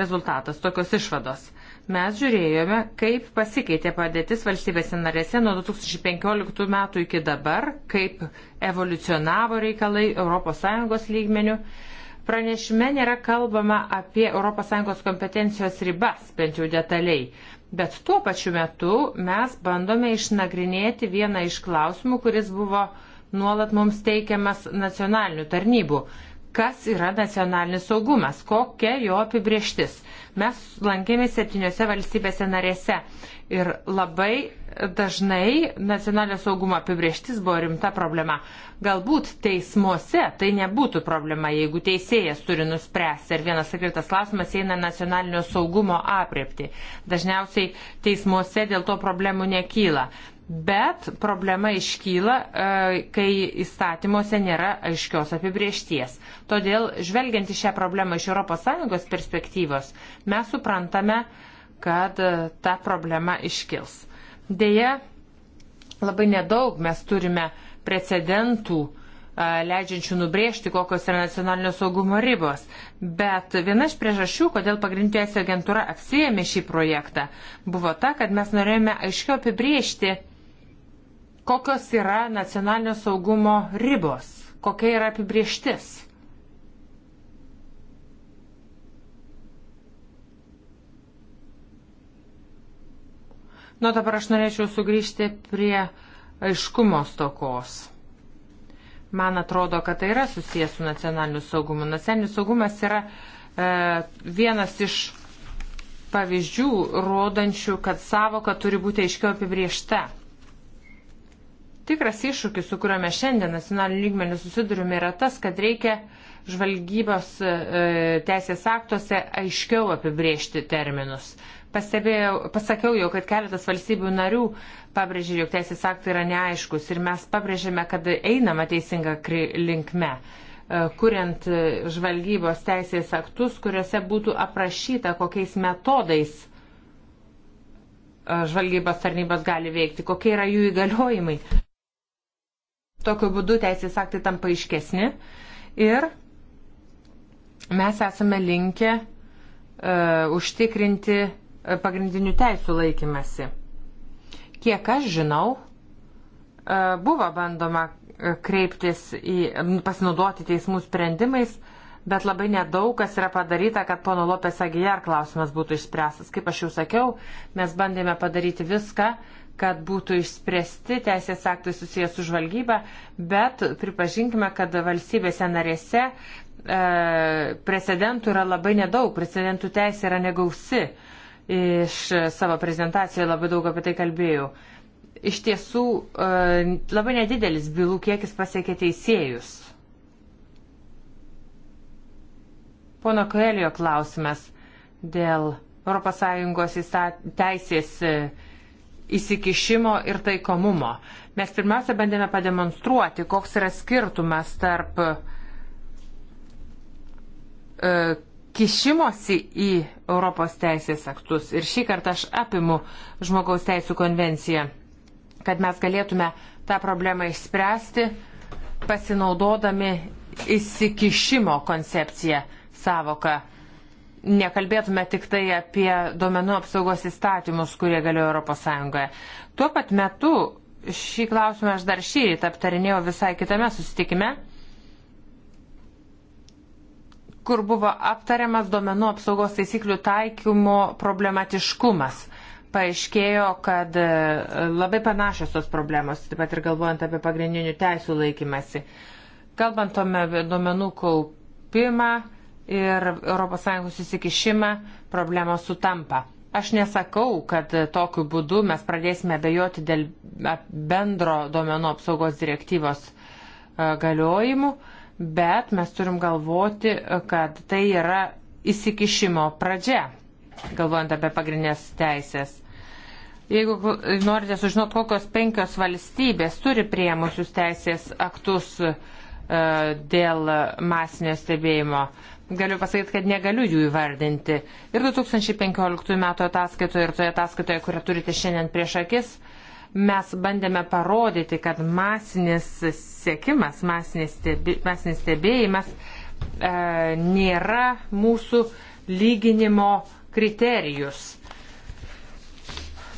rezultatas, tokios išvados. Mes žiūrėjome, kaip pasikeitė padėtis valstybėse narėse nuo 2015 metų iki dabar, kaip evoliucionavo reikalai ES lygmenių Pranešime nėra kalbama apie ES kompetencijos ribas, bent jau detaliai. Bet tuo pačiu metu mes bandome išnagrinėti vieną iš klausimų, kuris buvo nuolat mums teikiamas nacionalinių tarnybų. Kas yra nacionalinis saugumas, kokia jo apibrieštis. Mes lankėmės septyniose valstybėse narėse Ir labai dažnai nacionalinio saugumo apibrieštis buvo rimta problema. Galbūt teismuose tai nebūtų problema, jeigu teisėjas turi nuspręsti, ar vienas ar kitas klausimas eina nacionalinio saugumo apriepti. Dažniausiai teismuose dėl to problemų nekyla. Bet problema iškyla, e, kai įstatymuose nėra aiškios apibriešties. Todėl, žvelgiant į šią problemą iš ES perspektyvos, mes suprantame, kad e, ta problema iškils. Deja, labai nedaug mes turime precedentų e, leidžiančių nubrėžti, kokios yra nacionalinio saugumo ribos. Bet viena iš priežasčių, kodėl pagrindinės agentūra apsijėmė šį projektą, buvo ta, kad mes norėjome aiškiau apibriežti, kokios yra nacionalinio saugumo ribos, kokia yra apibrieštis. Nu, dabar aš norėčiau sugrįžti prie aiškumo stokos. Man atrodo, kad tai yra susijęs su nacionaliniu saugumu. Nacionalinis saugumas yra e, vienas iš pavyzdžių, rodančių, kad savoka turi būti aiškiau apibriešta. Tikras iššūkis, su kuriuo mes šiandien nacionaliniu lygmeniu susidurime, yra tas, kad reikia žvalgybos e, teisės aktuose aiškiau apibriežti terminus. Pastebėjau, pasakiau jau, kad keletas valstybių narių pabrėžė, jog teisės aktai yra neaiškus ir mes pabrėžėme, kad einama teisinga linkme, e, kuriant e, žvalgybos teisės aktus, kuriuose būtų aprašyta, kokiais metodais e, žvalgybos tarnybos gali veikti, kokie yra jų įgaliojimai. Tokiu būdu teisės aktai tampa aiškesni ir mes esame linkę uh, užtikrinti pagrindinių teisų laikymasi. Kiek aš žinau, e, buvo bandoma e, kreiptis į pasinaudoti teismų sprendimais, bet labai nedaug kas yra padaryta, kad pono Lopės Agijar klausimas būtų išspręstas. Kaip aš jau sakiau, mes bandėme padaryti viską, kad būtų išspręsti teisės aktai susijęs su žvalgyba, bet pripažinkime, kad valstybėse narėse e, precedentų yra labai nedaug, precedentų teisė yra negausi. E, iš savo prezentacijoje labai daug apie tai kalbėjau. Iš tiesų, e, labai nedidelis bylų kiekis pasiekė teisėjus. Pono Koelio klausimas dėl ES teisės e, įsikišimo ir taikomumo. Mes pirmiausia bandėme pademonstruoti, koks yra skirtumas tarp e, kišimosi į Europos teisės aktus. Ir šį kartą aš apimu žmogaus teisų konvenciją, kad mes galėtume tą problemą išspręsti pasinaudodami įsikišimo koncepciją savoką. Nekalbėtume tik tai apie duomenų apsaugos įstatymus, kurie galioja ES. Tuo pat metu šį klausimą aš dar šį rytą aptarinėjau visai kitame susitikime kur buvo aptariamas duomenų apsaugos taisyklių taikymo problematiškumas. Paaiškėjo, kad e, labai panašios tos problemos, taip pat ir galvojant apie pagrindinių teisų laikymasi. Kalbant apie duomenų kaupimą ir ES įsikišimą, problemos sutampa. Aš nesakau, kad e, tokiu būdu mes pradėsime bejoti dėl bendro duomenų apsaugos direktyvos e, galiojimų bet mes turim galvoti, kad tai yra įsikišimo pradžia, galvojant apie pagrindinės teisės. Jeigu norite sužinoti, kokios penkios valstybės turi priemusius teisės aktus e, dėl masinio stebėjimo, galiu pasakyti, kad negaliu jų įvardinti. Ir 2015 metų ataskaitoje, ir toje ataskaitoje, kurią turite šiandien prieš akis, e, mes bandėme parodyti, kad masinis sėkimas, masinis, stebi, masinis stebėjimas e, nėra mūsų lyginimo kriterijus.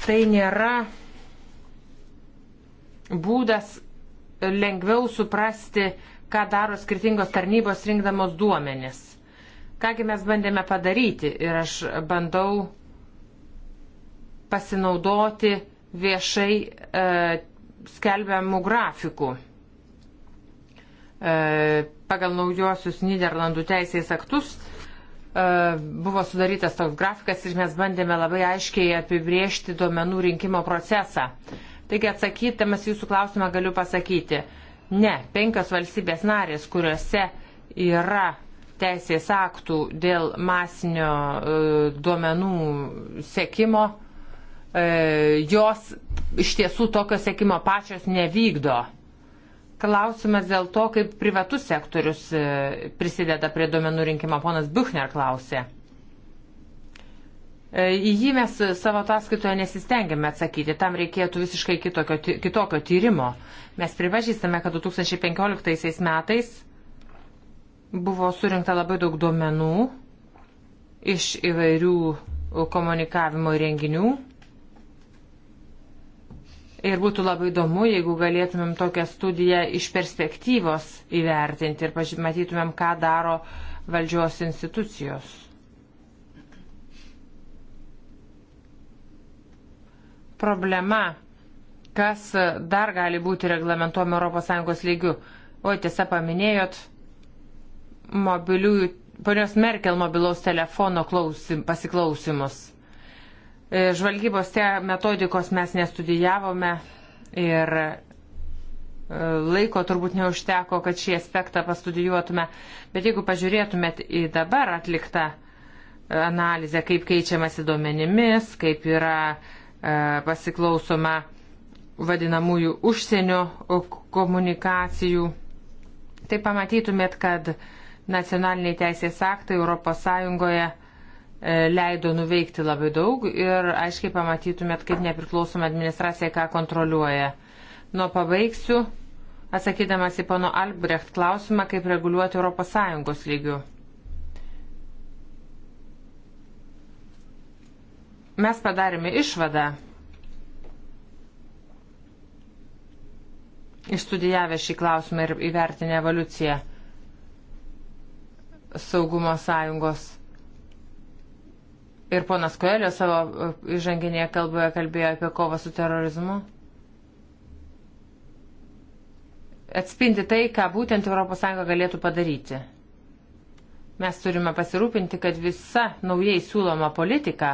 Tai nėra būdas lengviau suprasti, ką daro skirtingos tarnybos rinkdamos duomenis. Kągi mes bandėme padaryti ir aš bandau pasinaudoti viešai e, skelbiamų grafikų. E, pagal naujosius Niderlandų teisės aktus e, buvo sudarytas toks grafikas ir mes bandėme labai aiškiai apibriežti duomenų rinkimo procesą. Taigi atsakytamas jūsų klausimą galiu pasakyti. Ne, penkios valstybės narės, kuriuose yra teisės aktų dėl masinio e, duomenų sekimo, e, E, jos iš tiesų tokio sėkimo pačios nevykdo. Klausimas dėl to, kaip privatus sektorius e, prisideda prie duomenų rinkimo, ponas Buchner klausė. E, į jį mes savo ataskaitoje nesistengėme atsakyti, tam reikėtų visiškai kitokio, kitokio tyrimo. Mes pripažįstame, kad 2015 metais buvo surinkta labai daug duomenų iš įvairių komunikavimo renginių Ir būtų labai įdomu, jeigu galėtumėm tokią studiją iš perspektyvos įvertinti ir matytumėm, ką daro valdžios institucijos. Problema, kas dar gali būti reglamentuojama ES lygiu. O tiesa paminėjot mobiliųjų, ponios Merkel mobilaus telefono klausim, pasiklausimus. E, žvalgybos te metodikos mes nestudijavome ir e, laiko turbūt neužteko, kad šį aspektą pastudijuotume, bet jeigu pažiūrėtumėt į dabar atliktą e, analizę, kaip keičiamasi duomenimis, kaip yra pasiklausoma vadinamųjų užsienio komunikacijų, tai pamatytumėt, kad nacionaliniai teisės aktai ES E, leido nuveikti labai daug ir aiškiai pamatytumėt, kaip nepriklausoma administracija ką kontroliuoja. Nuo pabaigsiu, atsakydamas į pono Albrecht klausimą, kaip reguliuoti ES lygių. Mes padarėme išvadą, išstudijavę šį klausimą ir įvertinę evoliuciją saugumo sąjungos Ir ponas Koelio savo e, įžanginėje kalboje kalbėjo apie kovą su terorizmu. Atspindi tai, ką būtent ES galėtų padaryti. Mes turime pasirūpinti, kad visa naujai siūloma politika,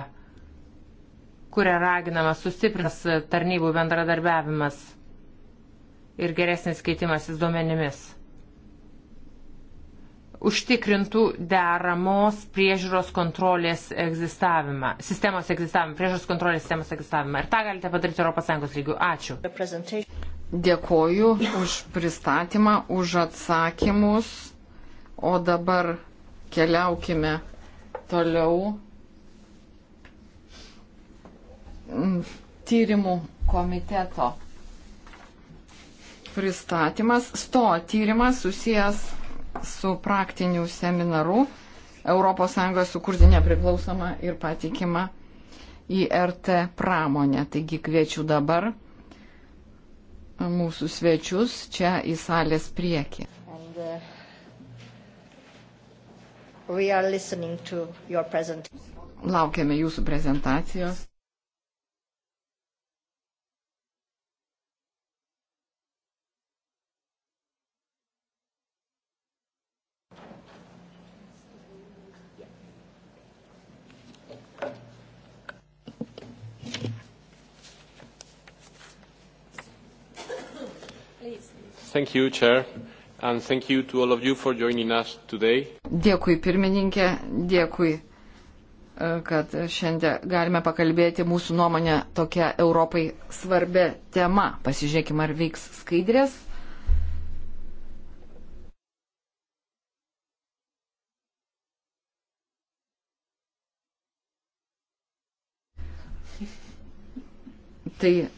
kuria raginama sustiprintas tarnybų bendradarbiavimas ir geresnis keitimasis duomenimis užtikrintų deramos priežiūros kontrolės egzistavimą, sistemos egzistavimą, priežiūros kontrolės sistemos egzistavimą. Ir tą galite padaryti ES lygių. Ačiū. Dėkoju už pristatymą, už atsakymus. O dabar keliaukime toliau. Mm, tyrimų komiteto pristatymas, sto tyrimas susijęs su praktiniu seminaru ES sukurti nepriklausomą ir patikimą IRT pramonę. Taigi kviečiu dabar mūsų svečius čia į salės priekį. And, uh, Laukiame jūsų prezentacijos. Thank you, Chair. And thank you to all of you for joining us today. Dėkui pirmininkė, dėkui, e, kad šiandien galime pakalbėti mūsų nuomonę tokia Europai svarbia tema. Pasižiūrėkime, ar veiks skaidrės. tai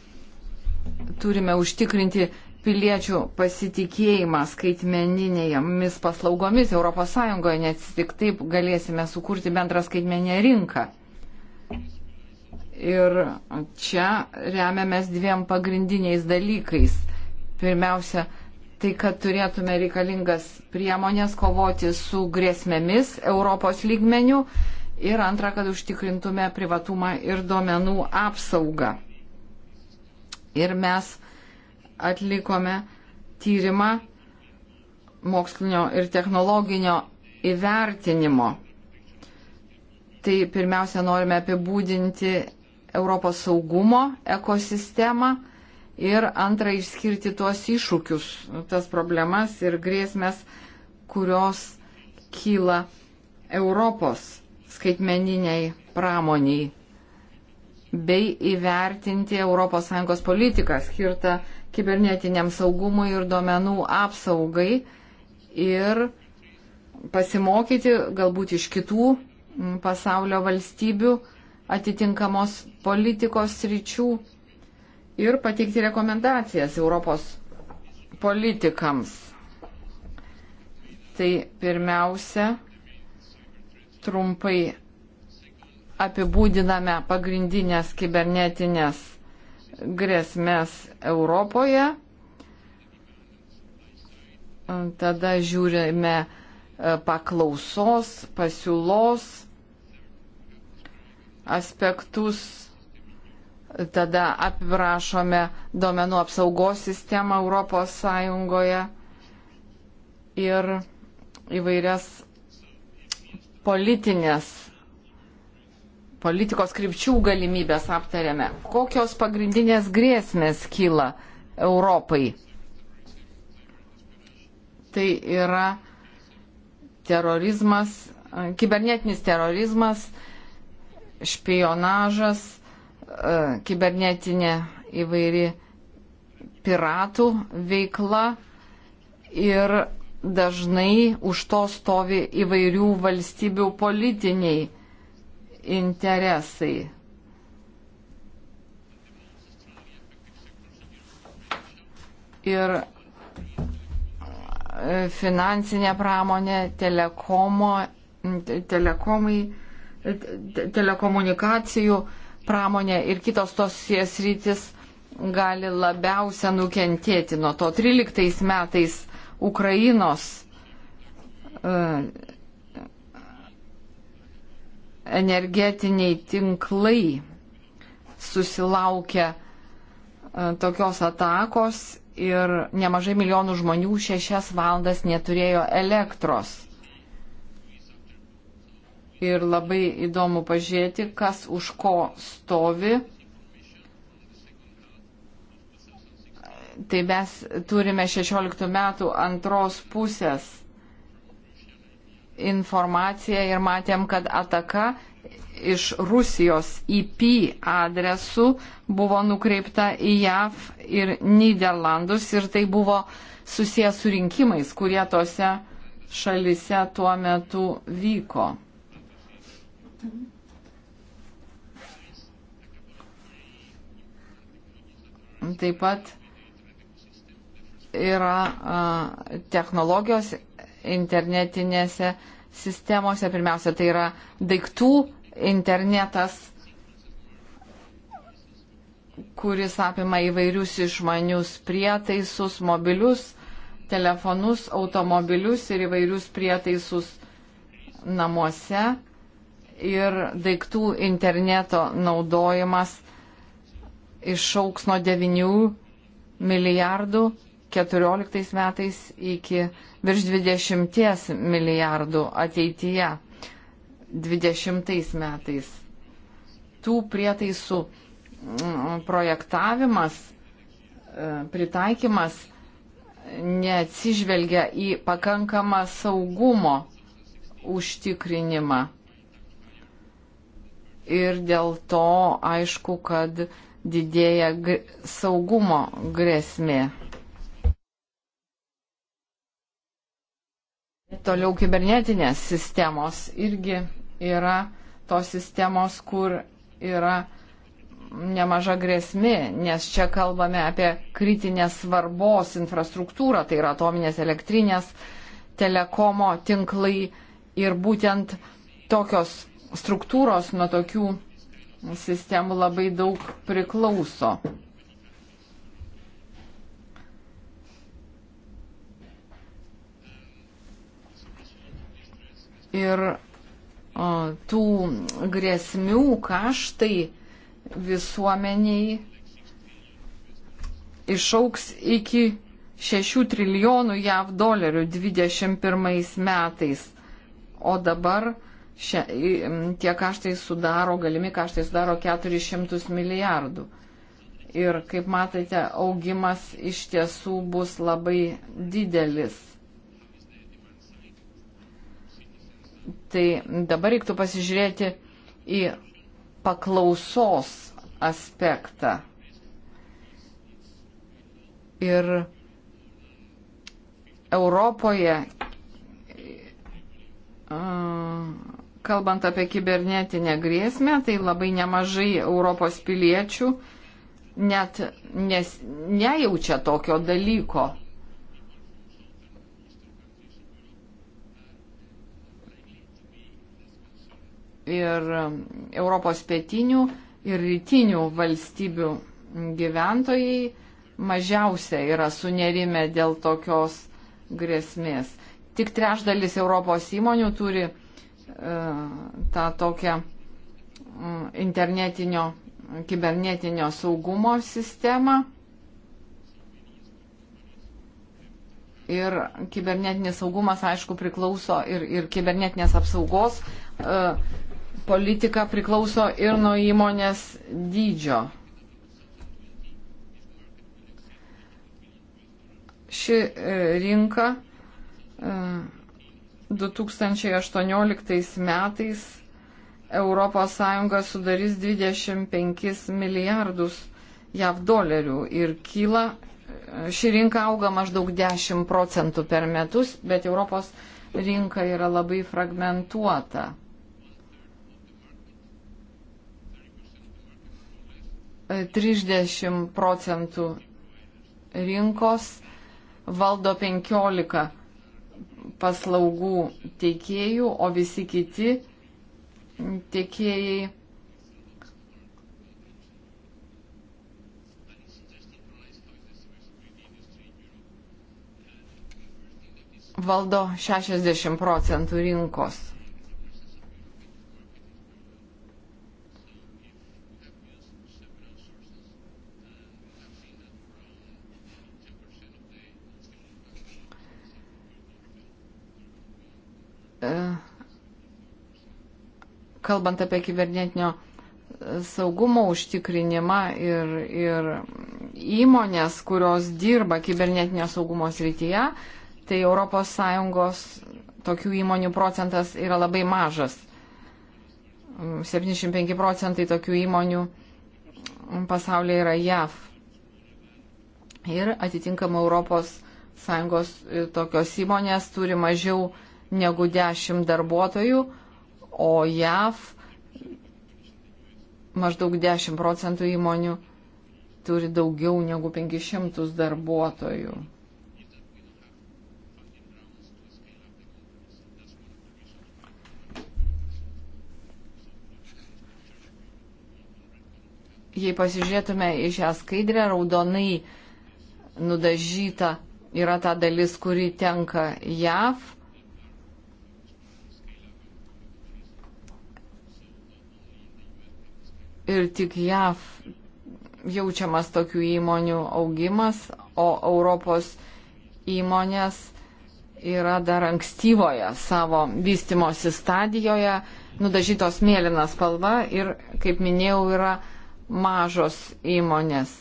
turime užtikrinti piliečių pasitikėjimą skaitmeninėmis paslaugomis ES, nes tik taip galėsime sukurti bendrą skaitmeninę rinką. Ir čia remiamės dviem pagrindiniais dalykais. Pirmiausia, tai kad turėtume reikalingas priemonės kovoti su grėsmėmis Europos lygmenių ir antra, kad užtikrintume privatumą ir duomenų apsaugą. Ir mes atlikome tyrimą mokslinio ir technologinio įvertinimo. Tai pirmiausia, norime apibūdinti Europos saugumo ekosistemą ir antra, išskirti tuos iššūkius, tas problemas ir grėsmės, kurios kyla Europos skaitmeniniai pramoniai bei įvertinti ES politiką skirtą kibernetiniam saugumui ir duomenų apsaugai ir pasimokyti galbūt iš kitų pasaulio valstybių atitinkamos politikos ryčių ir pateikti rekomendacijas Europos politikams. Tai pirmiausia, trumpai apibūdiname pagrindinės kibernetinės grėsmės Europoje. Tada žiūrime e, paklausos, pasiūlos aspektus. Tada apibrašome domenų apsaugos sistemą Europos Sąjungoje ir įvairias politinės politikos krypčių galimybės aptarėme. Kokios pagrindinės grėsmės kyla Europai? Tai yra terorizmas, kibernetinis terorizmas, špionažas, e, kibernetinė įvairi piratų veikla ir dažnai už to stovi įvairių valstybių politiniai interesai. Ir e, finansinė pramonė, telekomo, telekomai, telekomunikacijų pramonė ir kitos tos sritis gali labiausia nukentėti nuo to. 13 metais Ukrainos uh, energetiniai tinklai susilaukia e, tokios atakos ir nemažai milijonų žmonių šešias valandas neturėjo elektros. Ir labai įdomu pažiūrėti, kas už ko stovi. Tai mes turime 16 metų antros pusės informaciją ir matėm, kad ataka iš Rusijos IP adresų buvo nukreipta į JAV ir Niderlandus ir tai buvo susijęs su rinkimais, kurie tose šalise tuo metu vyko. Taip pat yra a, technologijos internetinėse sistemose. Pirmiausia, tai yra daiktų internetas, kuris apima įvairius išmanius prietaisus, mobilius, telefonus, automobilius ir įvairius prietaisus namuose. Ir daiktų interneto naudojimas išauks nuo 9 milijardų 14 metais iki virš 20 milijardų ateityje 20 metais. Tų prietaisų mm, projektavimas, e, pritaikymas neatsižvelgia į pakankamą saugumo užtikrinimą. Ir dėl to aišku, kad didėja saugumo grėsmė. Toliau kibernetinės sistemos irgi yra tos sistemos, kur yra nemaža grėsmi, nes čia kalbame apie kritinės svarbos infrastruktūrą, tai yra atominės elektrinės, telekomo tinklai ir būtent tokios struktūros nuo tokių sistemų labai daug priklauso. ir o, tų grėsmių kaštai visuomeniai išauks iki 6 trilijonų JAV dolerių 21 metais. O dabar šia, tie kaštai sudaro, galimi kaštai sudaro 400 milijardų. Ir kaip matote, augimas iš tiesų bus labai didelis. Tai dabar reiktų pasižiūrėti į paklausos aspektą. Ir Europoje, kalbant apie kibernetinę grėsmę, tai labai nemažai Europos piliečių net nes, nejaučia tokio dalyko ir um, Europos pietinių ir rytinių valstybių gyventojai mažiausia yra sunerime dėl tokios grėsmės. Tik trešdalis Europos įmonių turi e, tą tokią um, internetinio, kibernetinio saugumo sistemą. Ir kibernetinis saugumas, aišku, priklauso ir, ir kibernetinės apsaugos e, politika priklauso ir nuo įmonės dydžio. Ši e, rinka 2018 e, metais ES sudarys 25 milijardus JAV dolerių ir kyla, e, ši rinka auga maždaug 10 procentų per metus, bet Europos rinka yra labai fragmentuota. 30 procentų rinkos, valdo 15 paslaugų teikėjų, o visi kiti tiekėjai valdo 60 procentų rinkos. E, kalbant apie kibernetinio saugumo užtikrinimą ir, ir įmonės, kurios dirba kibernetinio saugumo srityje, tai ES tokių įmonių procentas yra labai mažas. 75 mm, procentai tokių įmonių pasaulyje yra JAV. Ir atitinkama ES e, tokios įmonės turi mažiau uh, negu 10 darbuotojų, o JAV maždaug 10 procentų įmonių turi daugiau negu 500 darbuotojų. Jei pasižiūrėtume į šią skaidrę, raudonai nudažyta yra ta dalis, kuri tenka JAV ir tik JAV jaučiamas tokių įmonių augimas, o Europos įmonės yra dar ankstyvoje savo vystimosi stadijoje, nudažytos mėlyna spalva ir, kaip minėjau, yra mažos įmonės.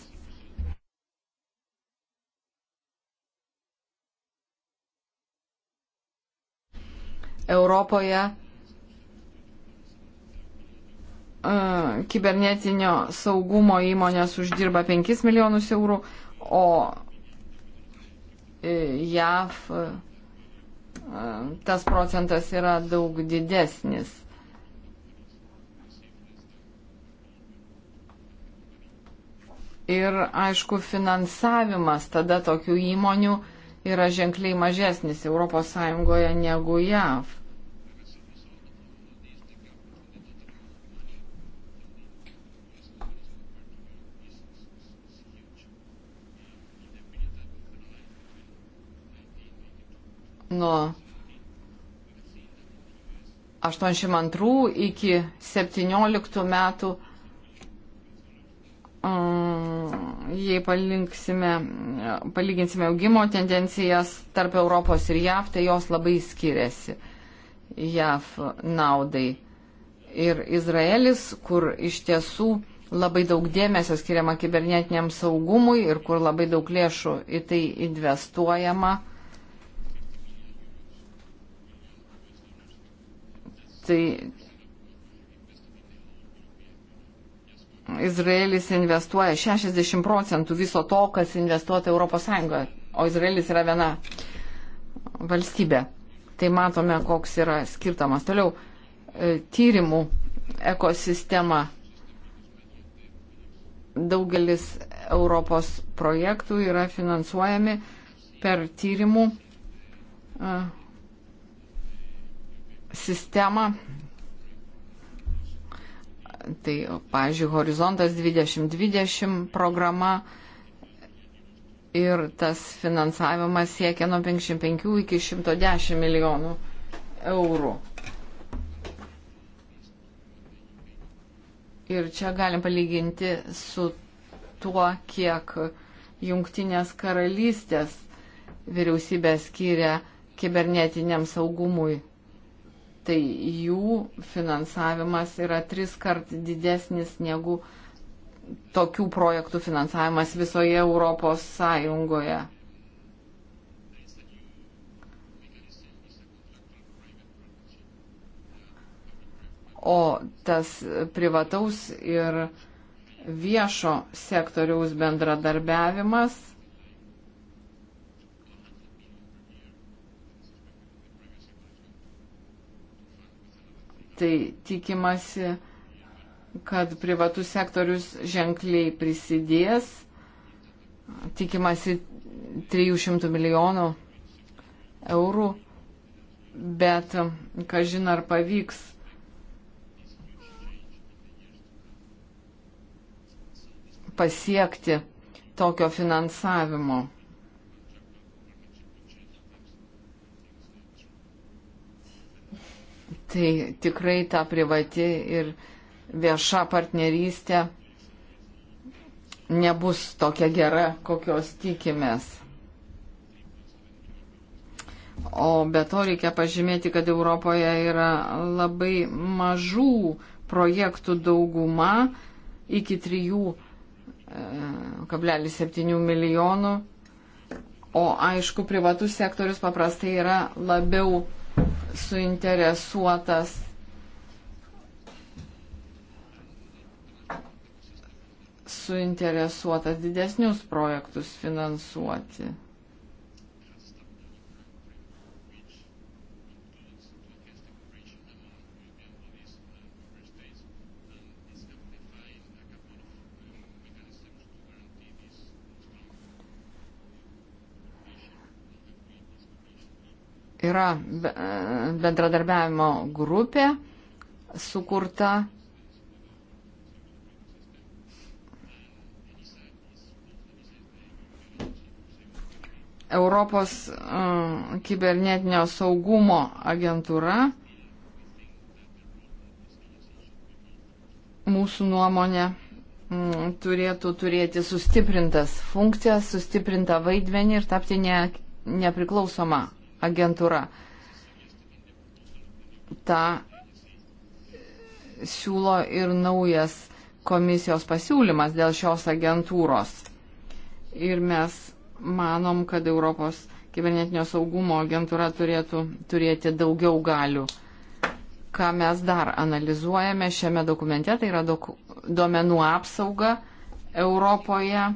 Europoje kibernetinio saugumo įmonės uždirba 5 milijonus eurų, o e, JAV e, tas procentas yra daug didesnis. Ir aišku, finansavimas tada tokių įmonių yra ženkliai mažesnis ES negu JAV. nuo 82 iki 17 metų, mm, jei palyginsime augimo tendencijas tarp Europos ir JAV, tai jos labai skiriasi JAV naudai. Ir Izraelis, kur iš tiesų labai daug dėmesio skiriama kibernetiniam saugumui ir kur labai daug lėšų į tai investuojama. Tai Izraelis investuoja 60 procentų viso to, kas investuota ES, o Izraelis yra viena valstybė. Tai matome, koks yra skirtumas. Toliau, e, tyrimų ekosistema. Daugelis Europos projektų yra finansuojami per tyrimų uh, sistemą. Tai, pavyzdžiui, Horizontas 2020 programa ir tas finansavimas siekia nuo 55 iki 110 milijonų eurų. Ir čia galim palyginti su tuo, kiek jungtinės karalystės vyriausybė skiria kibernetiniam saugumui tai jų finansavimas yra tris kart didesnis negu tokių projektų finansavimas visoje Europos Sąjungoje. O tas privataus ir viešo sektoriaus bendradarbiavimas – Tai tikimasi, kad privatus sektorius ženkliai prisidės, tikimasi 300 milijonų eurų, bet kažin ar pavyks pasiekti tokio finansavimo. Tai tikrai ta privati ir vieša partnerystė nebus tokia gera, kokios tikimės. O be to reikia pažymėti, kad Europoje yra labai mažų projektų dauguma iki 3,7 e, milijonų. O aišku, privatus sektorius paprastai yra labiau suinteresuotas suinteresuotas didesnius projektus finansuoti. yra bendradarbiavimo grupė sukurta. Europos um, kibernetinio saugumo agentūra mūsų nuomonė mm, turėtų turėti sustiprintas funkcijas, sustiprintą vaidmenį ir tapti ne, nepriklausoma agentūra. Ta siūlo ir naujas komisijos pasiūlymas dėl šios agentūros. Ir mes manom, kad Europos kibernetinio saugumo agentūra turėtų turėti daugiau galių. Ką mes dar analizuojame šiame dokumente, tai yra doku, duomenų apsauga Europoje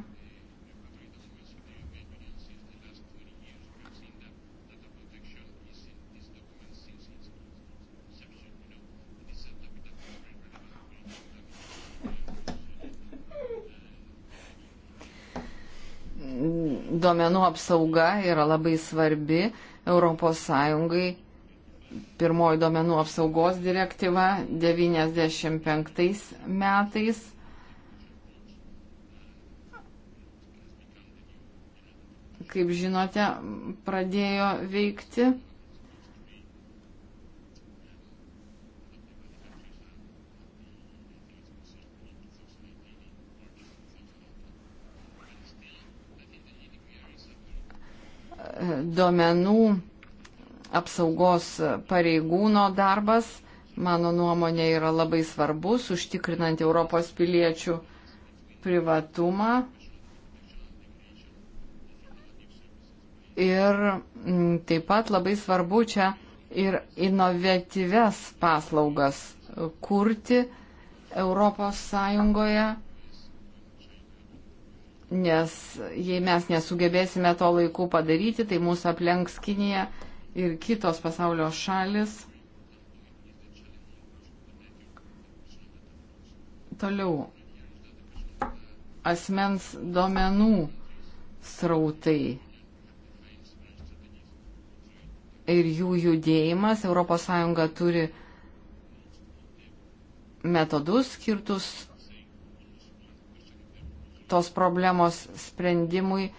duomenų apsauga yra labai svarbi ES. Pirmoji duomenų apsaugos direktyva 95 metais. Kaip žinote, pradėjo veikti duomenų apsaugos pareigūno darbas, mano nuomonė, yra labai svarbus, užtikrinant Europos piliečių privatumą. Ir mm, taip pat labai svarbu čia ir inovatyves paslaugas kurti Europos Sąjungoje nes jei mes nesugebėsime to laiku padaryti, tai mūsų aplenks Kinija ir kitos pasaulio šalis. Toliau. Asmens duomenų srautai ir jų judėjimas. ES turi metodus skirtus tos problemos sprendimui.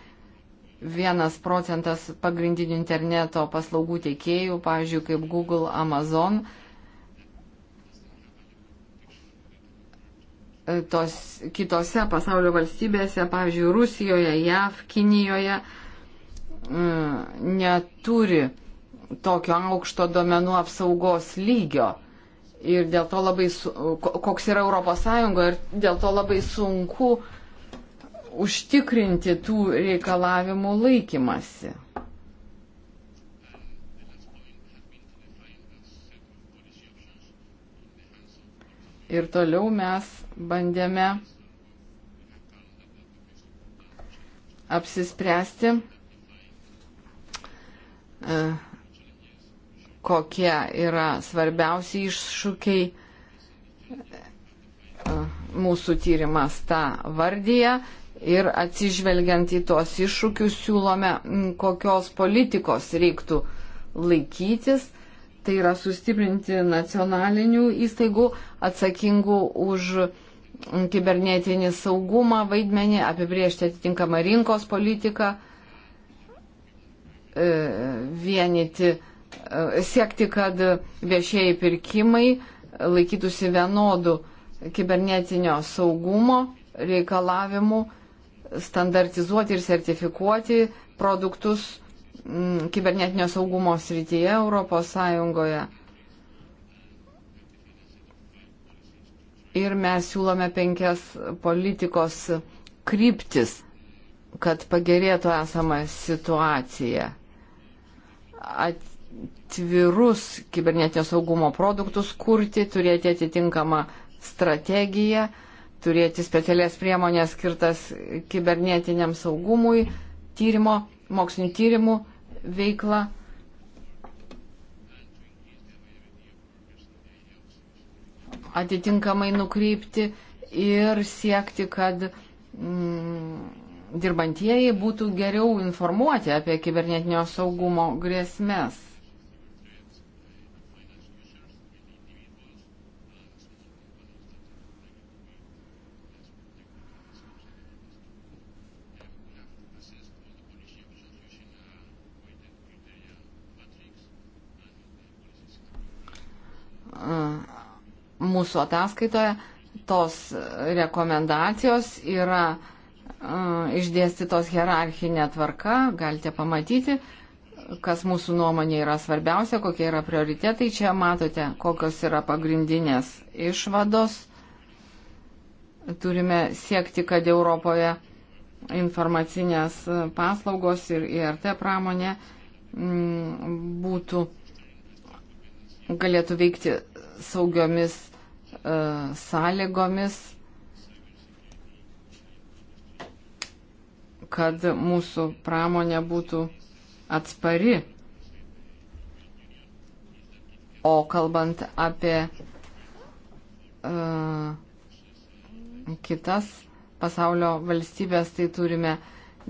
Vienas procentas pagrindinių interneto paslaugų teikėjų, pavyzdžiui, kaip Google, Amazon, tos kitose pasaulio valstybėse, pavyzdžiui, Rusijoje, JAV, Kinijoje, mm, neturi tokio aukšto duomenų apsaugos lygio. Ir dėl to labai, su, koks yra Europos Sąjunga, ir dėl to labai sunku uh, užtikrinti tų reikalavimų laikymasi. Ir toliau mes bandėme apsispręsti, e, kokie yra svarbiausi iššūkiai. E, mūsų tyrimas tą vardyje ir atsižvelgiant į tuos iššūkius siūlome, kokios politikos reiktų laikytis. Tai yra sustiprinti nacionalinių įstaigų atsakingų už kibernetinį saugumą vaidmenį, apibriežti atitinkamą rinkos politiką, e, vienyti, e, siekti, kad viešieji pirkimai laikytųsi vienodų kibernetinio saugumo reikalavimų standartizuoti ir sertifikuoti produktus mm, kibernetinio saugumo srityje Europos Sąjungoje. Ir mes siūlome penkias politikos kryptis, kad pagerėtų esama situacija. Atvirus kibernetinio saugumo produktus kurti, turėti atitinkamą strategiją, turėti specialias priemonės skirtas kibernetiniam saugumui, tyrimo, mokslinių tyrimų veiklą. atitinkamai nukreipti ir siekti, kad mm, dirbantieji būtų geriau informuoti apie kibernetinio saugumo grėsmės. E, mūsų ataskaitoje tos rekomendacijos yra e, išdėstytos hierarchinė tvarka, galite pamatyti, kas mūsų nuomonė yra svarbiausia, kokie yra prioritetai. Čia matote, kokios yra pagrindinės išvados. Turime siekti, kad Europoje informacinės paslaugos ir IRT pramonė mm, būtų, galėtų veikti saugiomis uh, sąlygomis, kad mūsų pramonė būtų atspari. O kalbant apie uh, kitas pasaulio valstybės, tai turime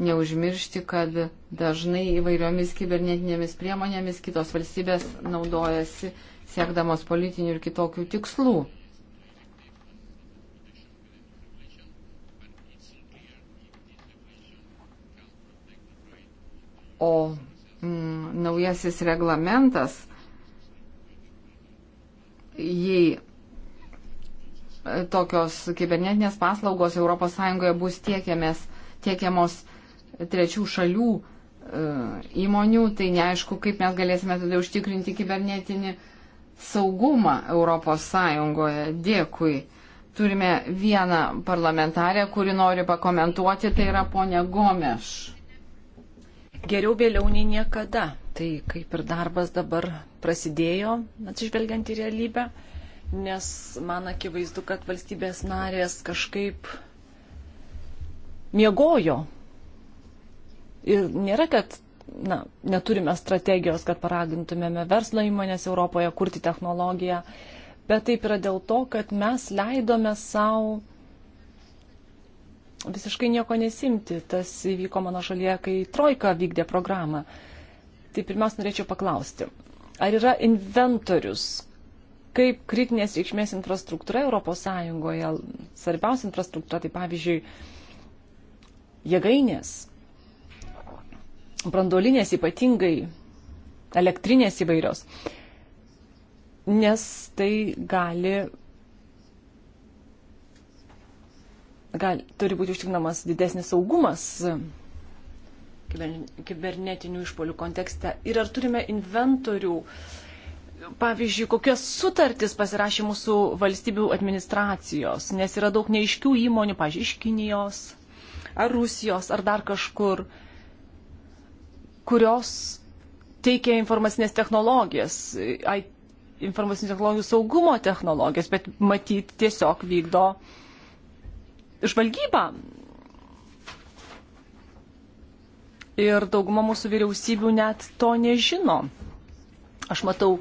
neužmiršti, kad dažnai įvairiomis kibernetinėmis priemonėmis kitos valstybės naudojasi siekdamos politinių ir kitokių tikslų. O mm, naujasis reglamentas, jei e, tokios kibernetinės paslaugos ES bus tiekiamės, tiekiamos trečių šalių e, įmonių, tai neaišku, kaip mes galėsime tada užtikrinti kibernetinį e, saugumą Europos Sąjungoje. Dėkui. Turime vieną parlamentarę, kuri nori pakomentuoti, tai yra ponia Gomeš. Geriau vėliau nei niekada. Tai kaip ir darbas dabar prasidėjo, atsižvelgiant į realybę, nes man akivaizdu, kad valstybės narės kažkaip miegojo. Ir nėra, kad na, neturime strategijos, kad paragintumėme verslo įmonės Europoje kurti technologiją, bet taip yra dėl to, kad mes leidome savo visiškai nieko nesimti. Tas įvyko mano šalyje, kai Trojka vykdė programą. Tai pirmiausia, norėčiau paklausti, ar yra inventorius, kaip kritinės reikšmės infrastruktūra ES, svarbiausia infrastruktūra, tai pavyzdžiui, jėgainės, brandolinės ypatingai, elektrinės įvairios, nes tai gali, gali turi būti užtikrinamas didesnis saugumas kibernetinių išpolių kontekste. Ir ar turime inventorių, pavyzdžiui, kokias sutartis pasirašė mūsų valstybių administracijos, nes yra daug neiškių įmonių, pažiūrėjau, iš Kinijos, ar Rusijos, ar dar kažkur. Uh, kurios teikia informacinės technologijas, informacinių technologijų saugumo technologijas, bet matyt tiesiog vykdo žvalgybą. Ir dauguma mūsų vyriausybių net to nežino. Aš matau,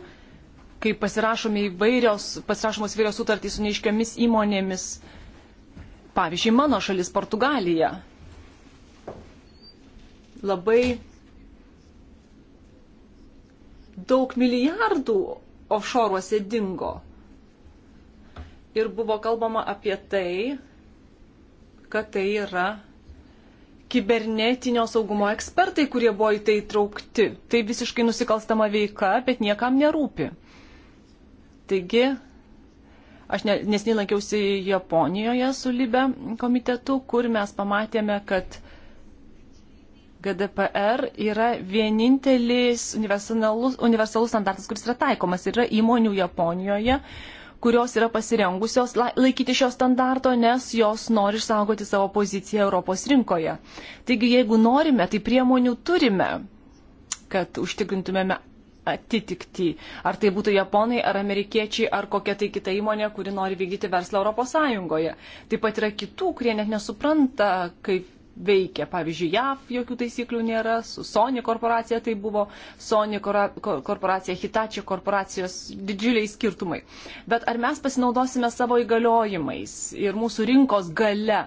kai įvairios, pasirašomos įvairios sutartys su neiškiamis įmonėmis, pavyzdžiui, mano šalis Portugalija. Labai daug milijardų offshore'uose dingo. Ir buvo kalbama apie tai, kad tai yra kibernetinio saugumo ekspertai, kurie buvo į tai traukti. Tai visiškai nusikalstama veika, bet niekam nerūpi. Taigi, aš nesiniai lankiausi Japonijoje su Libe komitetu, kur mes pamatėme, kad GDPR yra vienintelis universalus, universalus standartas, kuris yra taikomas. Yra įmonių Japonijoje, kurios yra pasirengusios laikyti šio standarto, nes jos nori išsaugoti savo poziciją Europos rinkoje. Taigi, jeigu norime, tai priemonių turime, kad užtikrintumėme atitikti. Ar tai būtų japonai, ar amerikiečiai, ar kokia tai kita įmonė, kuri nori vykdyti verslą ES. Taip pat yra kitų, kurie net nesupranta, kaip veikia. Pavyzdžiui, JAV jokių taisyklių nėra, su Sony korporacija tai buvo, Sony korporacija, Hitachi korporacijos didžiuliai skirtumai. Bet ar mes pasinaudosime savo įgaliojimais ir mūsų rinkos gale,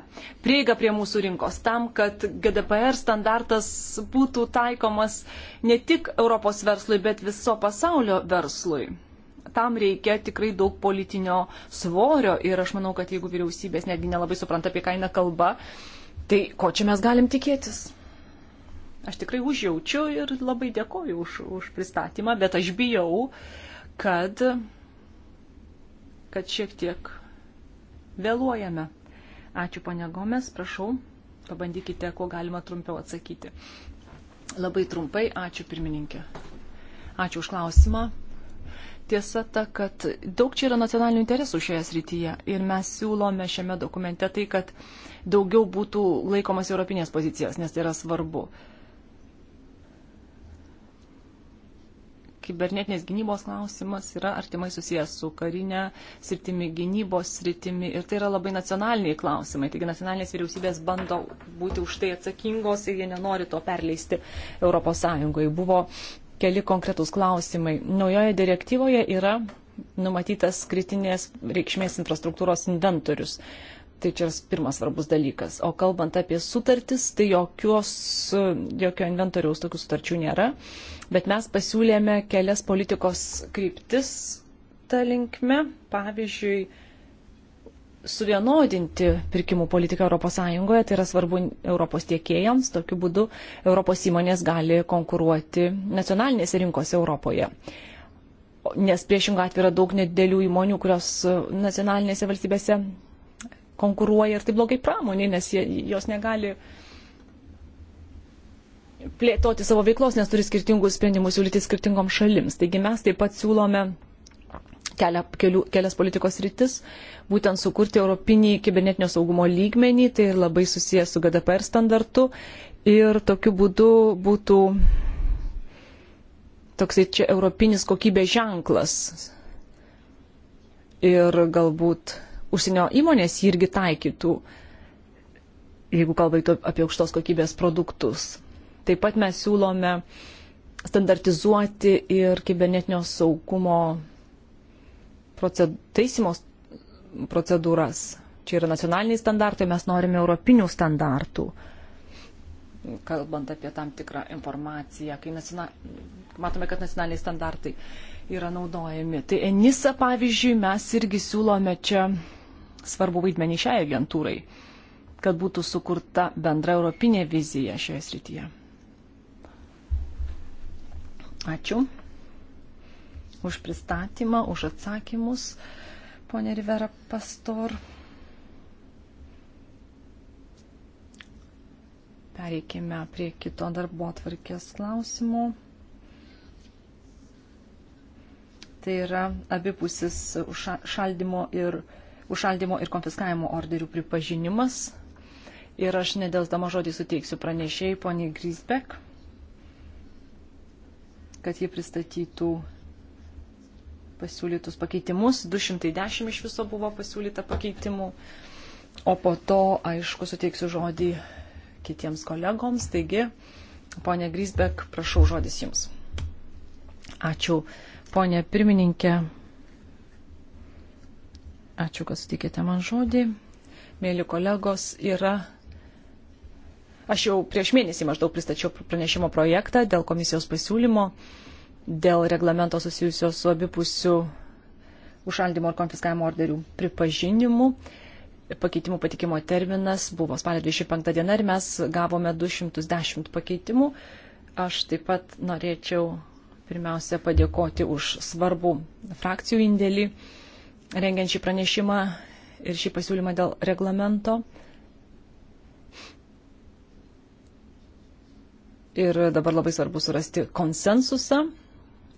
prieiga prie mūsų rinkos tam, kad GDPR standartas būtų taikomas ne tik Europos verslui, bet viso pasaulio verslui tam reikia tikrai daug politinio svorio ir aš manau, kad jeigu vyriausybės netgi nelabai supranta, apie ką eina kalba, Tai ko čia mes galim tikėtis? Aš tikrai užjaučiu ir labai dėkoju už, už pristatymą, bet aš bijau, kad, kad šiek tiek vėluojame. Ačiū, ponia Gomes, prašau, pabandykite, kuo galima trumpiau atsakyti. Labai trumpai, ačiū pirmininkė. Ačiū už klausimą. Tiesa ta, kad daug čia yra nacionalinių interesų šioje srityje ir mes siūlome šiame dokumente tai, kad uh, daugiau būtų laikomas europinės pozicijos, nes tai yra svarbu. Kibernetinės gynybos klausimas yra artimai susijęs su karinė sritimi, gynybos sritimi ir tai yra labai nacionaliniai klausimai. Taigi nacionalinės vyriausybės bando būti už tai atsakingos ir jie nenori to perleisti ES. Buvo keli konkretūs klausimai. Naujoje direktyvoje yra numatytas kritinės reikšmės infrastruktūros inventorius. Tai čia yra pirmas svarbus dalykas. O kalbant apie sutartis, tai jokios, jokio inventoriaus tokių sutarčių nėra. Bet mes pasiūlėme kelias politikos kryptis tą linkmę. Pavyzdžiui, suvienodinti pirkimų politiką ES, tai yra svarbu Europos tiekėjams, tokiu būdu Europos įmonės gali konkuruoti nacionalinėse rinkose Europoje nes priešingą atveju yra daug nedėlių įmonių, kurios nacionalinėse valstybėse konkuruoja ir tai blogai pramonė, nes jie, jos negali plėtoti savo veiklos, nes turi skirtingus sprendimus siūlyti skirtingoms šalims. Taigi mes taip pat siūlome kelia, kelių, kelias politikos rytis, būtent sukurti europinį kibernetinio saugumo lygmenį, tai ir labai susijęs su GDPR standartu ir tokiu būdu būtų toksai čia europinis kokybės ženklas. Ir galbūt užsienio įmonės jį irgi taikytų, jeigu kalbaitų apie aukštos kokybės produktus. Taip pat mes siūlome standartizuoti ir kibernetinio saugumo proced... taisymo procedūras. Čia yra nacionaliniai standartai, mes norime europinių standartų kalbant apie tam tikrą informaciją, kai nacional... matome, kad nacionaliniai standartai yra naudojami. Tai Enisa, pavyzdžiui, mes irgi siūlome čia svarbu vaidmenį šiai agentūrai, kad būtų sukurta bendra europinė vizija šioje srityje. Ačiū už pristatymą, už atsakymus, ponė Rivera Pastor. Pereikime prie kito darbo atvarkės klausimų. Tai yra abipusis šaldimo ir užšaldimo ir konfiskavimo orderių pripažinimas. Ir aš nedelsdama žodį suteiksiu pranešėjai poniai Grisbek, kad jie pristatytų pasiūlytus pakeitimus. 210 iš viso buvo pasiūlyta pakeitimų. O po to, aišku, suteiksiu žodį kitiems kolegoms. Taigi, ponė Grisbek, prašau žodis jums. Ačiū, ponė pirmininkė. Ačiū, kad sutikėte man žodį. Mėly kolegos, yra. Aš jau prieš mėnesį maždaug pristačiau pranešimo projektą dėl komisijos pasiūlymo, dėl reglamento susijusio su abipusiu užšaldimo ir konfiskavimo orderių pripažinimu. Pakeitimų patikimo terminas buvo spalio 25 diena ir mes gavome 210 pakeitimų. Aš taip pat norėčiau pirmiausia padėkoti už svarbų frakcijų indėlį rengiant šį pranešimą ir šį pasiūlymą dėl reglamento. Ir dabar labai svarbu surasti konsensusą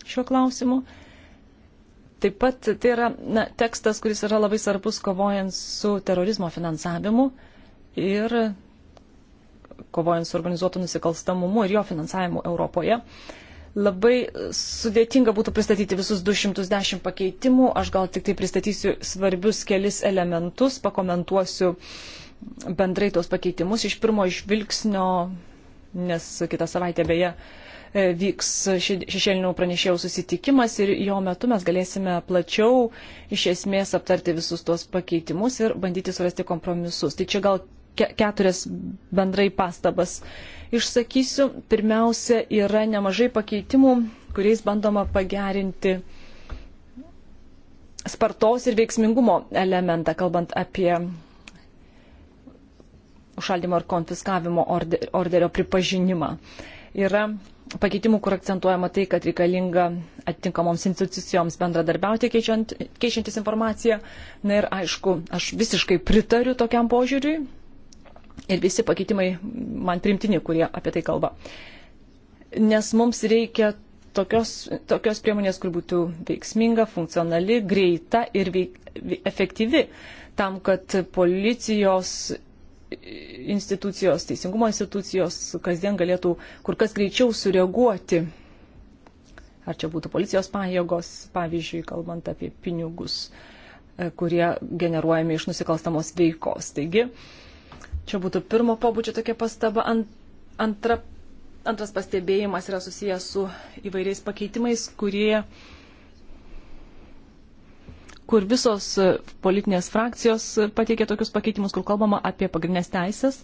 šiuo klausimu. Taip pat tai yra na, tekstas, kuris yra labai svarbus kovojant su terorizmo finansavimu ir kovojant su organizuotu nusikalstamumu ir jo finansavimu Europoje. Uh, labai sudėtinga būtų pristatyti visus 210 pakeitimų. Aš gal tik tai pristatysiu svarbius kelis elementus, pakomentuosiu bendrai tos pakeitimus iš pirmo žvilgsnio, nes kitą savaitę beje e, vyks šešėlinių pranešėjų susitikimas ir jo metu mes galėsime plačiau iš esmės aptarti visus tuos pakeitimus ir bandyti surasti kompromisus. Tai čia gal keturias bendrai pastabas išsakysiu. Pirmiausia, yra nemažai pakeitimų, kuriais bandoma pagerinti spartos ir veiksmingumo elementą, kalbant apie užšaldimo ir konfiskavimo orderio pripažinimą. Yra pakeitimų, kur akcentuojama tai, kad reikalinga atitinkamoms institucijoms bendradarbiauti, keičiant, keičiantis informaciją. Na ir aišku, aš visiškai pritariu tokiam požiūriui, ir visi pakeitimai man primtini, kurie apie tai kalba. Nes mums reikia tokios, tokios priemonės, kur būtų veiksminga, funkcionali, greita ir veik, efektyvi, tam, kad policijos institucijos, teisingumo institucijos kasdien galėtų kur kas greičiau sureaguoti. Ar čia būtų policijos pajėgos, pavyzdžiui, kalbant apie pinigus, e, kurie generuojami iš nusikalstamos veikos. Taigi, uh, Čia būtų pirmo pobūdžio tokia pastaba. Ant, antra, antras pastebėjimas yra susijęs su įvairiais pakeitimais, kurie, kur visos politinės frakcijos pateikė tokius pakeitimus, kur kalbama apie pagrindinės teisės.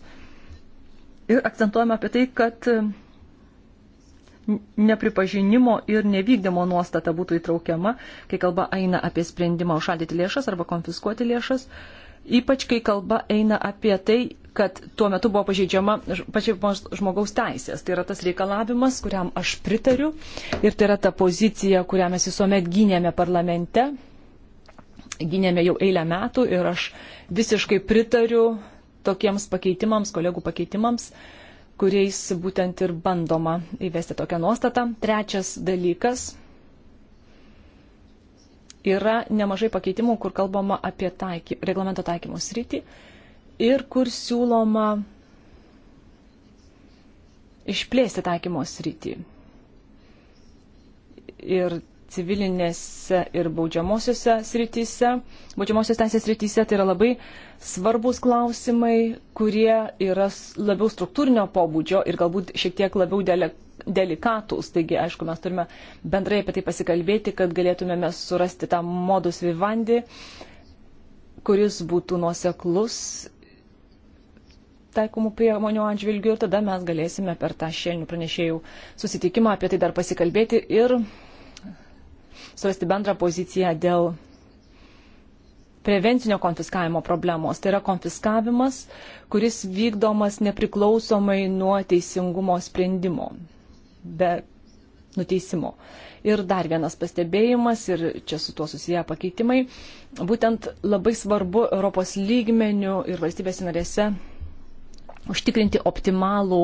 Ir akcentuojama apie tai, kad nepripažinimo ir nevykdymo nuostata būtų įtraukiama, kai kalba eina apie sprendimą užšaldyti lėšas arba konfiskuoti lėšas. Uh, ypač kai kalba eina apie tai, kad tuo metu buvo pažeidžiama pažeidžiamas žmogaus teisės. Tai yra tas reikalavimas, kuriam aš pritariu ir tai yra ta pozicija, kurią mes visuomet gynėme parlamente, gynėme jau eilę metų ir aš visiškai pritariu tokiems pakeitimams, kolegų pakeitimams, kuriais būtent ir bandoma įvesti tokią nuostatą. Trečias dalykas yra nemažai pakeitimų, kur kalbama apie taiky, reglamento taikymo sritį ir kur siūloma išplėsti taikymo sritį. Ir civilinėse ir baudžiamosiose srityse, baudžiamosios teisės srityse tai yra labai svarbus klausimai, kurie yra labiau struktūrinio pobūdžio ir galbūt šiek tiek labiau dialektų delikatūs. Taigi, aišku, mes turime bendrai apie tai pasikalbėti, kad galėtumėme surasti tą modus vivandi, kuris būtų nuoseklus taikomų priemonių atžvilgių ir tada mes galėsime per tą šėlinių pranešėjų susitikimą apie tai dar pasikalbėti ir surasti bendrą poziciją dėl prevencinio konfiskavimo problemos. Tai yra konfiskavimas, kuris vykdomas nepriklausomai nuo teisingumo sprendimo be nuteisimo. Ir dar vienas pastebėjimas, ir čia su tuo susiję pakeitimai, būtent labai svarbu Europos lygmenių ir valstybės narėse užtikrinti optimalų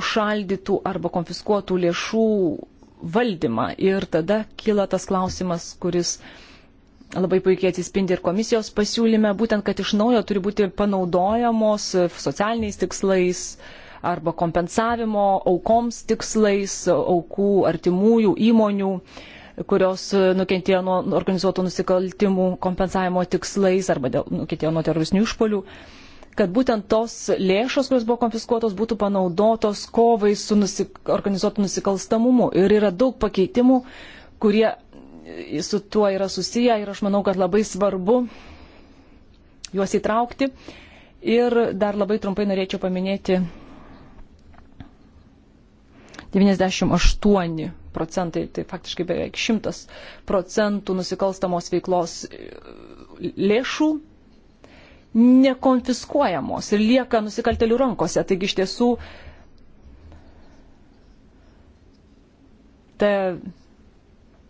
užšaldytų arba konfiskuotų lėšų valdymą. Ir tada kyla tas klausimas, kuris labai puikiai atsispindi ir komisijos pasiūlyme, būtent, kad iš naujo turi būti panaudojamos socialiniais tikslais, uh, arba kompensavimo aukoms tikslais, aukų artimųjų įmonių kurios nukentėjo nuo organizuotų nusikaltimų kompensavimo tikslais arba dėl, nukentėjo nuo teroristinių išpolių, kad būtent tos lėšos, kurios buvo konfiskuotos, būtų panaudotos kovai su nusik organizuotų nusikalstamumu. Ir yra daug pakeitimų, kurie su tuo yra susiję ir aš manau, kad labai svarbu juos įtraukti. Ir dar labai trumpai norėčiau paminėti 98 procentai, tai faktiškai beveik 100 procentų nusikalstamos veiklos e, lėšų nekonfiskuojamos ir lieka nusikaltelių rankose. Taigi iš tiesų ta,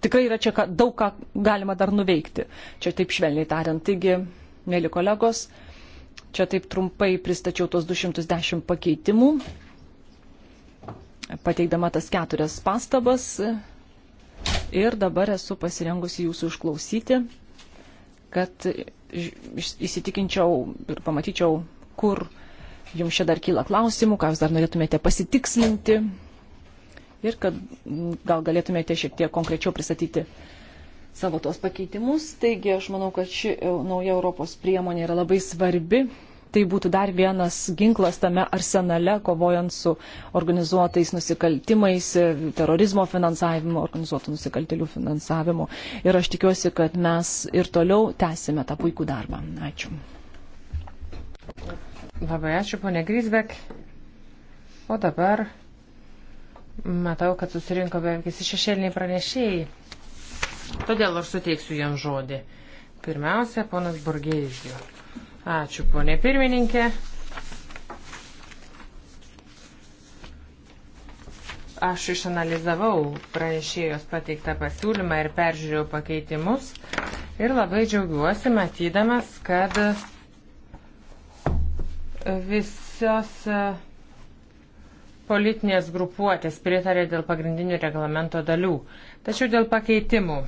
tikrai yra čia ką, daug ką galima dar nuveikti, čia taip švelniai tariant. Taigi, mėly kolegos, čia taip trumpai pristačiau tos 210 pakeitimų pateikdama tas keturias pastabas ir dabar esu pasirengusi jūsų išklausyti, kad įsitikinčiau ir pamatyčiau, kur jums čia dar kyla klausimų, ką jūs dar norėtumėte pasitikslinti ir kad gal galėtumėte šiek tiek konkrečiau pristatyti savo tos pakeitimus. Taigi aš manau, kad ši nauja Europos priemonė yra labai svarbi tai būtų dar vienas ginklas tame arsenale, kovojant su organizuotais nusikaltimais, terorizmo finansavimu, organizuotų nusikaltelių finansavimu. Ir aš tikiuosi, kad mes ir toliau tęsime tą puikų darbą. Ačiū. Labai ačiū, ponė Grisbek. O dabar matau, kad susirinko beveik visi šešėliniai pranešėjai. Todėl aš suteiksiu jam žodį. Pirmiausia, ponas Burgėjus. Ačiū, ponė pirmininkė. Aš išanalizavau pranešėjos pateiktą pasiūlymą ir peržiūrėjau pakeitimus ir labai džiaugiuosi matydamas, kad visos politinės grupuotės pritarė dėl pagrindinių reglamento dalių. Tačiau dėl pakeitimų.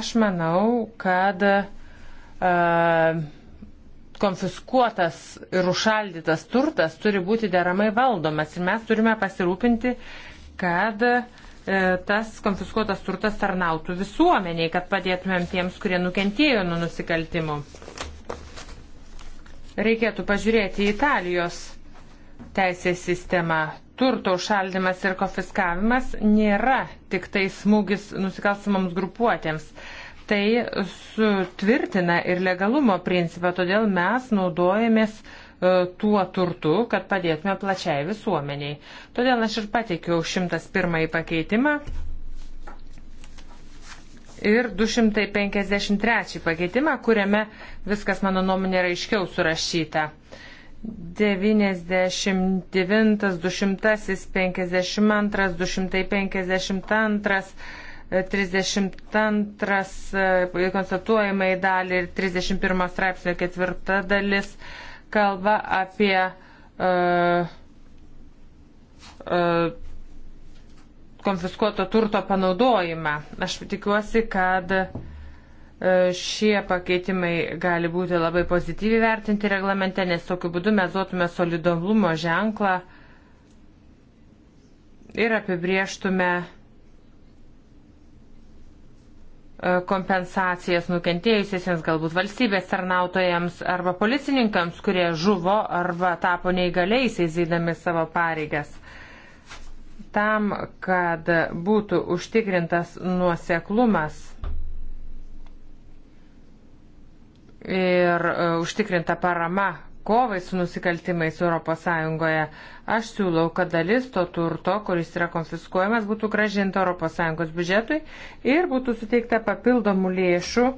Aš manau, kad uh, konfiskuotas ir užšaldytas turtas turi būti deramai valdomas ir mes turime pasirūpinti, kad e, tas konfiskuotas turtas tarnautų visuomeniai, kad padėtumėm tiems, kurie nukentėjo nuo nusikaltimų. Reikėtų pažiūrėti į Italijos teisės sistemą. Turto užšaldimas ir konfiskavimas nėra tik tai smūgis nusikalstamoms grupuotėms tai sutvirtina ir legalumo principą, todėl mes naudojamės e, tuo turtu, kad padėtume plačiai visuomeniai. Todėl aš ir pateikiau 101 pakeitimą ir 253 pakeitimą, kuriame viskas mano nuomonė yra aiškiau surašyta. 99, 200, 52, 252, 32 konstatuojamai dalį ir 31 straipsnio ketvirta dalis kalba apie uh, uh, konfiskuoto turto panaudojimą. Aš tikiuosi, kad uh, šie pakeitimai gali būti labai pozityviai vertinti reglamente, nes tokiu būdu mes duotume solidarumo ženklą ir apibrieštume E, kompensacijas nukentėjusiesiems galbūt valstybės tarnautojams arba policininkams, kurie žuvo arba tapo neįgaliaisiais įdami savo pareigas. Tam, kad būtų užtikrintas nuoseklumas ir e, užtikrinta parama kovai su nusikaltimais ES. Aš siūlau, kad dalis to turto, kuris yra konfiskuojamas, būtų gražinta ES biudžetui ir būtų suteikta papildomų lėšų uh,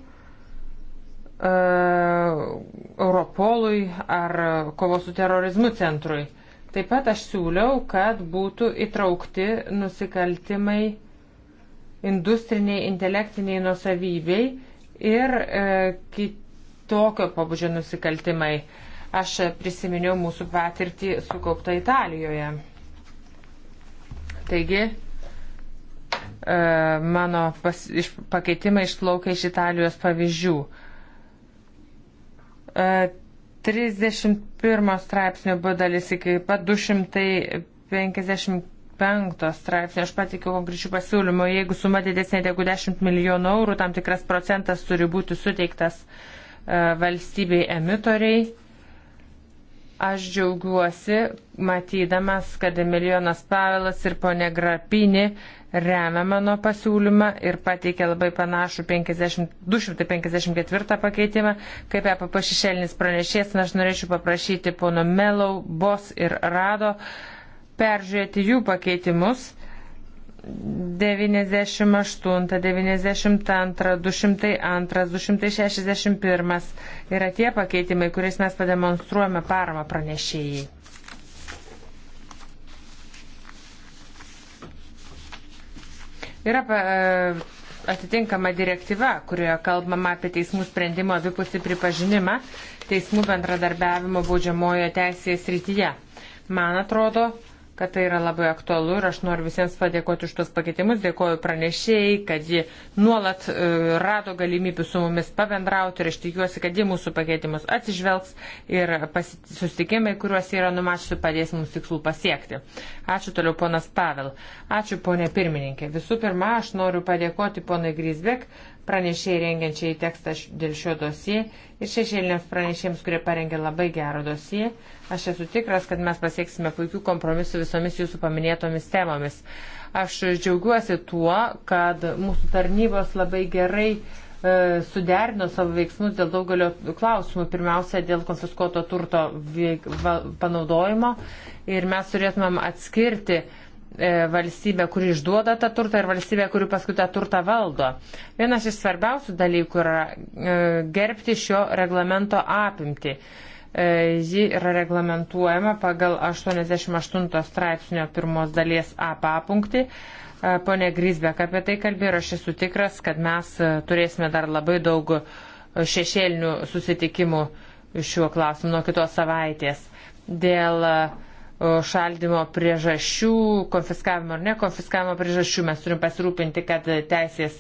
Europolui ar kovos su terorizmu centrui. Taip pat aš siūliau, kad būtų įtraukti nusikaltimai industriniai, intelektiniai nusavybei ir e, kitokio pabudžio nusikaltimai. E, Aš prisiminiau mūsų patirtį sukauptą Italijoje. Taigi, e, mano pas, iš, pakeitimai išplaukia iš Italijos pavyzdžių. 31 e, straipsnio buvo dalis iki pat 255 straipsnio. Aš patikiu konkrečių pasiūlymų. Jeigu suma didesnė negu 10 milijonų eurų, tam tikras procentas turi būti suteiktas e, valstybei emitoriai Aš džiaugiuosi, matydamas, kad Emilijonas Pavelas ir ponė Grapinė remia mano pasiūlymą ir pateikė labai panašų 50, 254 pakeitimą, kaip EPP šešėlinis pranešės, aš norėčiau paprašyti pono Melau, Bos ir Rado peržiūrėti jų pakeitimus 98, 92, 202, 261 yra tie pakeitimai, kuriais mes pademonstruojame paramą pranešėjai. Yra e, atitinkama direktyva, kurioje kalbama apie teismų sprendimo abipusį pripažinimą teismų bendradarbiavimo baudžiamojo teisėje srityje. Man atrodo, kad tai yra labai aktualu ir aš noriu visiems padėkoti už tos pakeitimus. Dėkoju pranešėjai, kad ji nuolat uh, rado galimybių su mumis pabendrauti ir aš tikiuosi, kad ji mūsų pakeitimus atsižvelgs ir susitikimai, kuriuos yra numačiusi, padės mums tikslų pasiekti. Ačiū toliau ponas Pavel. Ačiū ponė pirmininkė. Visų pirma, aš noriu padėkoti ponai Grisbek pranešėjai rengiančiai tekstą dėl šio dosie ir šešėliniams pranešėjams, kurie parengė labai gerą dosie. Aš esu tikras, kad mes pasieksime puikių kompromisų visomis jūsų paminėtomis temomis. Aš džiaugiuosi tuo, kad mūsų tarnybos labai gerai e, suderino savo veiksmus dėl daugelio klausimų. Pirmiausia, dėl konfiskuoto turto veik, va, panaudojimo. Ir mes turėtumėm atskirti uh, E, valstybė, kuri išduoda tą turtą ir valstybė, kuri paskui tą turtą valdo. Vienas iš svarbiausių dalykų yra e, gerbti šio reglamento apimti. E, ji yra reglamentuojama pagal 88 straipsnio pirmos dalies A papunkti. Pone Grisbek apie tai kalbėjo ir aš esu tikras, kad mes turėsime dar labai daug šešėlinių susitikimų šiuo klausimu nuo kitos savaitės. Dėl uh, šaldimo priežasčių, konfiskavimo ar nekonfiskavimo priežasčių. Mes turim pasirūpinti, kad teisės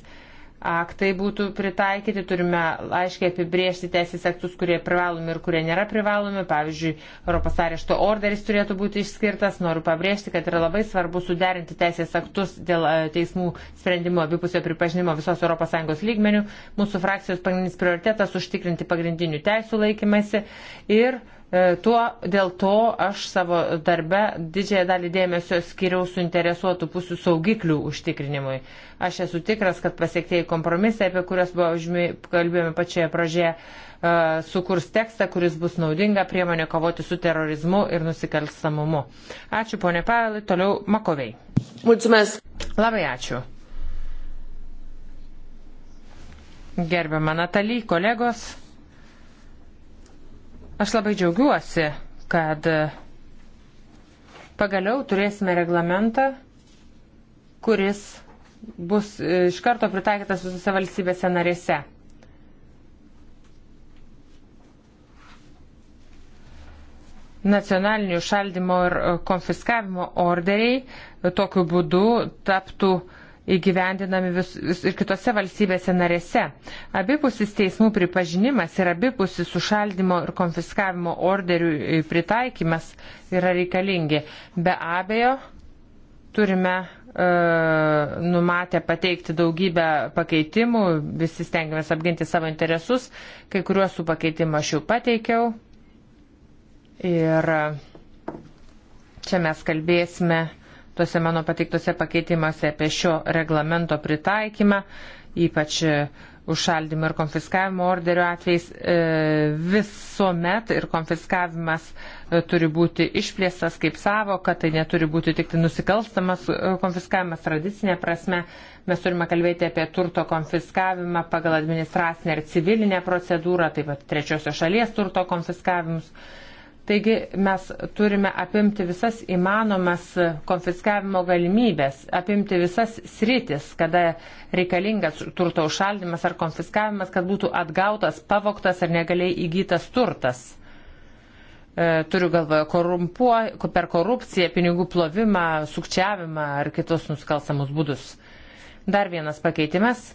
aktai būtų pritaikyti, turime aiškiai apibriežti teisės aktus, kurie privalomi ir kurie nėra privalomi. Pavyzdžiui, Europos arešto orderis turėtų būti išskirtas. Noriu pabrėžti, kad yra labai svarbu suderinti teisės aktus dėl e, teismų sprendimo abipusio pripažinimo visos ES lygmenių. Mūsų frakcijos pagrindinis prioritetas užtikrinti pagrindinių teisų laikymasi ir uh, E, tuo dėl to aš savo darbe didžiąją dalį dėmesio skiriau suinteresuotų pusių saugiklių užtikrinimui. Aš esu tikras, kad pasiektieji kompromisai, apie kuriuos buvo kalbėjome pačioje pradžioje, e, sukurs tekstą, kuris bus naudinga priemonė kovoti su terorizmu ir nusikalstamumu. Ačiū, ponė Pavelai, toliau Makovei. Mulțumesc. Labai ačiū. Gerbiama Natalija, kolegos. Aš labai džiaugiuosi, kad pagaliau turėsime reglamentą, kuris bus iš karto pritaikytas visose valstybėse narėse. Nacionalinių šaldimo ir konfiskavimo orderiai tokiu būdu taptų uh, įgyvendinami vis, vis, ir kitose valstybėse narėse. Abipusis teismų pripažinimas ir abipusis sušaldimo ir konfiskavimo orderių e, pritaikymas yra reikalingi. Be abejo, turime e, numatę pateikti daugybę pakeitimų, visi stengiamės apginti savo interesus, kai kuriuos su pakeitimu aš jau pateikiau. Ir e, čia mes kalbėsime tuose mano pateiktose pakeitimuose apie šio reglamento pritaikymą, ypač e, užšaldimo ir konfiskavimo orderio atvejais e, visuomet ir konfiskavimas e, turi būti išplėstas kaip savoka, tai neturi būti tik tai nusikalstamas konfiskavimas tradicinė prasme. Mes turime kalbėti apie turto konfiskavimą pagal administracinę ir civilinę procedūrą, taip pat trečiosios šalies turto konfiskavimus Taigi mes turime apimti visas įmanomas konfiskavimo galimybės, apimti visas sritis, kada reikalingas turto užšaldimas ar konfiskavimas, kad būtų atgautas, pavoktas ar negaliai įgytas turtas. E, turiu galvoje korumpuo, per korupciją, pinigų plovimą, sukčiavimą ar kitus nusikalstamus būdus. Dar vienas pakeitimas.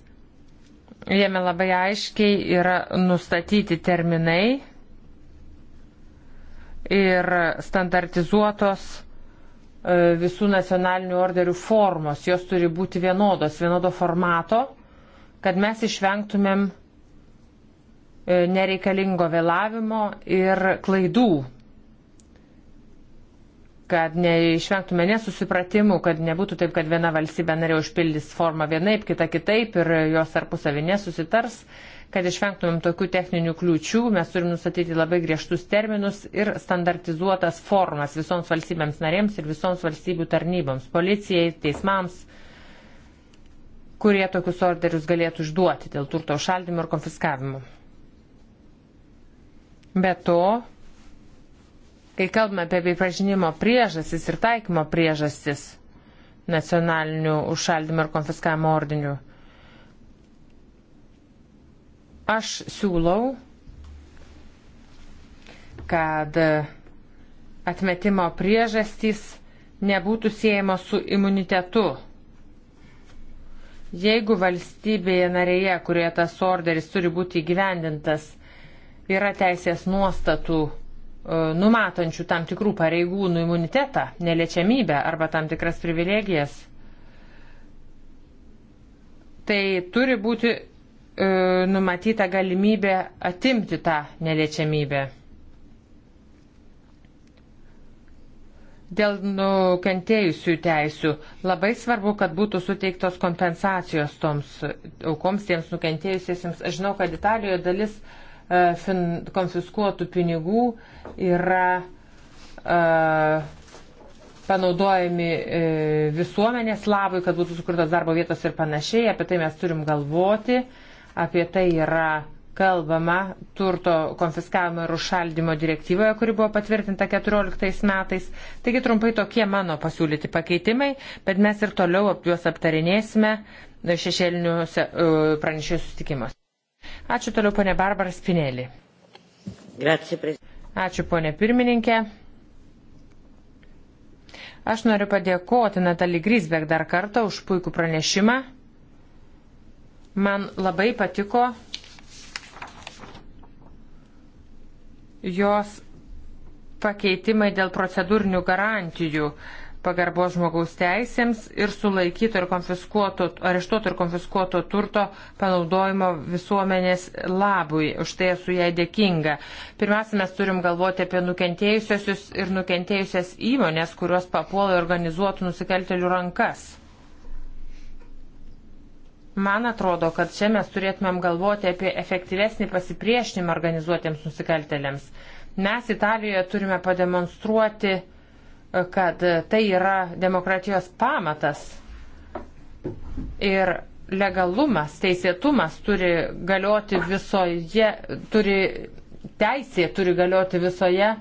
Jame labai aiškiai yra nustatyti terminai ir standartizuotos e, visų nacionalinių orderių formos. Jos turi būti vienodos, vienodo formato, kad mes išvengtumėm e, nereikalingo vėlavimo ir klaidų, kad neišvengtume nesusipratimų, kad nebūtų taip, kad viena valstybė narė užpildys formą vienaip, kita kitaip ir jos tarpusavį nesusitars. susitars Kad išvengtumėm tokių techninių kliūčių, mes turim nustatyti labai griežtus terminus ir standartizuotas formas visoms valstybėms narėms ir visoms valstybių tarnyboms - policijai, teismams, kurie tokius orderius galėtų išduoti dėl turto šaldimo ir konfiskavimo. Be to, kai kalbame apie pripažinimo priežastis ir taikymo priežastis nacionalinių užšaldimo ir konfiskavimo ordinių, Aš siūlau, kad atmetimo priežastys nebūtų siejama su imunitetu. Jeigu valstybėje narėje, kurioje tas orderis turi būti įgyvendintas, yra teisės nuostatų e, numatančių tam tikrų pareigūnų imunitetą, neliečiamybę arba tam tikras privilegijas, tai turi būti E, numatyta galimybė atimti tą neliečiamybę. Dėl nukentėjusių teisių labai svarbu, kad būtų suteiktos kompensacijos toms aukoms, tiems nukentėjusiesiems. Aš žinau, kad Italijoje dalis uh, fin, konfiskuotų pinigų yra uh, panaudojami uh, visuomenės labui, kad būtų sukurtos darbo vietos ir panašiai. Apie tai mes turim galvoti. Uh, Apie tai yra kalbama turto konfiskavimo ir užšaldimo direktyvoje, kuri buvo patvirtinta 2014 metais. Taigi trumpai tokie mano pasiūlyti pakeitimai, bet mes ir toliau juos aptarinėsime šešėliniuose e, pranešėjų sustikimuose. Ačiū toliau ponė Barbara Spinelį. Ačiū ponė pirmininkė. Aš noriu padėkoti Natalį Grisbek dar kartą už puikų pranešimą. Man labai patiko jos pakeitimai dėl procedūrinių garantijų pagarbos žmogaus teisėms ir sulaikyto ir konfiskuoto, areštuoto ir konfiskuoto turto panaudojimo visuomenės labui. Už tai esu jai dėkinga. Pirmiausia, mes turim galvoti apie nukentėjusiosius ir nukentėjusias įmonės, kurios papuola organizuotų nusikaltelių rankas. Man atrodo, kad čia mes turėtumėm galvoti apie efektyvesnį pasipriešinimą organizuotiems nusikaltelėms. Mes Italijoje turime pademonstruoti, e, kad tai yra demokratijos pamatas. Ir legalumas, teisėtumas turi galioti visoje, turi, teisė turi galioti visoje e,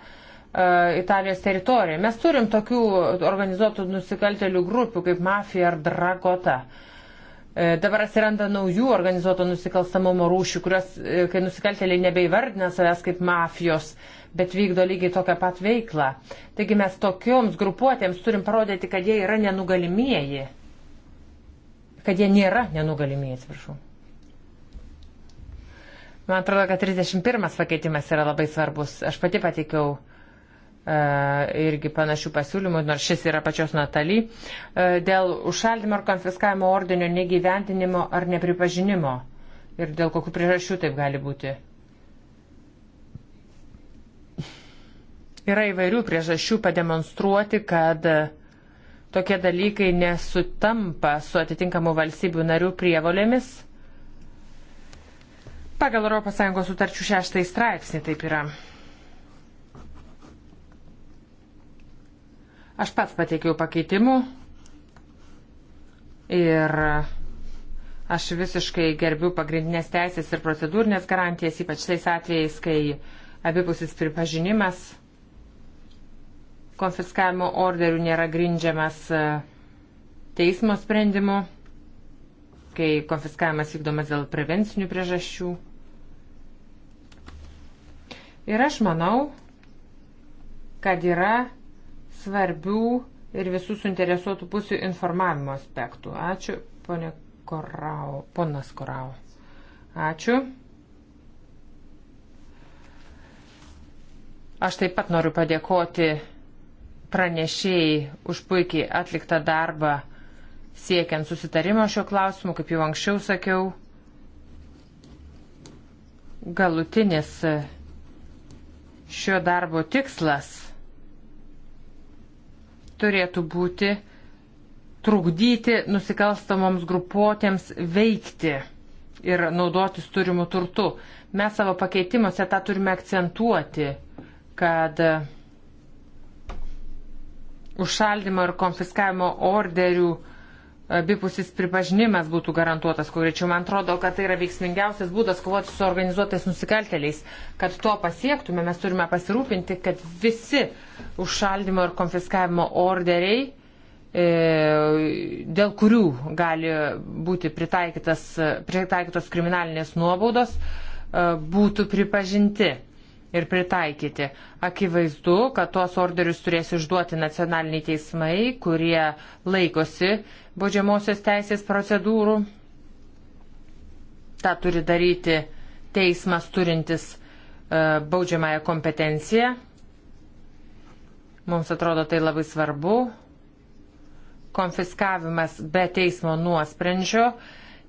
Italijos teritorijoje. Mes turim tokių organizuotų nusikaltelių grupių kaip mafija ar dragota. Uh, E, dabar atsiranda naujų organizuoto nusikalstamumo rūšių, kurios, e, kai nusikaltėliai nebeivardina savęs kaip mafijos, bet vykdo lygiai tokią pat veiklą. Taigi mes tokioms grupuotėms turim parodyti, kad jie yra nenugalimieji. Kad jie nėra nenugalimieji, atsiprašau. Man atrodo, kad 31 pakeitimas yra labai svarbus. Aš pati patikiau E, irgi panašių pasiūlymų, nors šis yra pačios Nataly, e, dėl užšaldimo ar konfiskavimo ordinio negyventinimo ar nepripažinimo ir dėl kokių priežasčių taip gali būti. Yra įvairių priežasčių pademonstruoti, kad tokie dalykai nesutampa su atitinkamų valstybių narių prievolėmis. Pagal ES sutarčių šeštąjį straipsnį taip yra. Aš pats pateikiau pakeitimų ir aš visiškai gerbiu pagrindinės teisės ir procedūrinės garantijas, ypač tais atvejais, kai abipusis pripažinimas konfiskavimo orderių nėra grindžiamas e, teismo sprendimu, kai konfiskavimas vykdomas dėl prevencinių priežasčių. Ir aš manau, kad yra svarbių ir visų suinteresuotų pusių informavimo aspektų. Ačiū, ponė Korau, ponas Korau. Ačiū. Aš taip pat noriu padėkoti pranešėjai už puikiai atliktą darbą siekiant susitarimo šio klausimu, kaip jau anksčiau sakiau. Galutinis šio darbo tikslas turėtų būti trukdyti nusikalstamoms grupuotėms veikti ir naudotis turimu turtu. Mes savo pakeitimuose tą turime akcentuoti, kad užšaldimo ir konfiskavimo orderių abipusis pripažinimas būtų garantuotas, kuo greičiau. Man atrodo, kad tai yra veiksmingiausias būdas kovoti su organizuotais nusikalteliais. Kad to pasiektume, mes turime pasirūpinti, kad visi užšaldimo ir konfiskavimo orderiai, e, dėl kurių gali būti pritaikytos kriminalinės nuobaudos, e, būtų pripažinti ir pritaikyti. Akivaizdu, kad tuos orderius turės išduoti nacionaliniai teismai, kurie laikosi baudžiamosios teisės procedūrų. Ta turi daryti teismas turintis e, baudžiamąją kompetenciją. Mums atrodo tai labai svarbu. Konfiskavimas be teismo nuosprendžio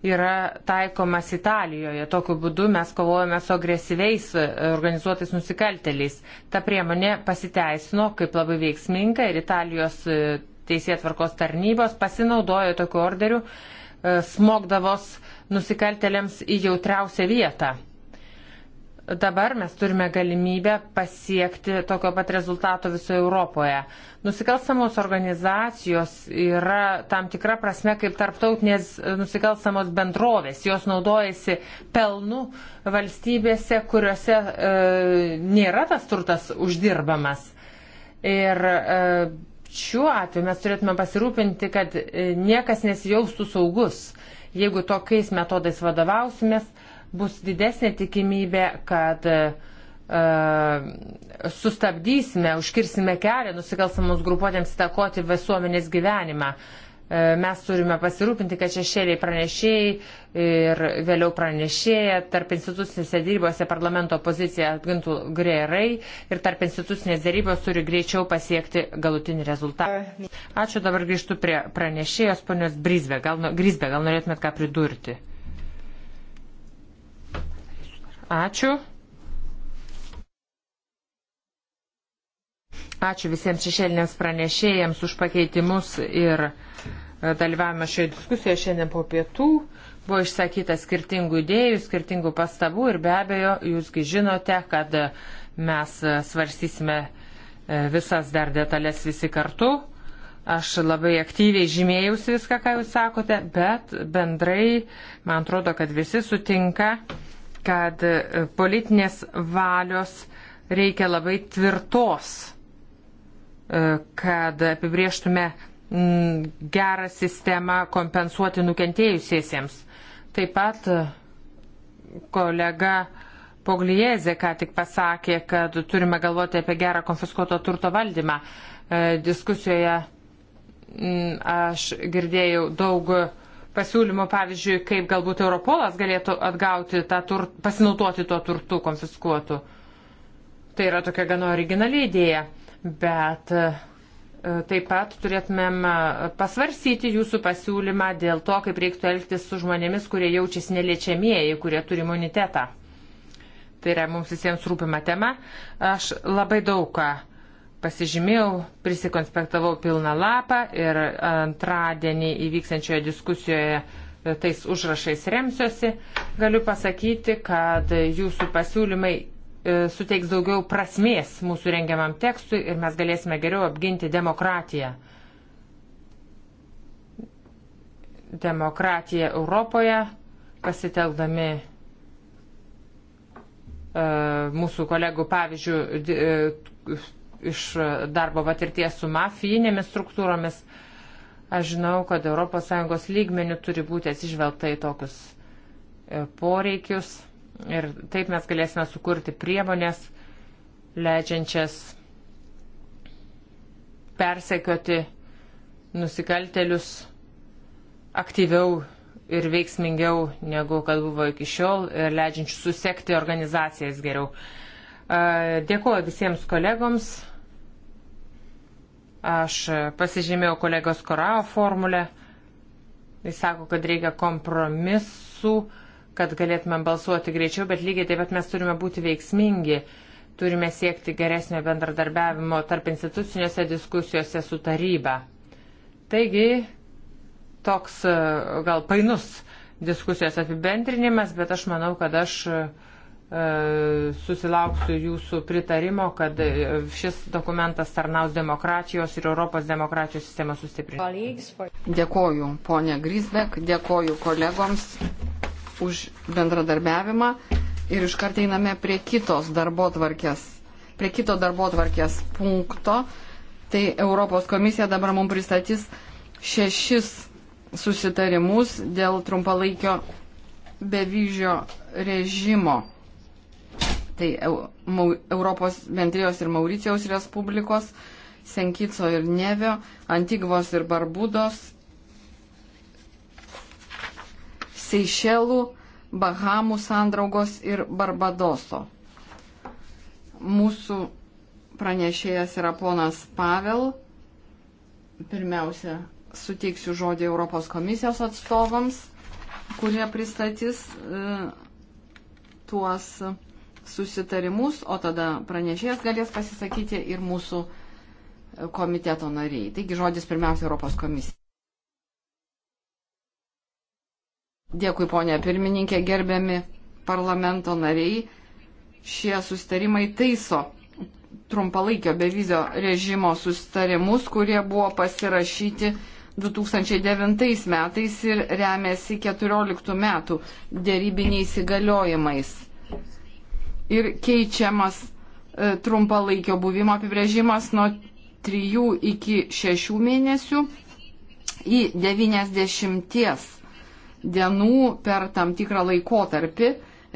yra taikomas Italijoje. Tokiu būdu mes kovojame su agresyviais e, organizuotais nusikalteliais. Ta priemonė pasiteisino kaip labai veiksminga ir Italijos e, teisėtvarkos tarnybos pasinaudojo tokiu orderiu e, smogdavos nusikalteliams į jautriausią vietą. Dabar mes turime galimybę pasiekti tokio pat rezultato visoje Europoje. Nusikalstamos organizacijos yra tam tikra prasme kaip tarptautinės nusikalstamos bendrovės. Jos naudojasi pelnu valstybėse, kuriuose e, nėra tas turtas uždirbamas. Ir e, šiuo atveju mes turėtume pasirūpinti, kad e, niekas nesijaustų saugus. Jeigu tokiais metodais vadovausimės, bus didesnė tikimybė, kad e, sustabdysime, užkirsime kelią nusikalstamos grupuotėms įtakoti visuomenės gyvenimą. E, mes turime pasirūpinti, kad šešėliai pranešėjai ir vėliau pranešėja tarp institucinėse dėrybose parlamento poziciją apgintų gerai ir tarp institucinės dėrybos turi greičiau pasiekti galutinį rezultatą. Ačiū, dabar grįžtu prie pranešėjos ponios Brisbe. Gal, Grisbe, gal norėtumėt ką pridurti? Ačiū. Ačiū visiems šešėlinėms pranešėjams už pakeitimus ir e, dalyvavimą šioje diskusijoje šiandien po pietų. Buvo išsakyta skirtingų idėjų, skirtingų pastabų ir be abejo, jūsgi žinote, kad e, mes e, svarstysime visas dar detalės visi kartu. Aš labai aktyviai žymėjausi viską, ką jūs sakote, bet bendrai man atrodo, kad visi sutinka, kad e, politinės valios reikia labai tvirtos, e, kad apibrieštume gerą sistemą kompensuoti nukentėjusiesiems. Taip pat e, kolega Pogliezė ką tik pasakė, kad turime galvoti apie gerą konfiskuoto turto valdymą. Diskusijoje aš girdėjau daug pasiūlymų, pavyzdžiui, kaip galbūt Europolas galėtų atgauti tą turtą, pasinaudoti tuo turtu konfiskuotu. Tai yra tokia gana originali idėja, bet e, taip pat turėtumėm e, pasvarsyti jūsų pasiūlymą dėl to, kaip reiktų elgtis su žmonėmis, kurie jaučiasi neliečiamieji, kurie turi imunitetą. Tai yra mums visiems rūpima tema. Aš labai daug ką pasižymėjau, prisikonspektavau pilną lapą ir antradienį įvyksančioje diskusijoje e, tais užrašais remsiuosi. Galiu pasakyti, kad jūsų pasiūlymai e, suteiks daugiau prasmės mūsų rengiamam tekstui ir mes galėsime geriau apginti demokratiją. Demokratiją Europoje pasitelkdami e, mūsų kolegų pavyzdžių iš darbo patirties su mafijinėmis struktūromis. Aš žinau, kad ES lygmenių turi būti atsižvelgta į tokius e, poreikius ir taip mes galėsime sukurti priemonės, leidžiančias persekioti nusikaltelius aktyviau ir veiksmingiau negu kad buvo iki šiol ir leidžiančių susekti organizacijas geriau. E, dėkuoju visiems kolegoms, Aš pasižymėjau kolegos Korao formulę. Jis sako, kad reikia kompromisų, kad galėtume balsuoti greičiau, bet lygiai taip pat mes turime būti veiksmingi. Turime siekti geresnio bendradarbiavimo tarp institucinėse diskusijose su taryba. Taigi, toks e, gal painus diskusijos apibendrinimas, bet aš manau, kad aš uh, E, susilauksiu jūsų pritarimo, kad e, šis dokumentas tarnaus demokratijos ir Europos demokratijos sistemos sustiprinimui. Dėkoju, ponė Grisbek, dėkoju kolegoms už bendradarbiavimą ir iškart einame prie kitos darbo tvarkės, prie kito darbo tvarkės punkto. Tai Europos komisija dabar mums pristatys šešis susitarimus dėl trumpalaikio bevyžio režimo tai Europos bendrijos ir Mauricijos Respublikos, Senkico ir Nevio, Antigvos ir Barbudos, Seišelų, Bahamų sandraugos ir Barbadoso. Mūsų pranešėjas yra ponas Pavel. Pirmiausia, suteiksiu žodį Europos komisijos atstovams, kurie pristatys e, tuos. E, susitarimus, o tada pranešėjas galės pasisakyti ir mūsų e, komiteto nariai. Taigi žodis pirmiausia Europos komisija. Dėkui, ponė pirmininkė, gerbiami parlamento nariai. Šie sustarimai taiso trumpalaikio bevizio režimo sustarimus, kurie buvo pasirašyti 2009 metais ir remiasi 14 metų dėrybiniais įgaliojimais ir keičiamas e, trumpalaikio buvimo apibrėžimas nuo 3 iki 6 mėnesių į 90 dienų per tam tikrą laikotarpį,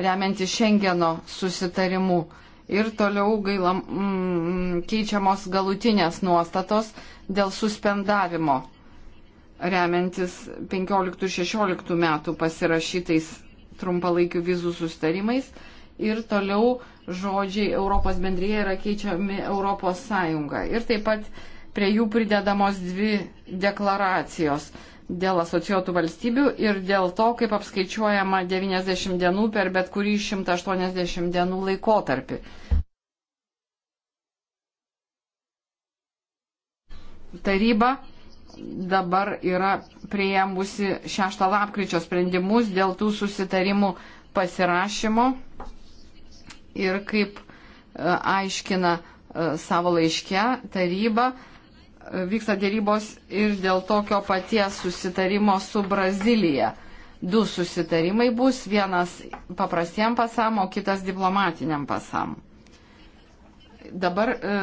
remianti Šengeno susitarimu. Ir toliau gaila, mm, keičiamos galutinės nuostatos dėl suspendavimo, remiantis 15-16 metų pasirašytais trumpalaikių vizų sustarimais ir toliau žodžiai Europos bendryje yra keičiami Europos Sąjunga. Ir taip pat prie jų pridedamos dvi deklaracijos dėl asociuotų valstybių ir dėl to, kaip apskaičiuojama 90 dienų per bet kurį 180 dienų laikotarpį. Taryba dabar yra prieimusi 6 lapkričio sprendimus dėl tų susitarimų pasirašymo ir kaip e, aiškina e, savo laiške taryba, e, vyksta dėrybos ir dėl tokio paties susitarimo su Brazilija. Du susitarimai bus, vienas paprastiem pasam, o kitas diplomatiniam pasam. Dabar e,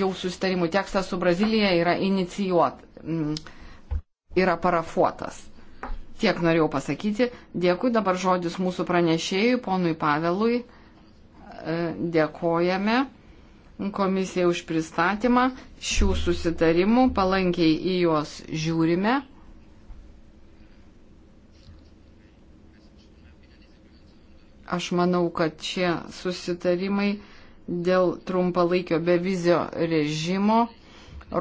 jau susitarimų tekstas su Brazilija yra inicijuot, yra parafuotas. Tiek norėjau pasakyti. Dėkui dabar žodis mūsų pranešėjui, ponui Pavelui. E, dėkojame komisijai už pristatymą šių susitarimų, palankiai į juos žiūrime. Aš manau, kad šie susitarimai dėl trumpalaikio bevizio režimo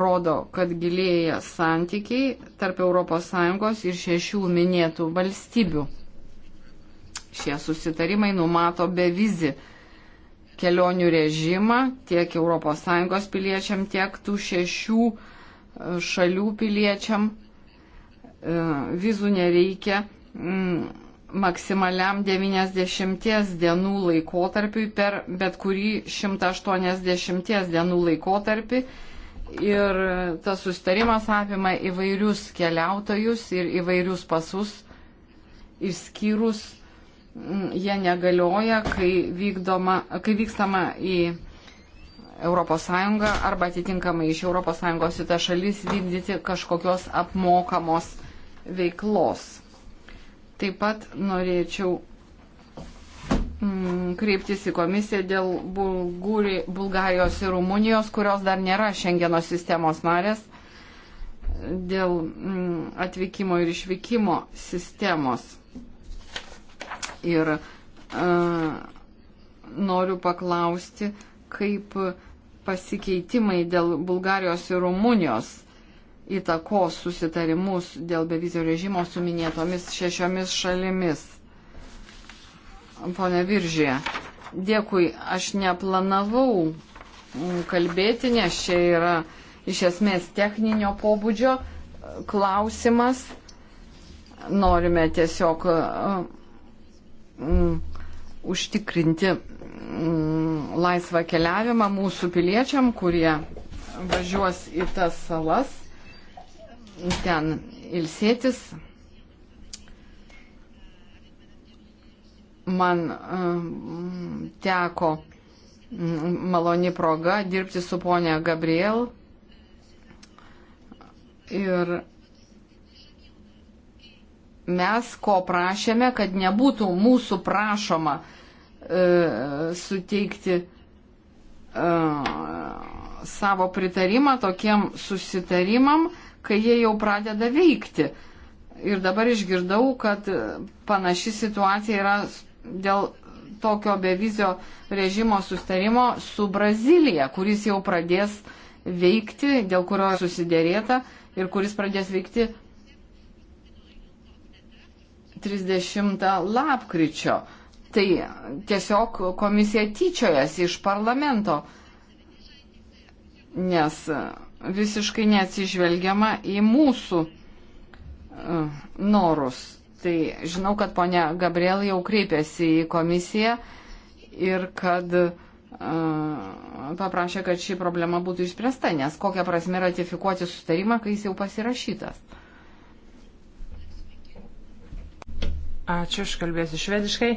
rodo, kad gilėja santykiai tarp ES ir šešių minėtų valstybių. Šie susitarimai numato bevizį kelionių režimą tiek ES piliečiam, tiek tų šešių e, šalių piliečiam. E, vizų nereikia maksimaliam 90 dienų laikotarpiui per bet kurį 180 dienų laikotarpį. Ir tas sustarimas apima įvairius keliautojus ir įvairius pasus, išskyrus jie negalioja, kai, vykdoma, kai vykstama į ES arba atitinkamai iš ES į tą šalis vykdyti kažkokios apmokamos veiklos. Taip pat norėčiau mm, kreiptis į komisiją dėl Bulguri, Bulgarijos ir Rumunijos, kurios dar nėra Šengeno sistemos narės, dėl mm, atvykimo ir išvykimo sistemos ir e, noriu paklausti, kaip pasikeitimai dėl Bulgarijos ir Rumunijos įtakos susitarimus dėl bevizio režimo su minėtomis šešiomis šalimis. Pone Viržė, dėkui, aš neplanavau kalbėti, nes čia yra iš esmės techninio pobūdžio klausimas. Norime tiesiog m, mm, užtikrinti m, mm, laisvą keliavimą mūsų piliečiam, kurie važiuos į tas salas, ten ilsėtis. Man m, mm, teko maloni proga dirbti su ponia Gabriel ir Mes ko prašėme, kad nebūtų mūsų prašoma e, suteikti e, savo pritarimą tokiem susitarimam, kai jie jau pradeda veikti. Ir dabar išgirdau, kad panaši situacija yra dėl tokio bevizio režimo sustarimo su Brazilija, kuris jau pradės veikti, dėl kurio susidėrėta ir kuris pradės veikti 30 lapkričio. Tai tiesiog komisija tyčiojasi iš parlamento, nes visiškai neatsižvelgiama į mūsų e, norus. Tai žinau, kad ponia Gabriel jau kreipėsi į komisiją ir kad uh, paprašė, kad ši problema būtų išspręsta, nes kokią prasme ratifikuoti sustarimą, kai jis jau pasirašytas. Ačiū, aš kalbėsiu švediškai.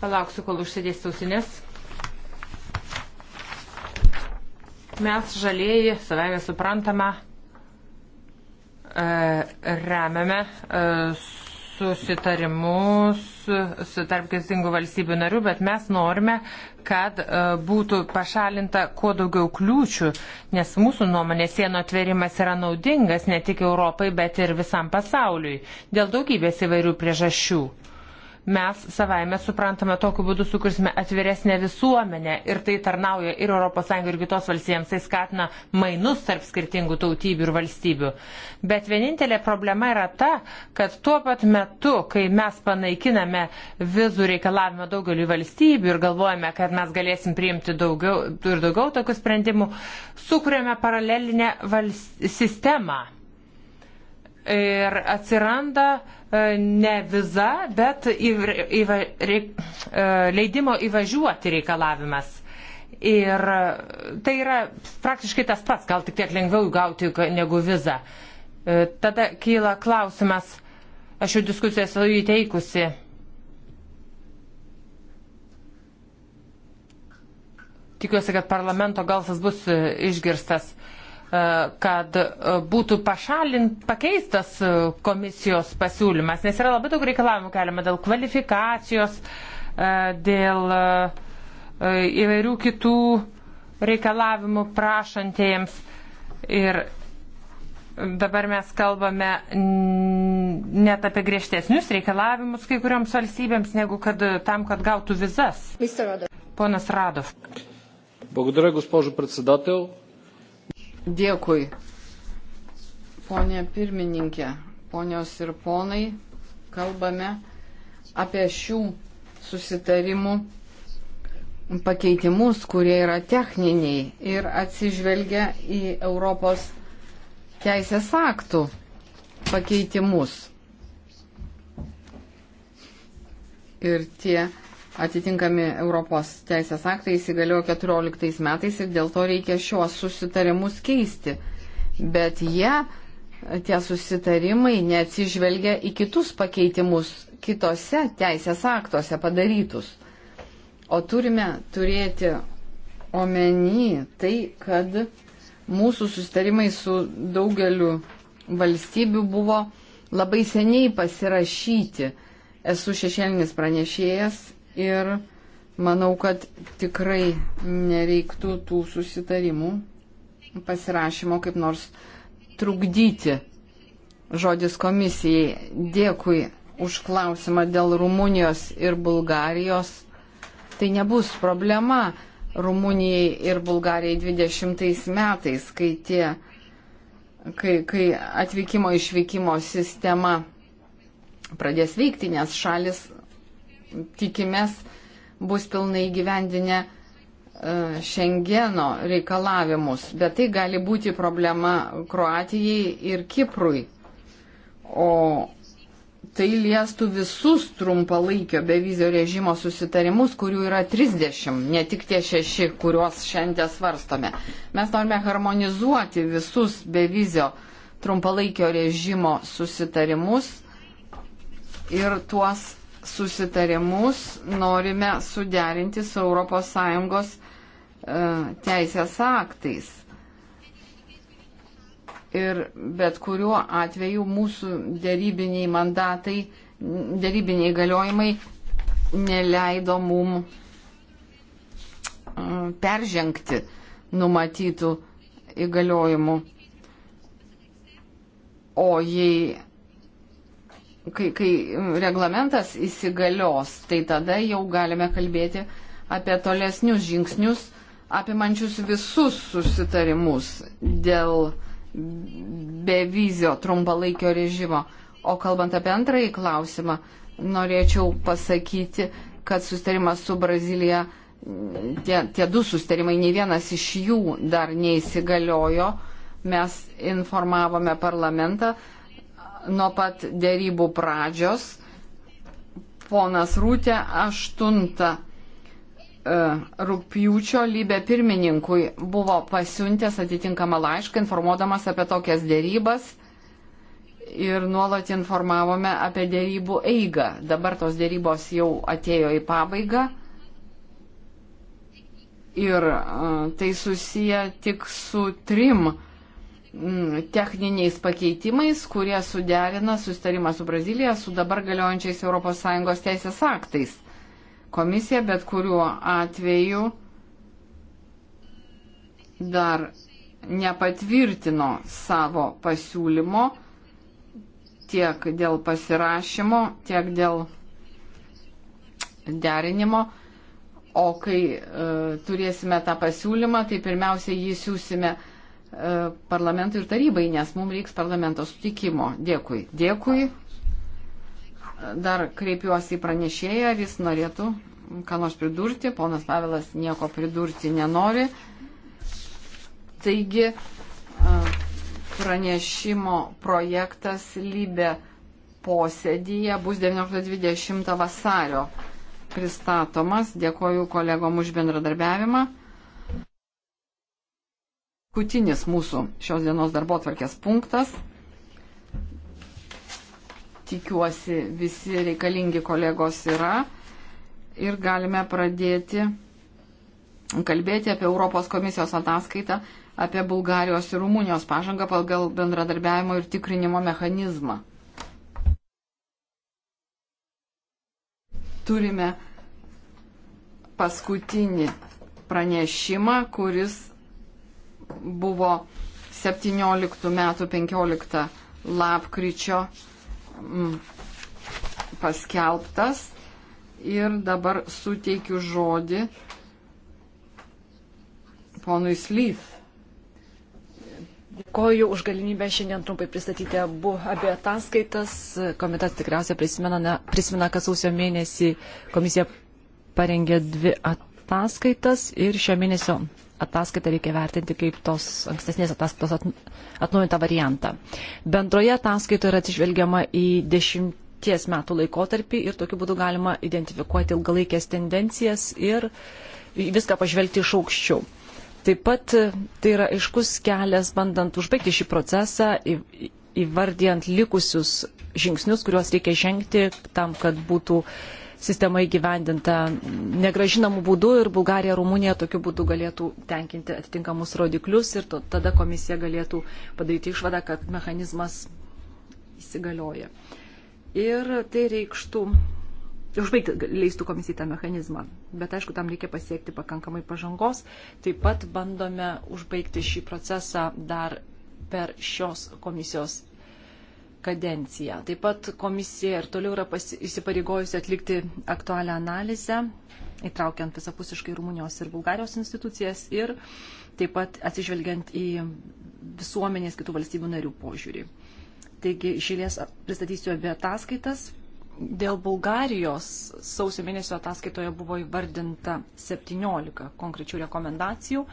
Palauksiu, kol užsidės tausinės. Mes žalieji, savame suprantama, e, remiame e, susitarimus tarp skirtingų valstybių narių, bet mes norime, kad e, būtų pašalinta kuo daugiau kliūčių, nes mūsų nuomonė sienų atverimas yra naudingas ne tik Europai, bet ir visam pasauliui dėl daugybės įvairių priežasčių mes savaime suprantame tokiu būdu sukursime atviresnę visuomenę ir tai tarnauja ir ES ir kitos valstybėms, tai skatina mainus tarp skirtingų tautybių ir valstybių. Bet vienintelė problema yra ta, kad tuo pat metu, kai mes panaikiname vizų reikalavimą daugeliu valstybių ir galvojame, kad mes galėsim priimti daugiau ir daugiau tokių sprendimų, sukūrėme paralelinę sistemą ir atsiranda e, ne viza, bet įv, įva, reik, e, leidimo įvažiuoti reikalavimas. Ir e, tai yra praktiškai tas pats, gal tik tiek lengviau gauti negu vizą. Tada kyla klausimas, aš jau diskusiją esu įteikusi. Tikiuosi, kad parlamento galsas bus išgirstas E, kad e, būtų pašalint, pakeistas e, komisijos pasiūlymas, nes yra labai daug reikalavimų keliama dėl kvalifikacijos, dėl įvairių kitų reikalavimų prašantiems. Ir dabar mes kalbame net apie griežtesnius reikalavimus kai kurioms valstybėms, negu kad tam, kad gautų vizas. Ponas Radov. Благодаря, госпожо председател. Dėkui. Pone pirmininkė, ponios ir ponai, kalbame apie šių susitarimų pakeitimus, kurie yra techniniai ir atsižvelgia į Europos teisės aktų pakeitimus. Ir tie atitinkami Europos teisės aktai įsigaliojo 14 metais ir dėl to reikia šios susitarimus keisti. Bet jie, tie susitarimai, neatsižvelgia į kitus pakeitimus kitose teisės aktuose padarytus. O turime turėti omeny tai, kad mūsų susitarimai su daugeliu valstybių buvo labai seniai pasirašyti. Esu šešėlinis pranešėjas ir manau, kad tikrai nereiktų tų susitarimų pasirašymo kaip nors trukdyti. Žodis komisijai. Dėkui už klausimą dėl Rumunijos ir Bulgarijos. Tai nebus problema Rumunijai ir Bulgarijai 20 metais, kai, tie, kai, kai atvykimo išvykimo sistema pradės veikti, nes šalis tikimės bus pilnai gyvendinę e, Šengeno reikalavimus, bet tai gali būti problema Kroatijai ir Kiprui. O tai liestų visus trumpalaikio bevizio režimo susitarimus, kurių yra 30, ne tik tie šeši, kuriuos šiandien svarstome. Mes norime harmonizuoti visus bevizio trumpalaikio režimo susitarimus ir tuos susitarimus norime suderinti su ES e, teisės aktais. Ir bet kuriuo atveju mūsų dėrybiniai mandatai, dėrybiniai galiojimai neleido mum e, peržengti numatytų įgaliojimų. O jei kai, kai reglamentas įsigalios, tai tada jau galime kalbėti apie tolesnius žingsnius, apimančius visus susitarimus dėl bevizio trumpalaikio režimo. O kalbant apie antrąjį klausimą, norėčiau pasakyti, kad susitarimas su Brazilija, tie, tie du susitarimai, nei vienas iš jų dar neįsigaliojo. Mes informavome parlamentą, nuo pat dėrybų pradžios. Ponas Rūtė 8 e, rūpjūčio lybė pirmininkui buvo pasiuntęs atitinkamą laišką informuodamas apie tokias dėrybas ir nuolat informavome apie dėrybų eigą. Dabar tos dėrybos jau atėjo į pabaigą ir e, tai susiję tik su trim uh, Mm, techniniais pakeitimais, kurie suderina sustarimą su Brazilija su dabar galiojančiais ES teisės aktais. Komisija bet kuriuo atveju dar nepatvirtino savo pasiūlymo tiek dėl pasirašymo, tiek dėl derinimo. O kai e, turėsime tą pasiūlymą, tai pirmiausia jį siūsime e, E, parlamentui ir tarybai, nes mums reiks parlamento sutikimo. Dėkui. Dėkui. Dar kreipiuosi į pranešėją, ar jis norėtų ką nors pridurti. Ponas Pavelas nieko pridurti nenori. Taigi e, pranešimo projektas lybė posėdyje bus 19.20 vasario pristatomas. Dėkoju kolegom už bendradarbiavimą paskutinis mūsų šios dienos darbo tvarkės punktas. Tikiuosi, visi reikalingi kolegos yra ir galime pradėti kalbėti apie Europos komisijos ataskaitą apie Bulgarijos ir Rumunijos pažangą pagal bendradarbiavimo ir tikrinimo mechanizmą. Turime paskutinį pranešimą, kuris buvo 17 metų 15 lapkričio mm, paskelbtas ir dabar suteikiu žodį ponui Slyth. Dėkoju už galimybę šiandien trumpai pristatyti abu abi ataskaitas. Komitetas tikriausiai prisimena, ne, prisimena, kad sausio mėnesį komisija parengė dvi ataskaitas ir šio mėnesio ataskaitą reikia vertinti kaip tos ankstesnės ataskaitos at, atnaujintą variantą. Bendroje ataskaitoje yra atsižvelgiama į dešimties metų laikotarpį ir tokiu būdu galima identifikuoti ilgalaikės tendencijas ir viską pažvelgti iš aukščiau. Taip pat e, tai yra aiškus kelias, bandant užbaigti šį procesą, įvardijant likusius žingsnius, kuriuos reikia žengti tam, kad būtų uh, sistema įgyvendinta negražinamų būdų ir Bulgarija, Rumunija tokiu būdu galėtų tenkinti atitinkamus rodiklius ir to, tada komisija galėtų padaryti išvadą, kad mechanizmas įsigalioja. Ir tai reikštų užbaigti leistų komisijai tą mechanizmą. Bet aišku, tam reikia pasiekti pakankamai pažangos. Taip pat bandome užbaigti šį procesą dar per šios komisijos kadenciją. Taip pat komisija ir toliau yra įsipareigojusi atlikti aktualią analizę, įtraukiant visapusiškai Rumunijos ir Bulgarijos institucijas ir taip pat atsižvelgiant į visuomenės kitų valstybių narių požiūrį. Taigi išėlės pristatysiu abi ataskaitas. Dėl Bulgarijos sausio mėnesio ataskaitoje buvo įvardinta 17 konkrečių rekomendacijų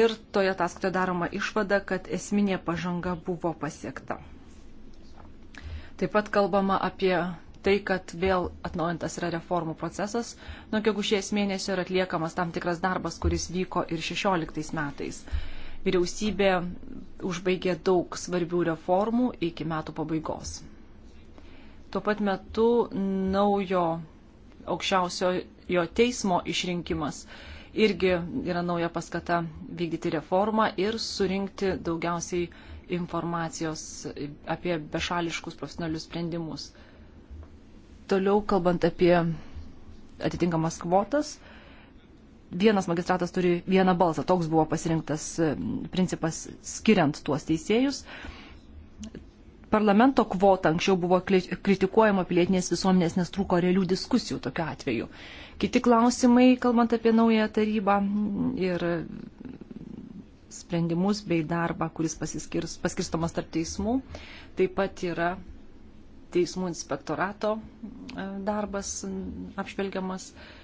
ir toje ataskaitoje daroma išvada, kad esminė pažanga buvo pasiekta. Taip pat kalbama apie tai, kad vėl atnaujintas yra reformų procesas. Nuo gegužės mėnesio yra atliekamas tam tikras darbas, kuris vyko ir 16 metais. Vyriausybė užbaigė daug svarbių reformų iki metų pabaigos. Tuo pat metu naujo aukščiausiojo teismo išrinkimas irgi yra nauja paskata vykdyti reformą ir surinkti daugiausiai informacijos apie bešališkus profesionalius sprendimus. Toliau, kalbant apie atitinkamas kvotas, vienas magistratas turi vieną balsą. Toks buvo pasirinktas e, principas skiriant tuos teisėjus. Parlamento kvota anksčiau buvo kritikuojama pilietinės visuomenės, nes trūko realių diskusijų tokiu atveju. Kiti klausimai, kalbant apie naują tarybą ir sprendimus bei darbą, kuris paskirstomas tarp teismų. Taip pat yra teismų inspektorato e, darbas apžvelgiamas. Uh,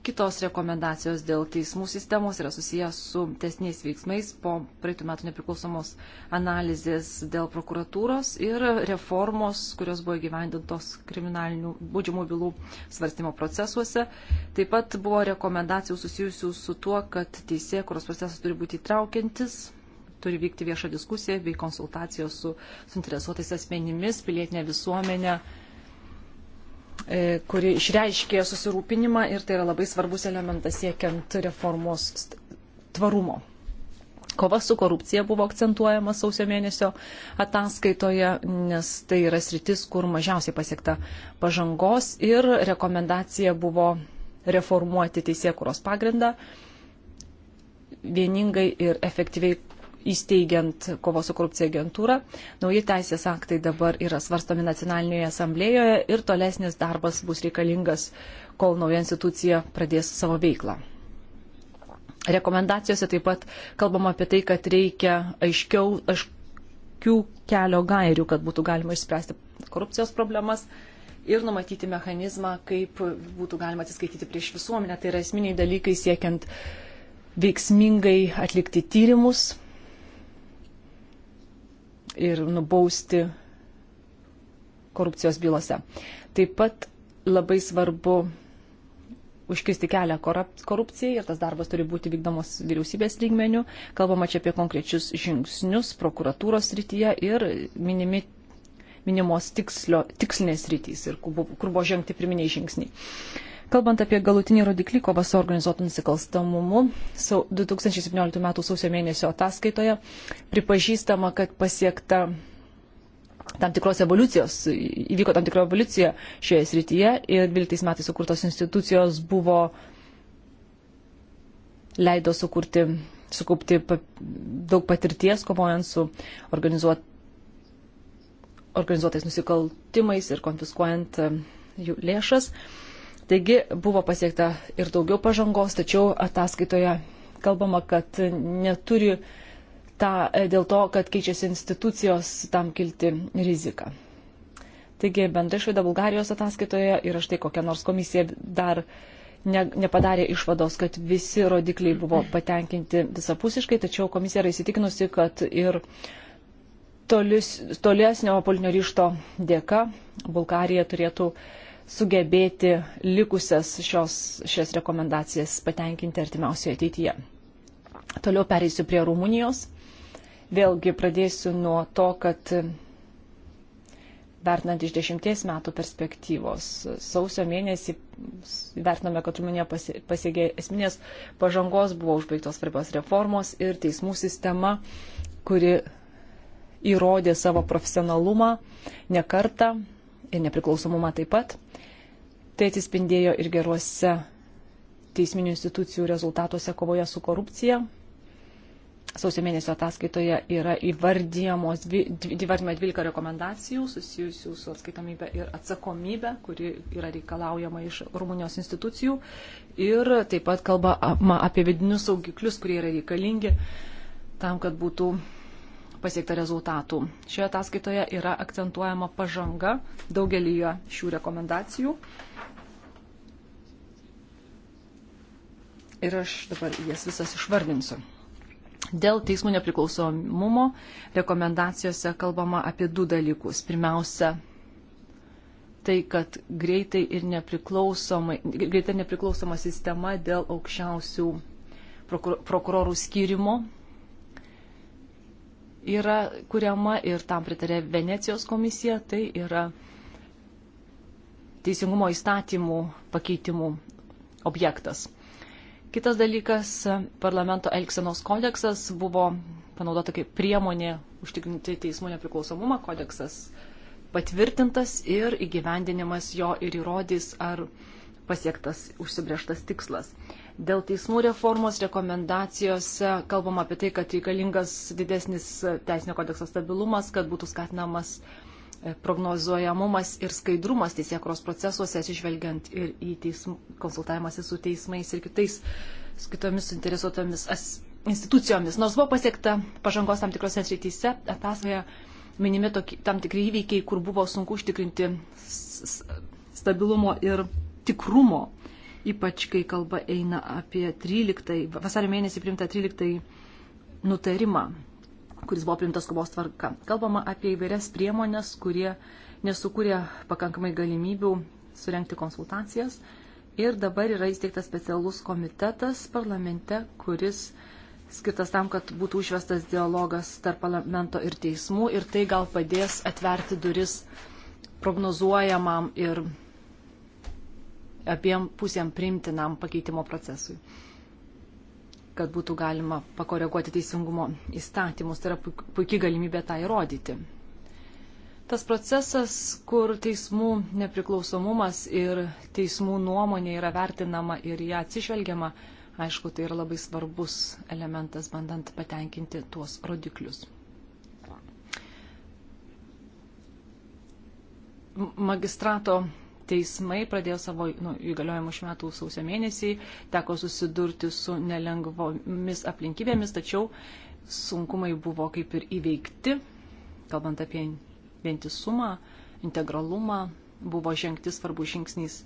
Kitos rekomendacijos dėl teismų sistemos yra susijęs su tesniais veiksmais po praeitų metų nepriklausomos analizės dėl prokuratūros ir reformos, kurios buvo gyvendintos kriminalinių būdžiamų bylų svarstymo procesuose. Taip pat buvo rekomendacijų susijusių su tuo, kad teisė, kurios procesas turi būti įtraukiantis, turi vykti vieša diskusija bei konsultacijos su suinteresuotais asmenimis, pilietinė visuomenė E, kuri išreiškė susirūpinimą ir tai yra labai svarbus elementas siekiant reformos tvarumo. Kova su korupcija buvo akcentuojama sausio mėnesio ataskaitoje, nes tai yra sritis, kur mažiausiai pasiekta pažangos ir rekomendacija buvo reformuoti teisėkuros pagrindą vieningai ir efektyviai įsteigiant kovos su korupcija agentūrą. Nauji teisės aktai dabar yra svarstomi nacionalinėje asamblėjoje ir tolesnis darbas bus reikalingas, kol nauja institucija pradės savo veiklą. Rekomendacijose taip pat kalbama apie tai, kad reikia aiškiau, aiškių kelio gairių, kad būtų galima išspręsti korupcijos problemas ir numatyti mechanizmą, kaip būtų galima atsiskaityti prieš visuomenę. Tai yra esminiai dalykai siekiant veiksmingai atlikti tyrimus ir nubausti korupcijos bylose. Taip pat labai svarbu užkisti kelią korupcijai ir tas darbas turi būti vykdomas vyriausybės lygmenių. Kalbama čia apie konkrečius žingsnius prokuratūros rytyje ir minimi, minimos tikslio, tikslinės rytys ir kur buvo žengti pirminiai žingsniai. Kalbant apie galutinį rodiklį kovą su organizuotu nusikalstamumu, 2017 m. sausio mėnesio ataskaitoje pripažįstama, kad pasiekta tam tikros evoliucijos, įvyko tam tikra evoliucija šioje srityje ir 12 metais sukurtos institucijos buvo leido sukurti, sukaupti daug patirties kovojant su organizuot, organizuotais nusikaltimais ir konfiskuojant e, jų lėšas. Uh, Taigi buvo pasiekta ir daugiau pažangos, tačiau ataskaitoje kalbama, kad neturi tą e, dėl to, kad keičiasi institucijos tam kilti riziką. Taigi bendra išvada Bulgarijos ataskaitoje yra štai kokia nors komisija dar ne, nepadarė išvados, kad visi rodikliai buvo patenkinti visapusiškai, tačiau komisija yra įsitikinusi, kad ir tolis, tolesnio politinio ryšto dėka Bulgarija turėtų uh, sugebėti likusias šios, šias rekomendacijas patenkinti artimiausioje ateityje. Toliau pereisiu prie Rumunijos. Vėlgi pradėsiu nuo to, kad vertinant iš dešimties metų perspektyvos, sausio mėnesį vertiname, kad Rumunija pasiekė esminės pažangos, buvo užbaigtos svarbios reformos ir teismų sistema, kuri įrodė savo profesionalumą nekartą ir nepriklausomumą taip pat. Tai atsispindėjo ir geruose teisminių institucijų rezultatuose kovoje su korupcija. Sausio mėnesio ataskaitoje yra įvardyjamos 12 rekomendacijų susijusių su atskaitomybė ir atsakomybė, kuri yra reikalaujama iš Rumunijos institucijų. Ir taip pat kalba apie vidinius saugiklius, kurie yra reikalingi tam, kad būtų pasiekta rezultatų. Šioje ataskaitoje yra akcentuojama pažanga daugelį šių rekomendacijų. ir aš dabar jas visas išvardinsiu. Dėl teismų nepriklausomumo rekomendacijose kalbama apie du dalykus. Pirmiausia, tai, kad greitai ir nepriklausoma, greitai nepriklausoma sistema dėl aukščiausių prokurorų skirimo yra kuriama ir tam pritarė Venecijos komisija, tai yra teisingumo įstatymų pakeitimų objektas. Kitas dalykas, parlamento elgsenos kodeksas buvo panaudota kaip priemonė užtikrinti teismų nepriklausomumą. Kodeksas patvirtintas ir įgyvendinimas jo ir įrodys, ar pasiektas užsibrieštas tikslas. Dėl teismų reformos rekomendacijose kalbama apie tai, kad reikalingas didesnis teisinio kodekso stabilumas, kad būtų skatinamas uh, E, prognozuojamumas ir skaidrumas teisėkros procesuose, atsižvelgiant ir į teism, konsultavimąsi su teismais ir kitais, su kitomis suinteresuotomis as, institucijomis. Nors buvo pasiekta pažangos tam tikrose srityse, atasoje minimi tokie, tam tikri įvykiai, kur buvo sunku užtikrinti stabilumo ir tikrumo, ypač kai kalba eina apie 13, vasario mėnesį primtą 13 nutarimą kuris buvo priimtas skubos tvarka. Kalbama apie įvairias priemonės, kurie nesukūrė pakankamai galimybių surenkti konsultacijas. Ir dabar yra įsteigtas specialus komitetas parlamente, kuris skirtas tam, kad būtų užvestas dialogas tarp parlamento ir teismų ir tai gal padės atverti duris prognozuojamam ir abiem pusėm priimtinam pakeitimo procesui kad būtų galima pakoreguoti teisingumo įstatymus. Tai yra puikiai galimybė tą įrodyti. Tas procesas, kur teismų nepriklausomumas ir teismų nuomonė yra vertinama ir ją atsižvelgiama, aišku, tai yra labai svarbus elementas, bandant patenkinti tuos rodiklius. Magistrato teismai pradėjo savo nu, įgaliojimą šių metų sausio mėnesį, teko susidurti su nelengvomis aplinkybėmis, tačiau sunkumai buvo kaip ir įveikti, kalbant apie vientisumą, integralumą, buvo žengti svarbus žingsnis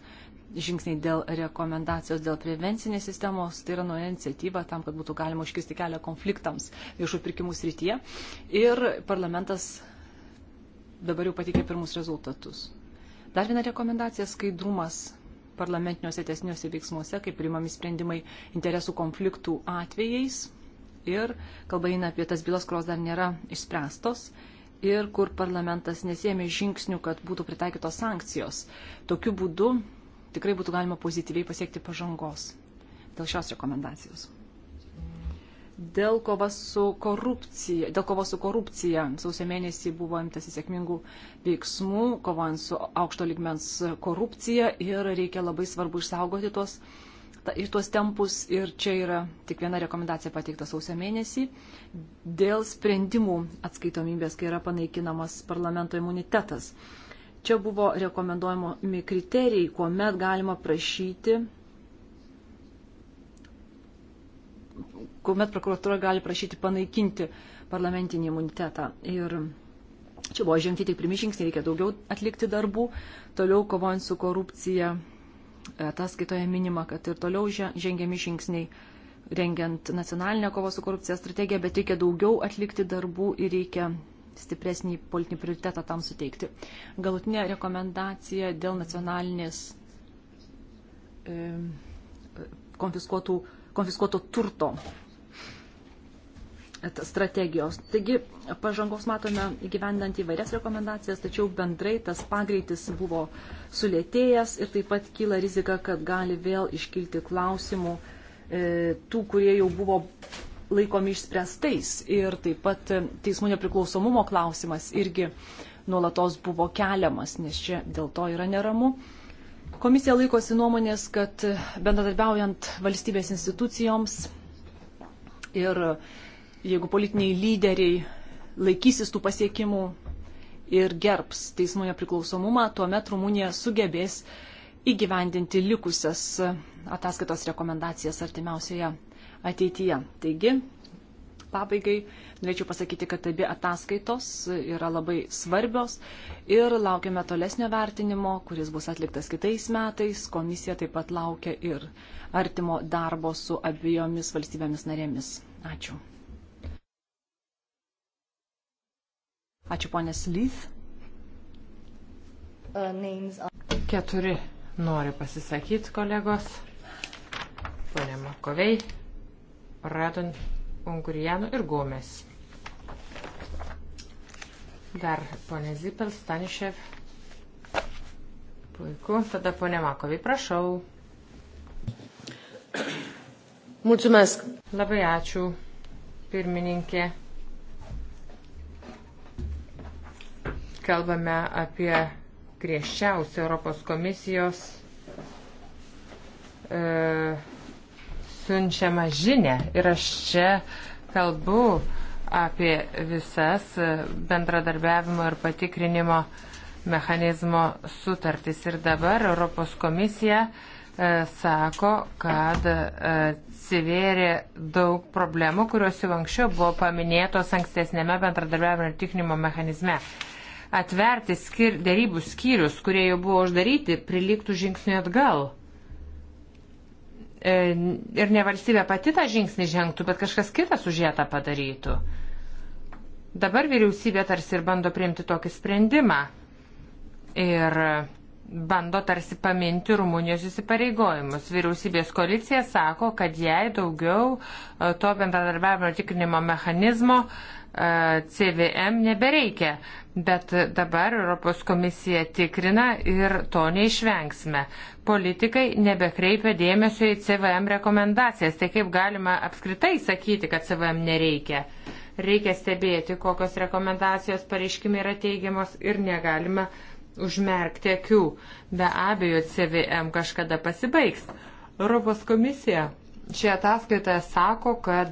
žingsniai dėl rekomendacijos dėl prevencinės sistemos, tai yra nauja iniciatyva tam, kad būtų galima užkisti kelią konfliktams viešų pirkimų srityje. Ir parlamentas dabar jau patikė pirmus rezultatus. Dar viena rekomendacija - skaidrumas parlamentiniuose tiesniuose veiksmuose, kaip primami sprendimai interesų konfliktų atvejais. Ir kalba eina apie tas bylas, kurios dar nėra išspręstos ir kur parlamentas nesėmė žingsnių, kad būtų pritaikytos sankcijos. Tokiu būdu tikrai būtų galima pozityviai pasiekti pažangos dėl šios rekomendacijos dėl kovos su korupcija. Dėl kovos su korupcija sausio mėnesį buvo imtasi sėkmingų veiksmų, kovojant su aukšto ligmens korupcija ir reikia labai svarbu išsaugoti tuos, ta, ir tuos tempus. Ir čia yra tik viena rekomendacija pateikta sausio mėnesį dėl sprendimų atskaitomybės, kai yra panaikinamas parlamento imunitetas. Čia buvo rekomenduojami kriterijai, kuomet galima prašyti kuomet prokuratūra gali prašyti panaikinti parlamentinį imunitetą. Ir čia buvo žengti tik pirmi žingsniai, reikia daugiau atlikti darbų, toliau kovojant su korupcija. Ataskaitoje minima, kad ir toliau žengiami žingsniai rengiant nacionalinę kovos su korupcija strategiją, bet reikia daugiau atlikti darbų ir reikia stipresnį politinį prioritetą tam suteikti. Galutinė rekomendacija dėl nacionalinės e, konfiskuotų, konfiskuoto turto strategijos. Taigi pažangos matome gyvendant įvairias rekomendacijas, tačiau bendrai tas pagreitis buvo sulėtėjęs ir taip pat kyla rizika, kad gali vėl iškilti klausimų e, tų, kurie jau buvo laikomi išspręstais. Ir taip pat e, teismų nepriklausomumo klausimas irgi nuolatos buvo keliamas, nes čia dėl to yra neramu. Komisija laikosi nuomonės, kad e, bendradarbiaujant valstybės institucijoms ir jeigu politiniai lyderiai laikysis tų pasiekimų ir gerbs teismo nepriklausomumą, tuomet Rumunija sugebės įgyvendinti likusias ataskaitos rekomendacijas artimiausioje ateityje. Taigi, pabaigai norėčiau pasakyti, kad abi ataskaitos yra labai svarbios ir laukiame tolesnio vertinimo, kuris bus atliktas kitais metais. Komisija taip pat laukia ir artimo darbo su abiejomis valstybėmis narėmis. Ačiū. Ačiū, ponės Lyth. Uh, Keturi nori pasisakyti kolegos. Pone Makovei, Radon, Ungurijanų ir Gomes. Dar ponė Zipel, Stanišev. Puiku, tada ponė Makovei, prašau. Mulțumesc. Labai ačiū, pirmininkė. kalbame apie griežčiausią Europos komisijos e, siunčiamą žinę. Ir aš čia kalbu apie visas bendradarbiavimo ir patikrinimo mechanizmo sutartis. Ir dabar Europos komisija e, sako, kad e, atsivėrė daug problemų, kurios jau anksčiau buvo paminėtos ankstesnėme bendradarbiavimo ir tikrinimo mechanizme atverti skir, dėrybų skyrius, kurie jau buvo uždaryti, priliktų žingsnių atgal. E, ir ne valstybė pati tą žingsnį žengtų, bet kažkas kitas už ją tą padarytų. Dabar vyriausybė tarsi ir bando priimti tokį sprendimą. Ir bando tarsi paminti Rumunijos įsipareigojimus. Vyriausybės koalicija sako, kad jai daugiau e, to bendradarbiavimo tikrinimo mechanizmo e, CVM nebereikia. Bet dabar Europos komisija tikrina ir to neišvengsime. Politikai nebekreipia dėmesio į CVM rekomendacijas. Tai kaip galima apskritai sakyti, kad CVM nereikia? Reikia stebėti, kokios rekomendacijos pareiškimai yra teigiamos ir negalima užmerkti akių. Be abejo, CVM kažkada pasibaigs. Europos komisija šią ataskaitą sako, kad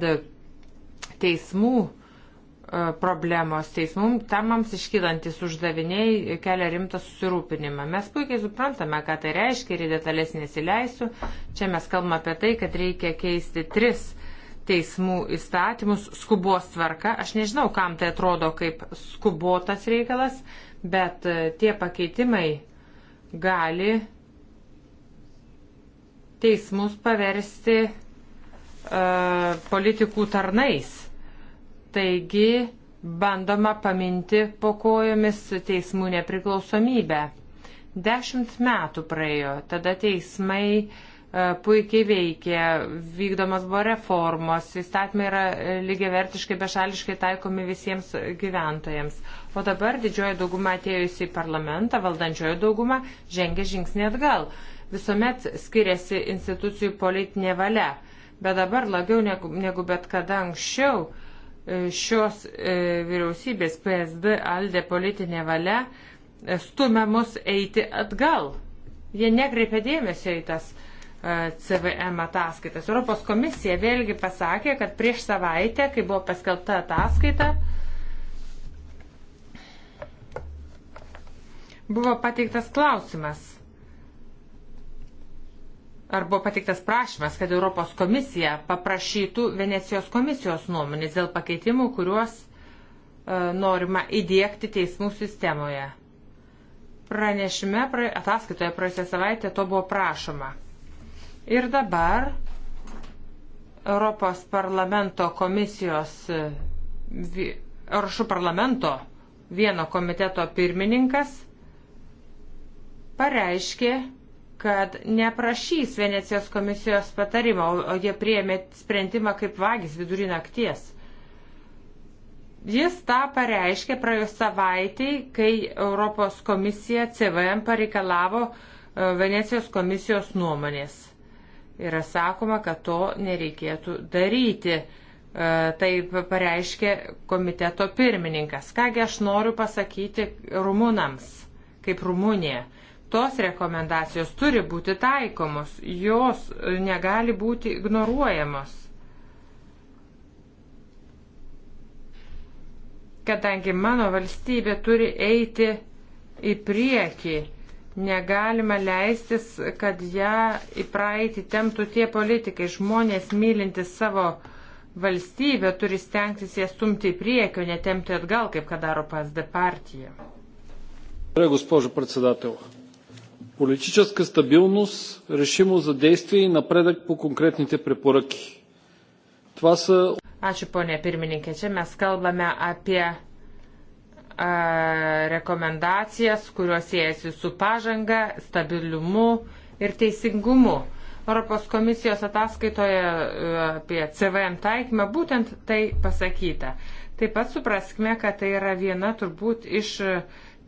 teismų E, problemos teismum, tamams iškylantis uždaviniai kelia rimtą susirūpinimą. Mes puikiai suprantame, ką tai reiškia ir į detalės nesileisiu. Čia mes kalbame apie tai, kad reikia keisti tris teismų įstatymus skubos tvarka. Aš nežinau, kam tai atrodo kaip skubotas reikalas, bet e, tie pakeitimai gali teismus paversti uh, politikų tarnais Taigi bandoma paminti po kojomis teismų nepriklausomybę. Dešimt metų praėjo, tada teismai e, puikiai veikė, vykdomas buvo reformos, įstatymai yra e, lygiai vertiškai bešališkai taikomi visiems gyventojams. O dabar didžioji dauguma atėjusi į parlamentą, valdančioji dauguma žengia žingsnį atgal. Visuomet skiriasi institucijų politinė valia, bet dabar labiau negu, negu bet kada anksčiau E, šios e, vyriausybės PSD aldė politinė valia e, stumia mus eiti atgal. Jie nekreipia dėmesio į tas CVM ataskaitas. Europos komisija vėlgi pasakė, kad prieš savaitę, kai buvo paskelbta ataskaita, buvo pateiktas klausimas ar buvo pateiktas prašymas, kad Europos komisija paprašytų Venecijos komisijos nuomonės dėl pakeitimų, kuriuos e, norima įdėkti teismų sistemoje. Pranešime, ataskaitoje praėjusią savaitę to buvo prašoma. Ir dabar Europos parlamento komisijos, e, Europos parlamento vieno komiteto pirmininkas pareiškė, kad neprašys Venecijos komisijos patarimo, o jie priėmė sprendimą kaip vagis vidurį nakties. Jis tą pareiškė praėjus savaitėj, kai Europos komisija CVM pareikalavo e, Venecijos komisijos nuomonės. Yra sakoma, kad to nereikėtų daryti. E, Taip pareiškė komiteto pirmininkas. Kągi aš noriu pasakyti rumūnams, kaip Rumunija tos rekomendacijos turi būti taikomos, jos negali būti ignoruojamos. Kadangi mano valstybė turi eiti į priekį, negalima leistis, kad ją į praeitį temtų tie politikai, žmonės mylintys savo valstybę turi stengtis ją stumti į priekį, o netemti atgal, kaip kad daro PSD partija. Госпожо председател, политическа стабилност, решимост за действие и напредък по конкретните препоръки. Това са. Ačiū, ponė pirmininkė. Čia mes kalbame apie a, rekomendacijas, kurios siejasi su pažanga, stabilumu ir teisingumu. Europos komisijos ataskaitoje e, apie CVM taikymą būtent tai pasakyta. Taip pat supraskime, kad tai yra viena turbūt iš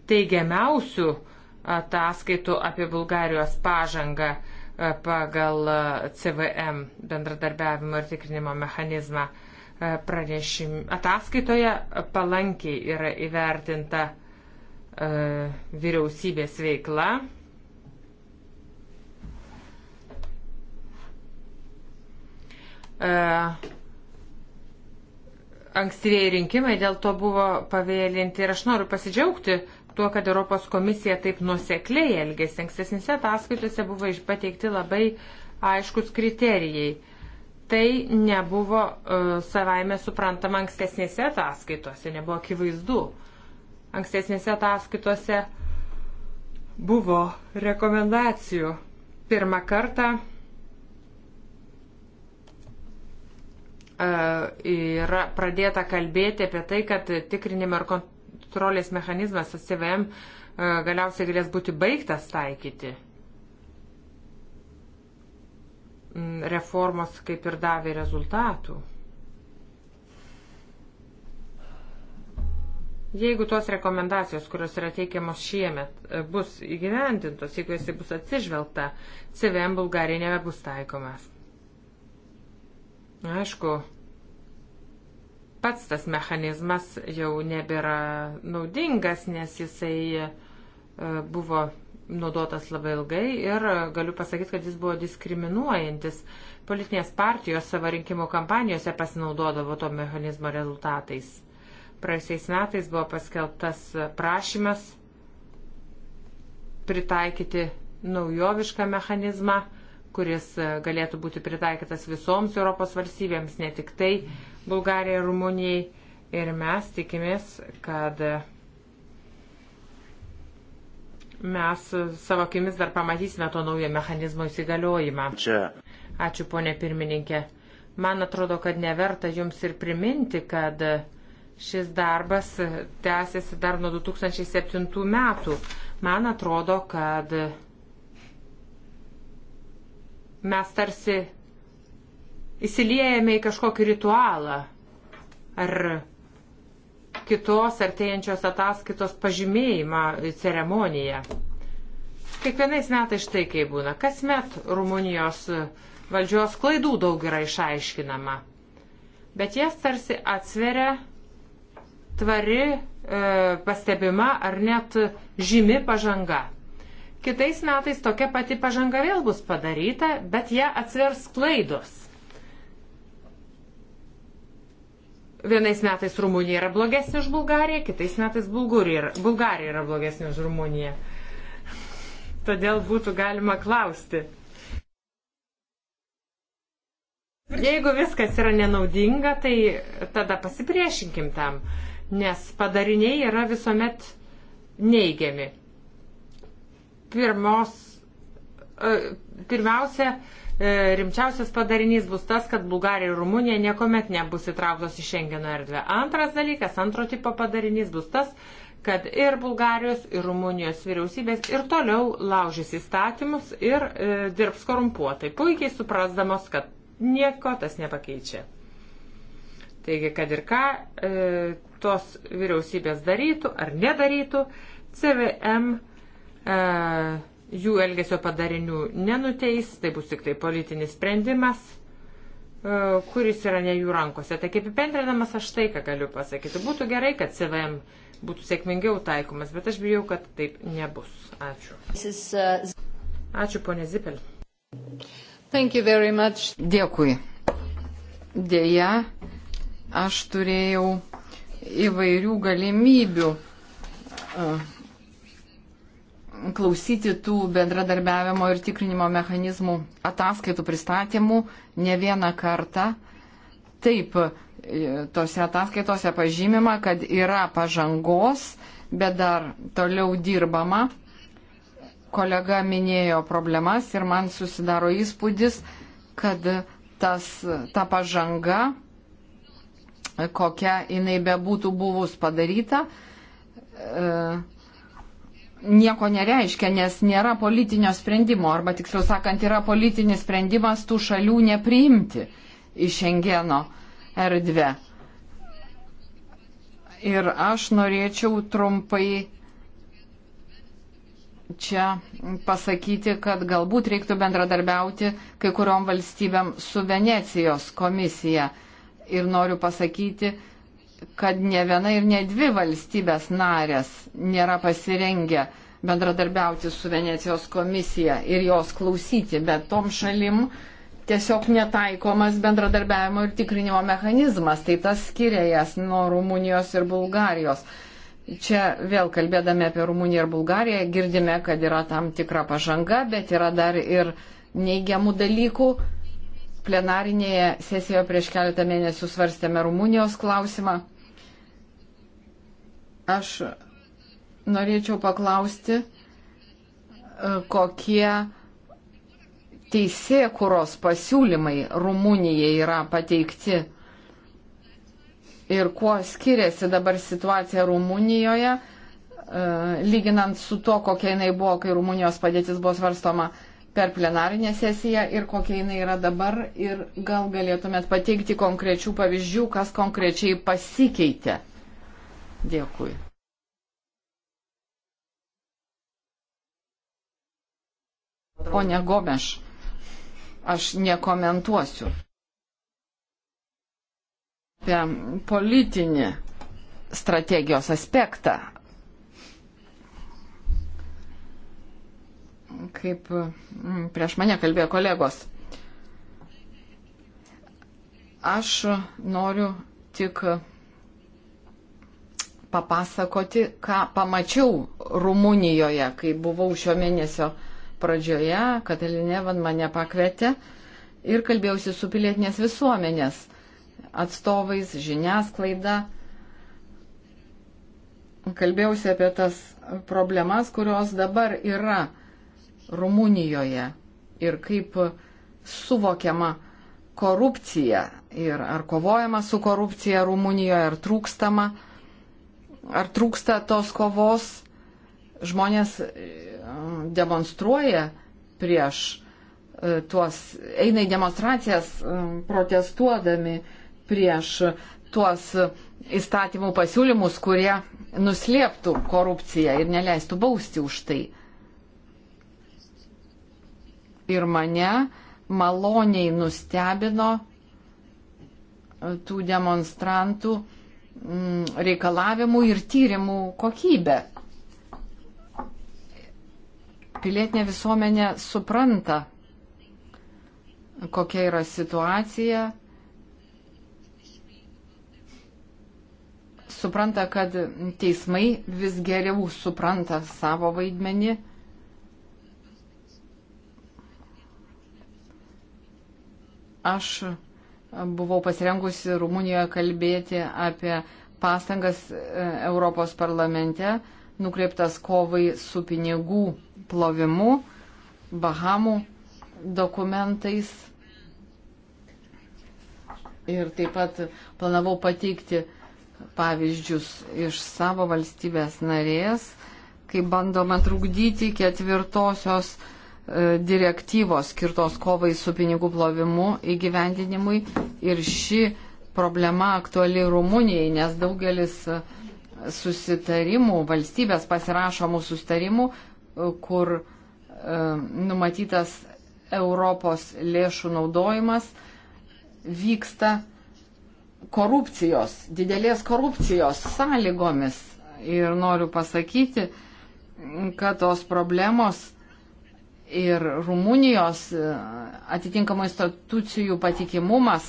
teigiamiausių uh, ataskaitų apie Bulgarijos pažangą e, pagal e, CVM bendradarbiavimo ir tikrinimo mechanizmą e, pranešim. Ataskaitoje palankiai yra įvertinta vyriausybės veikla. Ankstyviai rinkimai dėl to buvo pavėlinti ir aš noriu pasidžiaugti tuo, kad Europos komisija taip nusekliai elgėsi. Ankstesnėse ataskaitose buvo pateikti labai aiškus kriterijai. Tai nebuvo uh, savaime suprantama ankstesnėse ataskaitose, nebuvo akivaizdu. Ankstesnėse ataskaitose buvo rekomendacijų. Pirmą kartą e, yra pradėta kalbėti apie tai, kad tikrinimo ir kont kontrolės mechanizmas CVM e, galiausiai galės būti baigtas taikyti. Mm, reformos kaip ir davė rezultatų. Jeigu tos rekomendacijos, kurios yra teikiamos šiemet, e, bus įgyvendintos, jeigu jisai bus atsižvelgta, CVM Bulgarija nebegus taikomas. Aišku, pats tas mechanizmas jau nebėra naudingas, nes jisai e, buvo naudotas labai ilgai ir e, galiu pasakyti, kad jis buvo diskriminuojantis. Politinės partijos savo rinkimų kampanijose pasinaudodavo to mechanizmo rezultatais. Praėjusiais metais buvo paskelbtas prašymas pritaikyti naujovišką mechanizmą, kuris e, galėtų būti pritaikytas visoms Europos valstybėms, ne tik tai Bulgarijai ir Rumunijai. Ir mes tikimės, kad mes savo akimis dar pamatysime to naujo mechanizmo įsigaliojimą. Čia. Ačiū, ponė pirmininkė. Man atrodo, kad neverta jums ir priminti, kad šis darbas tęsiasi dar nuo 2007 metų. Man atrodo, kad mes tarsi įsiliejame į kažkokį ritualą ar kitos artėjančios ataskaitos pažymėjimą ceremoniją. Kiekvienais metais štai kaip būna. Kasmet Rumunijos valdžios klaidų daug yra išaiškinama. Bet jas tarsi atsveria tvari, e, pastebima ar net žymi pažanga. Kitais metais tokia pati pažanga vėl bus padaryta, bet ją atsvers klaidos. Vienais metais Rumunija yra blogesnė už Bulgariją, kitais metais Bulgarija yra, Bulgarija yra blogesnė už Rumuniją. Todėl būtų galima klausti. Jeigu viskas yra nenaudinga, tai tada pasipriešinkim tam, nes padariniai yra visuomet neigiami. Pirmos, e, pirmiausia, E, rimčiausias padarinys bus tas, kad Bulgarija ir Rumunija niekuomet nebus įtrauktos į Šengeno erdvę. Antras dalykas, antro tipo padarinys bus tas, kad ir Bulgarijos, ir Rumunijos vyriausybės ir toliau laužys įstatymus ir e, dirbs korumpuotai, puikiai suprasdamos, kad nieko tas nepakeičia. Taigi, kad ir ką e, tos vyriausybės darytų ar nedarytų, CVM e, jų elgesio padarinių nenuteis, tai bus tik tai politinis sprendimas, e, kuris yra ne jų rankose. Tai kaip apibendrinamas aš tai, ką galiu pasakyti. Būtų gerai, kad CVM būtų sėkmingiau taikomas, bet aš bijau, kad taip nebus. Ačiū. Ačiū, ponė Zipel. Dėkui. Dėja, aš turėjau įvairių galimybių. Uh klausyti tų bendradarbiavimo ir tikrinimo mechanizmų ataskaitų pristatymų ne vieną kartą. Taip, tose ataskaitose pažymima, kad yra pažangos, bet dar toliau dirbama. Kolega minėjo problemas ir man susidaro įspūdis, kad tas, ta pažanga, kokia jinai bebūtų buvus padaryta, e, nieko nereiškia, nes nėra politinio sprendimo, arba tiksliau sakant, yra politinis sprendimas tų šalių nepriimti į Šengeno erdvę. Ir aš norėčiau trumpai čia pasakyti, kad galbūt reiktų bendradarbiauti kai kuriom valstybėm su Venecijos komisija. Ir noriu pasakyti, kad ne viena ir ne dvi valstybės narės nėra pasirengę bendradarbiauti su Venecijos komisija ir jos klausyti, bet tom šalim tiesiog netaikomas bendradarbiavimo ir tikrinimo mechanizmas, tai tas skiria jas nuo Rumunijos ir Bulgarijos. Čia vėl kalbėdami apie Rumuniją ir Bulgariją girdime, kad yra tam tikra pažanga, bet yra dar ir neigiamų dalykų, plenarinėje sesijoje prieš keletą mėnesių svarstėme Rumunijos klausimą. Aš norėčiau paklausti, e, kokie teisėkuros pasiūlymai Rumunijai yra pateikti ir kuo skiriasi dabar situacija Rumunijoje, e, lyginant su to, kokia jinai buvo, kai Rumunijos padėtis buvo svarstoma per plenarinę sesiją ir kokia jinai yra dabar ir gal galėtumėt pateikti konkrečių pavyzdžių, kas konkrečiai pasikeitė. Dėkui. Pone Gomeš, aš nekomentuosiu apie politinį strategijos aspektą. kaip mm, prieš mane kalbėjo kolegos. Aš noriu tik papasakoti, ką pamačiau Rumunijoje, kai buvau šio mėnesio pradžioje, Katalinė van mane pakvietė ir kalbėjausi su pilietinės visuomenės atstovais, žiniasklaida. Kalbėjausi apie tas problemas, kurios dabar yra Rumunijoje ir kaip suvokiama korupcija ir ar kovojama su korupcija Rumunijoje, ar trūkstama, ar trūksta tos kovos. Žmonės e, demonstruoja prieš e, tuos, eina į demonstracijas e, protestuodami prieš tuos įstatymų pasiūlymus, kurie nuslėptų korupciją ir neleistų bausti už tai ir mane maloniai nustebino e, tų demonstrantų mm, reikalavimų ir tyrimų kokybė. Pilietinė visuomenė supranta, kokia yra situacija, supranta, kad teismai vis geriau supranta savo vaidmenį Aš buvau pasirengusi Rumunijoje kalbėti apie pastangas e, Europos parlamente nukreiptas kovai su pinigų plovimu, Bahamų dokumentais. Ir taip pat planavau pateikti pavyzdžius iš savo valstybės narės, kai bandoma trukdyti ketvirtosios E, direktyvos skirtos kovai su pinigų plovimu įgyvendinimui ir ši problema aktuali Rumunijai, nes daugelis e, susitarimų, valstybės pasirašomų susitarimų, e, kur numatytas Europos lėšų naudojimas vyksta korupcijos, didelės korupcijos sąlygomis. Ir noriu pasakyti, kad tos problemos ir Rumunijos e, atitinkamų institucijų patikimumas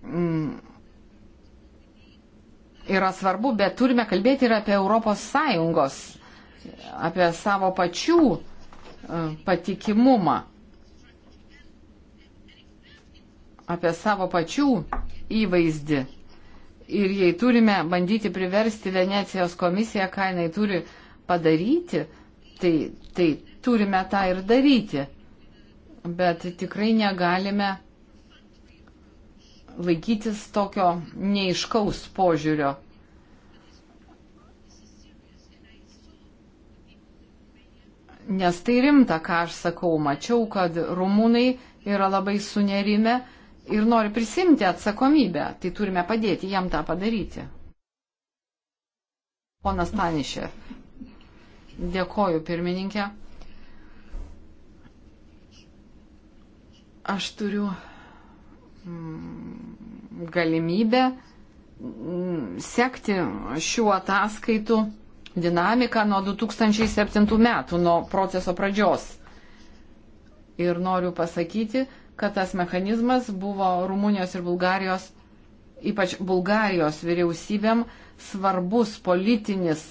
mm, yra svarbu, bet turime kalbėti ir apie Europos Sąjungos, apie savo pačių e, patikimumą, apie savo pačių įvaizdį. Ir jei turime bandyti priversti Venecijos komisiją, ką jinai turi padaryti, tai, tai turime tą ir daryti. Bet tikrai negalime laikytis tokio neiškaus požiūrio. Nes tai rimta, ką aš sakau, mačiau, kad rumūnai yra labai sunerime ir nori prisimti atsakomybę, tai turime padėti jam tą padaryti. Ponas Panišė, dėkoju pirmininkė. aš turiu mm, galimybę mm, sekti šių ataskaitų dinamiką nuo 2007 metų, nuo proceso pradžios. Ir noriu pasakyti, kad tas mechanizmas buvo Rumunijos ir Bulgarijos, ypač Bulgarijos vyriausybėm, svarbus politinis e,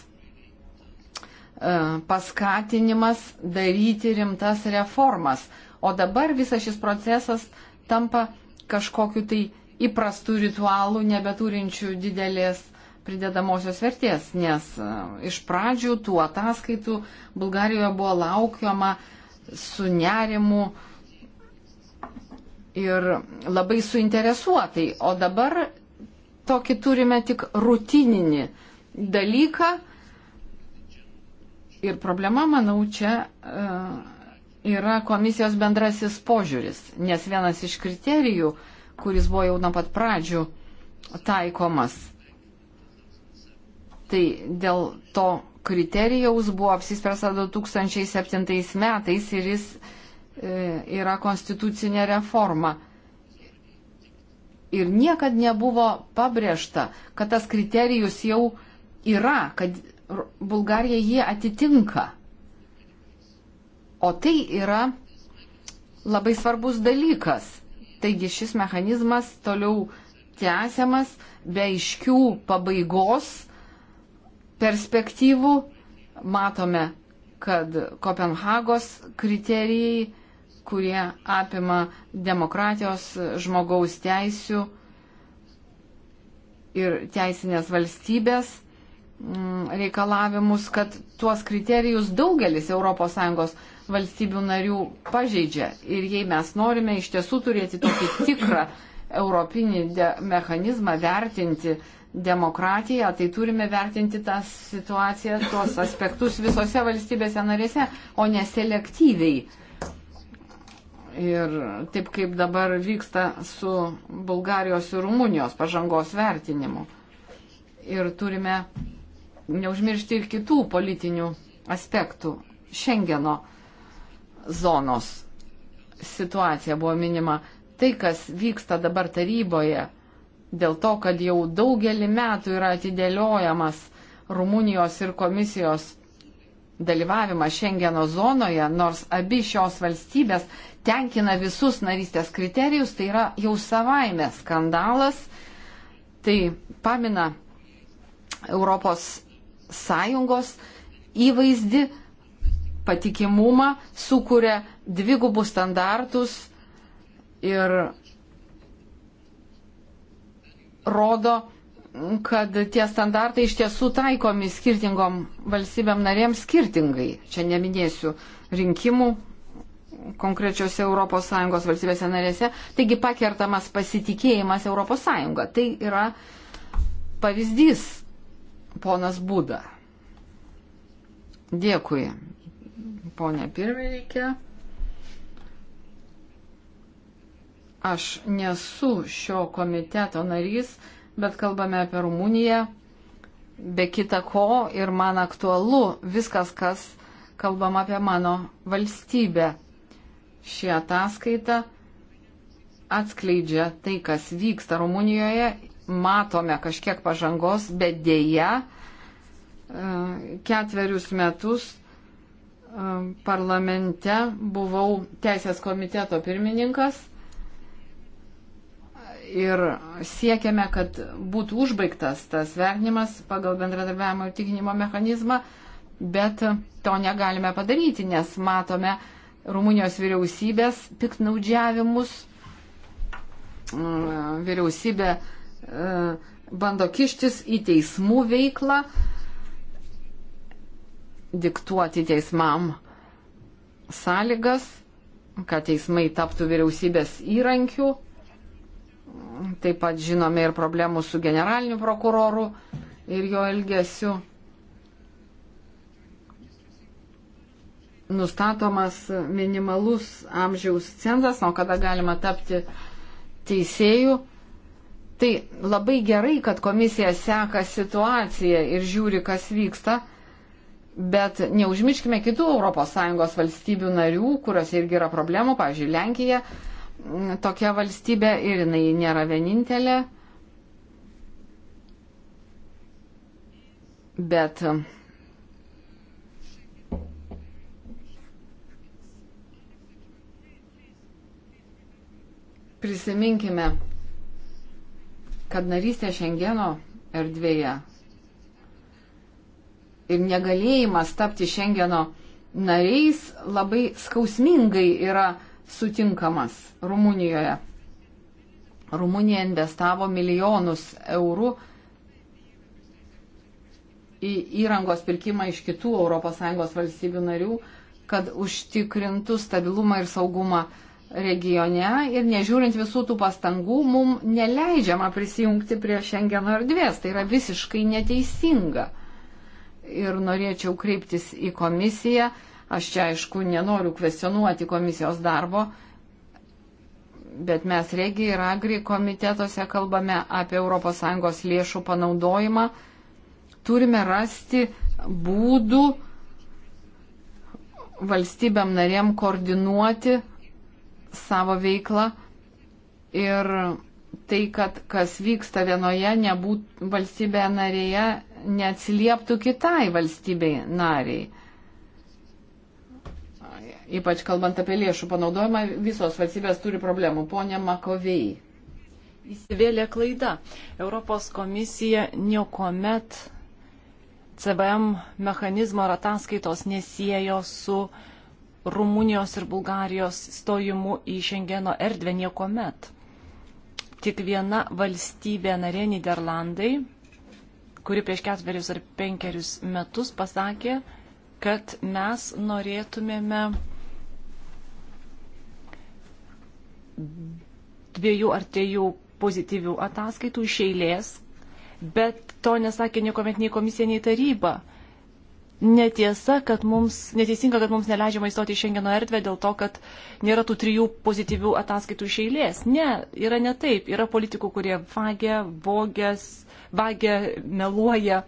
paskatinimas daryti rimtas reformas O dabar visas šis procesas tampa kažkokiu tai įprastų ritualų, nebeturinčių didelės pridedamosios vertės, nes e, iš pradžių tų ataskaitų Bulgarijoje buvo laukiama su nerimu ir labai suinteresuotai, o dabar tokį turime tik rutininį dalyką ir problema, manau, čia. Uh, yra komisijos bendrasis požiūris, nes vienas iš kriterijų, kuris buvo jau nuo pat pradžių taikomas, tai dėl to kriterijaus buvo apsispręsta 2007 metais ir jis e, yra konstitucinė reforma. Ir niekad nebuvo pabrėžta, kad tas kriterijus jau yra, kad Bulgarija jį atitinka. O tai yra labai svarbus dalykas. Taigi šis mechanizmas toliau tęsiamas be aiškių pabaigos perspektyvų. Matome, kad Kopenhagos kriterijai, kurie apima demokratijos, žmogaus teisių ir teisinės valstybės mm, reikalavimus, kad tuos kriterijus daugelis ES valstybių narių pažeidžia. Ir jei mes norime iš tiesų turėti tokį tikrą europinį de mechanizmą vertinti demokratiją, tai turime vertinti tą situaciją, tuos aspektus visose valstybėse narėse, o ne selektyviai. Ir taip kaip dabar vyksta su Bulgarijos ir Rumunijos pažangos vertinimu. Ir turime neužmiršti ir kitų politinių aspektų. Šengeno zonos situacija buvo minima. Tai, kas vyksta dabar taryboje, dėl to, kad jau daugelį metų yra atidėliojamas Rumunijos ir komisijos dalyvavimas Šengeno zonoje, nors abi šios valstybės tenkina visus narystės kriterijus, tai yra jau savaime skandalas. Tai pamina Europos Sąjungos įvaizdį, patikimumą, sukuria dvigubus standartus ir rodo, kad tie standartai iš tiesų taikomi skirtingom valstybėm narėms skirtingai. Čia neminėsiu rinkimų konkrečiose ES valstybėse narėse. Taigi pakertamas pasitikėjimas ES. Tai yra pavyzdys, ponas Būda. Dėkui, ponė pirmininkė. Aš nesu šio komiteto narys, bet kalbame apie Rumuniją. Be kita ko ir man aktualu viskas, kas kalbam apie mano valstybę. Ši ataskaita atskleidžia tai, kas vyksta Rumunijoje. Matome kažkiek pažangos, bet dėja e, ketverius metus parlamente buvau teisės komiteto pirmininkas ir siekiame, kad būtų užbaigtas tas vertinimas pagal bendradarbiavimo ir tikinimo mechanizmą, bet to negalime padaryti, nes matome Rumunijos vyriausybės piknaudžiavimus. Vyriausybė e, bando kištis į teismų veiklą, diktuoti teismam sąlygas, kad teismai taptų vyriausybės įrankių. Taip pat žinome ir problemų su generaliniu prokuroru ir jo elgesiu. Nustatomas minimalus amžiaus cenzas, nuo kada galima tapti teisėjų. Tai labai gerai, kad komisija seka situaciją ir žiūri, kas vyksta Bet neužmirškime kitų ES valstybių narių, kuriuose irgi yra problemų, pavyzdžiui, Lenkija tokia valstybė ir jinai nėra vienintelė. Bet prisiminkime, kad narystė Šengeno erdvėje ir negalėjimas tapti Šengeno nariais labai skausmingai yra sutinkamas Rumunijoje. Rumunija investavo milijonus eurų į įrangos pirkimą iš kitų ES valstybių narių, kad užtikrintų stabilumą ir saugumą regione ir nežiūrint visų tų pastangų, mums neleidžiama prisijungti prie Šengeno erdvės. Tai yra visiškai neteisinga ir norėčiau kreiptis į komisiją. Aš čia aišku nenoriu kvestionuoti komisijos darbo, bet mes regi ir agri komitetuose kalbame apie ES lėšų panaudojimą. Turime rasti būdų valstybėm narėm koordinuoti savo veiklą ir tai, kad kas vyksta vienoje nebūt, valstybėje narėje neatsilieptų kitai valstybei nariai. Ypač kalbant apie lėšų panaudojimą, visos valstybės turi problemų. Pone Makovei. Įsivėlė klaida. Europos komisija niekuomet CBM mechanizmo ir ataskaitos nesiejo su Rumunijos ir Bulgarijos stojimu į Šengeno erdvę niekuomet. Tik viena valstybė narė Niderlandai kuri prieš ketverius ar penkerius metus pasakė, kad mes norėtumėme dviejų ar trijų pozityvių ataskaitų iš eilės, bet to nesakė niekuomet nei komisija, nei taryba. Netiesa, kad mums, neteisinga, kad mums neleidžiama įstoti į Šengeno erdvę dėl to, kad nėra tų trijų pozityvių ataskaitų iš eilės. Ne, yra ne taip. Yra politikų, kurie vagia, vogės, vagia, meluoja.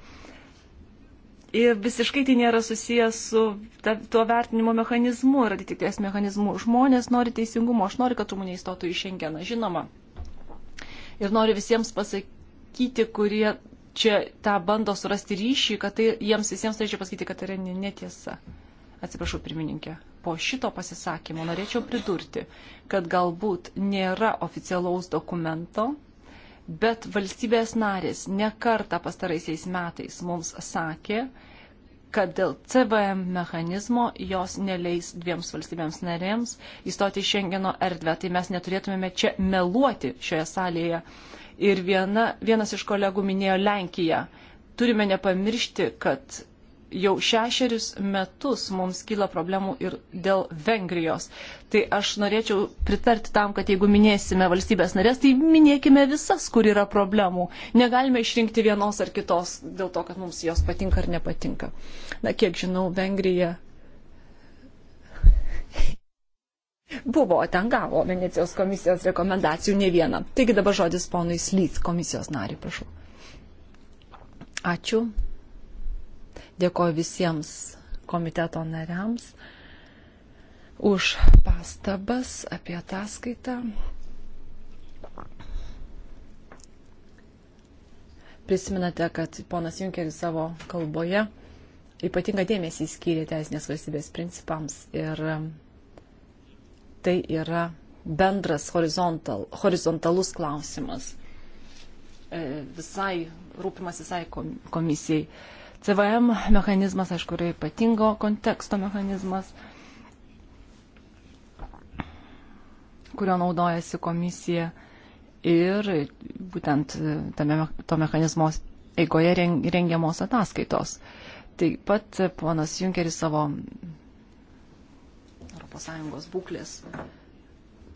Ir visiškai tai nėra susijęs su ta, tuo vertinimo mechanizmu ir atitikties mechanizmu. Žmonės nori teisingumo, aš noriu, kad rumunė įstotų į šengeną, žinoma. Ir noriu visiems pasakyti, kurie čia tą bando surasti ryšį, kad tai jiems visiems norėčiau pasakyti, kad tai yra netiesa. Atsiprašau, pirmininkė. Po šito pasisakymo norėčiau pridurti, kad galbūt nėra oficialaus dokumento, bet valstybės narės nekarta pastaraisiais metais mums sakė, kad dėl CVM mechanizmo jos neleis dviems valstybėms narėms įstoti į Šengeno erdvę. Tai mes neturėtumėme čia meluoti šioje salėje. Ir viena, vienas iš kolegų minėjo Lenkiją. Turime nepamiršti, kad jau šešerius metus mums kyla problemų ir dėl Vengrijos. Tai aš norėčiau pritarti tam, kad jeigu minėsime valstybės narės, tai minėkime visas, kur yra problemų. Negalime išrinkti vienos ar kitos dėl to, kad mums jos patinka ar nepatinka. Na, kiek žinau, Vengrija. Buvo, ten gavo Venecijos komisijos rekomendacijų ne vieną. Taigi dabar žodis ponui Slyth, komisijos nariui, prašau. Ačiū. Dėkoju visiems komiteto nariams už pastabas apie ataskaitą. Prisiminate, kad ponas Junkeris savo kalboje ypatingą dėmesį skyrė teisinės valstybės principams ir tai yra bendras horizontal, horizontalus klausimas e, visai rūpimas visai komisijai. CVM mechanizmas, aišku, yra ypatingo konteksto mechanizmas, kurio naudojasi komisija ir būtent tame, to mechanizmo eigoje rengiamos ataskaitos. Taip pat ponas Junkeris savo ES būklės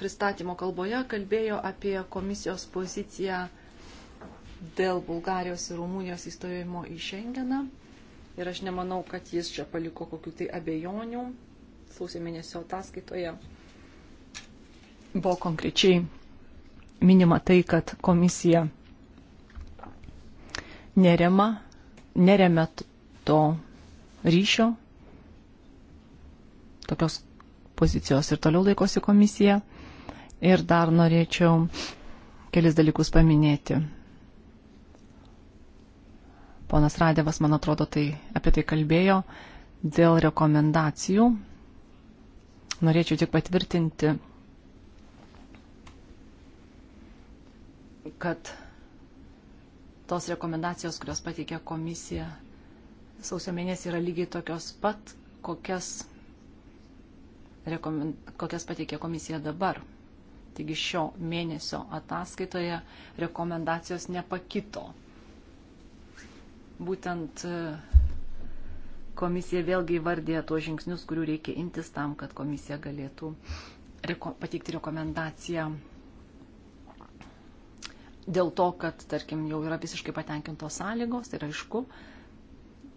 pristatymo kalboje kalbėjo apie komisijos poziciją dėl Bulgarijos ir Rumunijos įstojimo į Šengeną. Ir aš nemanau, kad jis čia paliko kokių tai abejonių. Sausio mėnesio ataskaitoje buvo konkrečiai minima tai, kad komisija nerema, neremia to ryšio, tokios pozicijos ir toliau laikosi komisija. Ir dar norėčiau kelis dalykus paminėti. Ponas Radėvas, man atrodo, tai apie tai kalbėjo dėl rekomendacijų. Norėčiau tik patvirtinti, kad tos rekomendacijos, kurios pateikė komisija sausio mėnesį, yra lygiai tokios pat, kokias, rekomend... kokias pateikė komisija dabar. Taigi šio mėnesio ataskaitoje rekomendacijos nepakito būtent e, komisija vėlgi įvardė tuos žingsnius, kurių reikia imtis tam, kad komisija galėtų reko pateikti rekomendaciją dėl to, kad, tarkim, jau yra visiškai patenkintos sąlygos, tai yra aišku,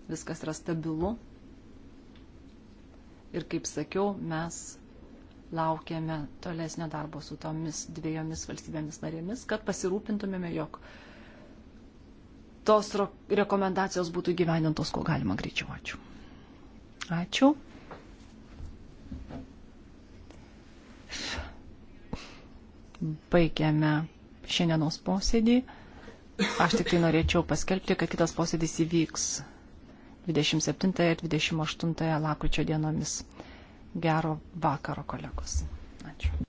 viskas yra stabilu. Ir kaip sakiau, mes laukiame tolesnio darbo su tomis dviejomis valstybėmis narėmis, kad pasirūpintumėme, jog tos rekomendacijos būtų gyvenintos, kuo galima greičiau. Ačiū. Ačiū. Baigiame šiandienos posėdį. Aš tik tai norėčiau paskelbti, kad kitas posėdis įvyks 27 ir 28 lakryčio dienomis. Gero vakaro, kolegos. Ačiū.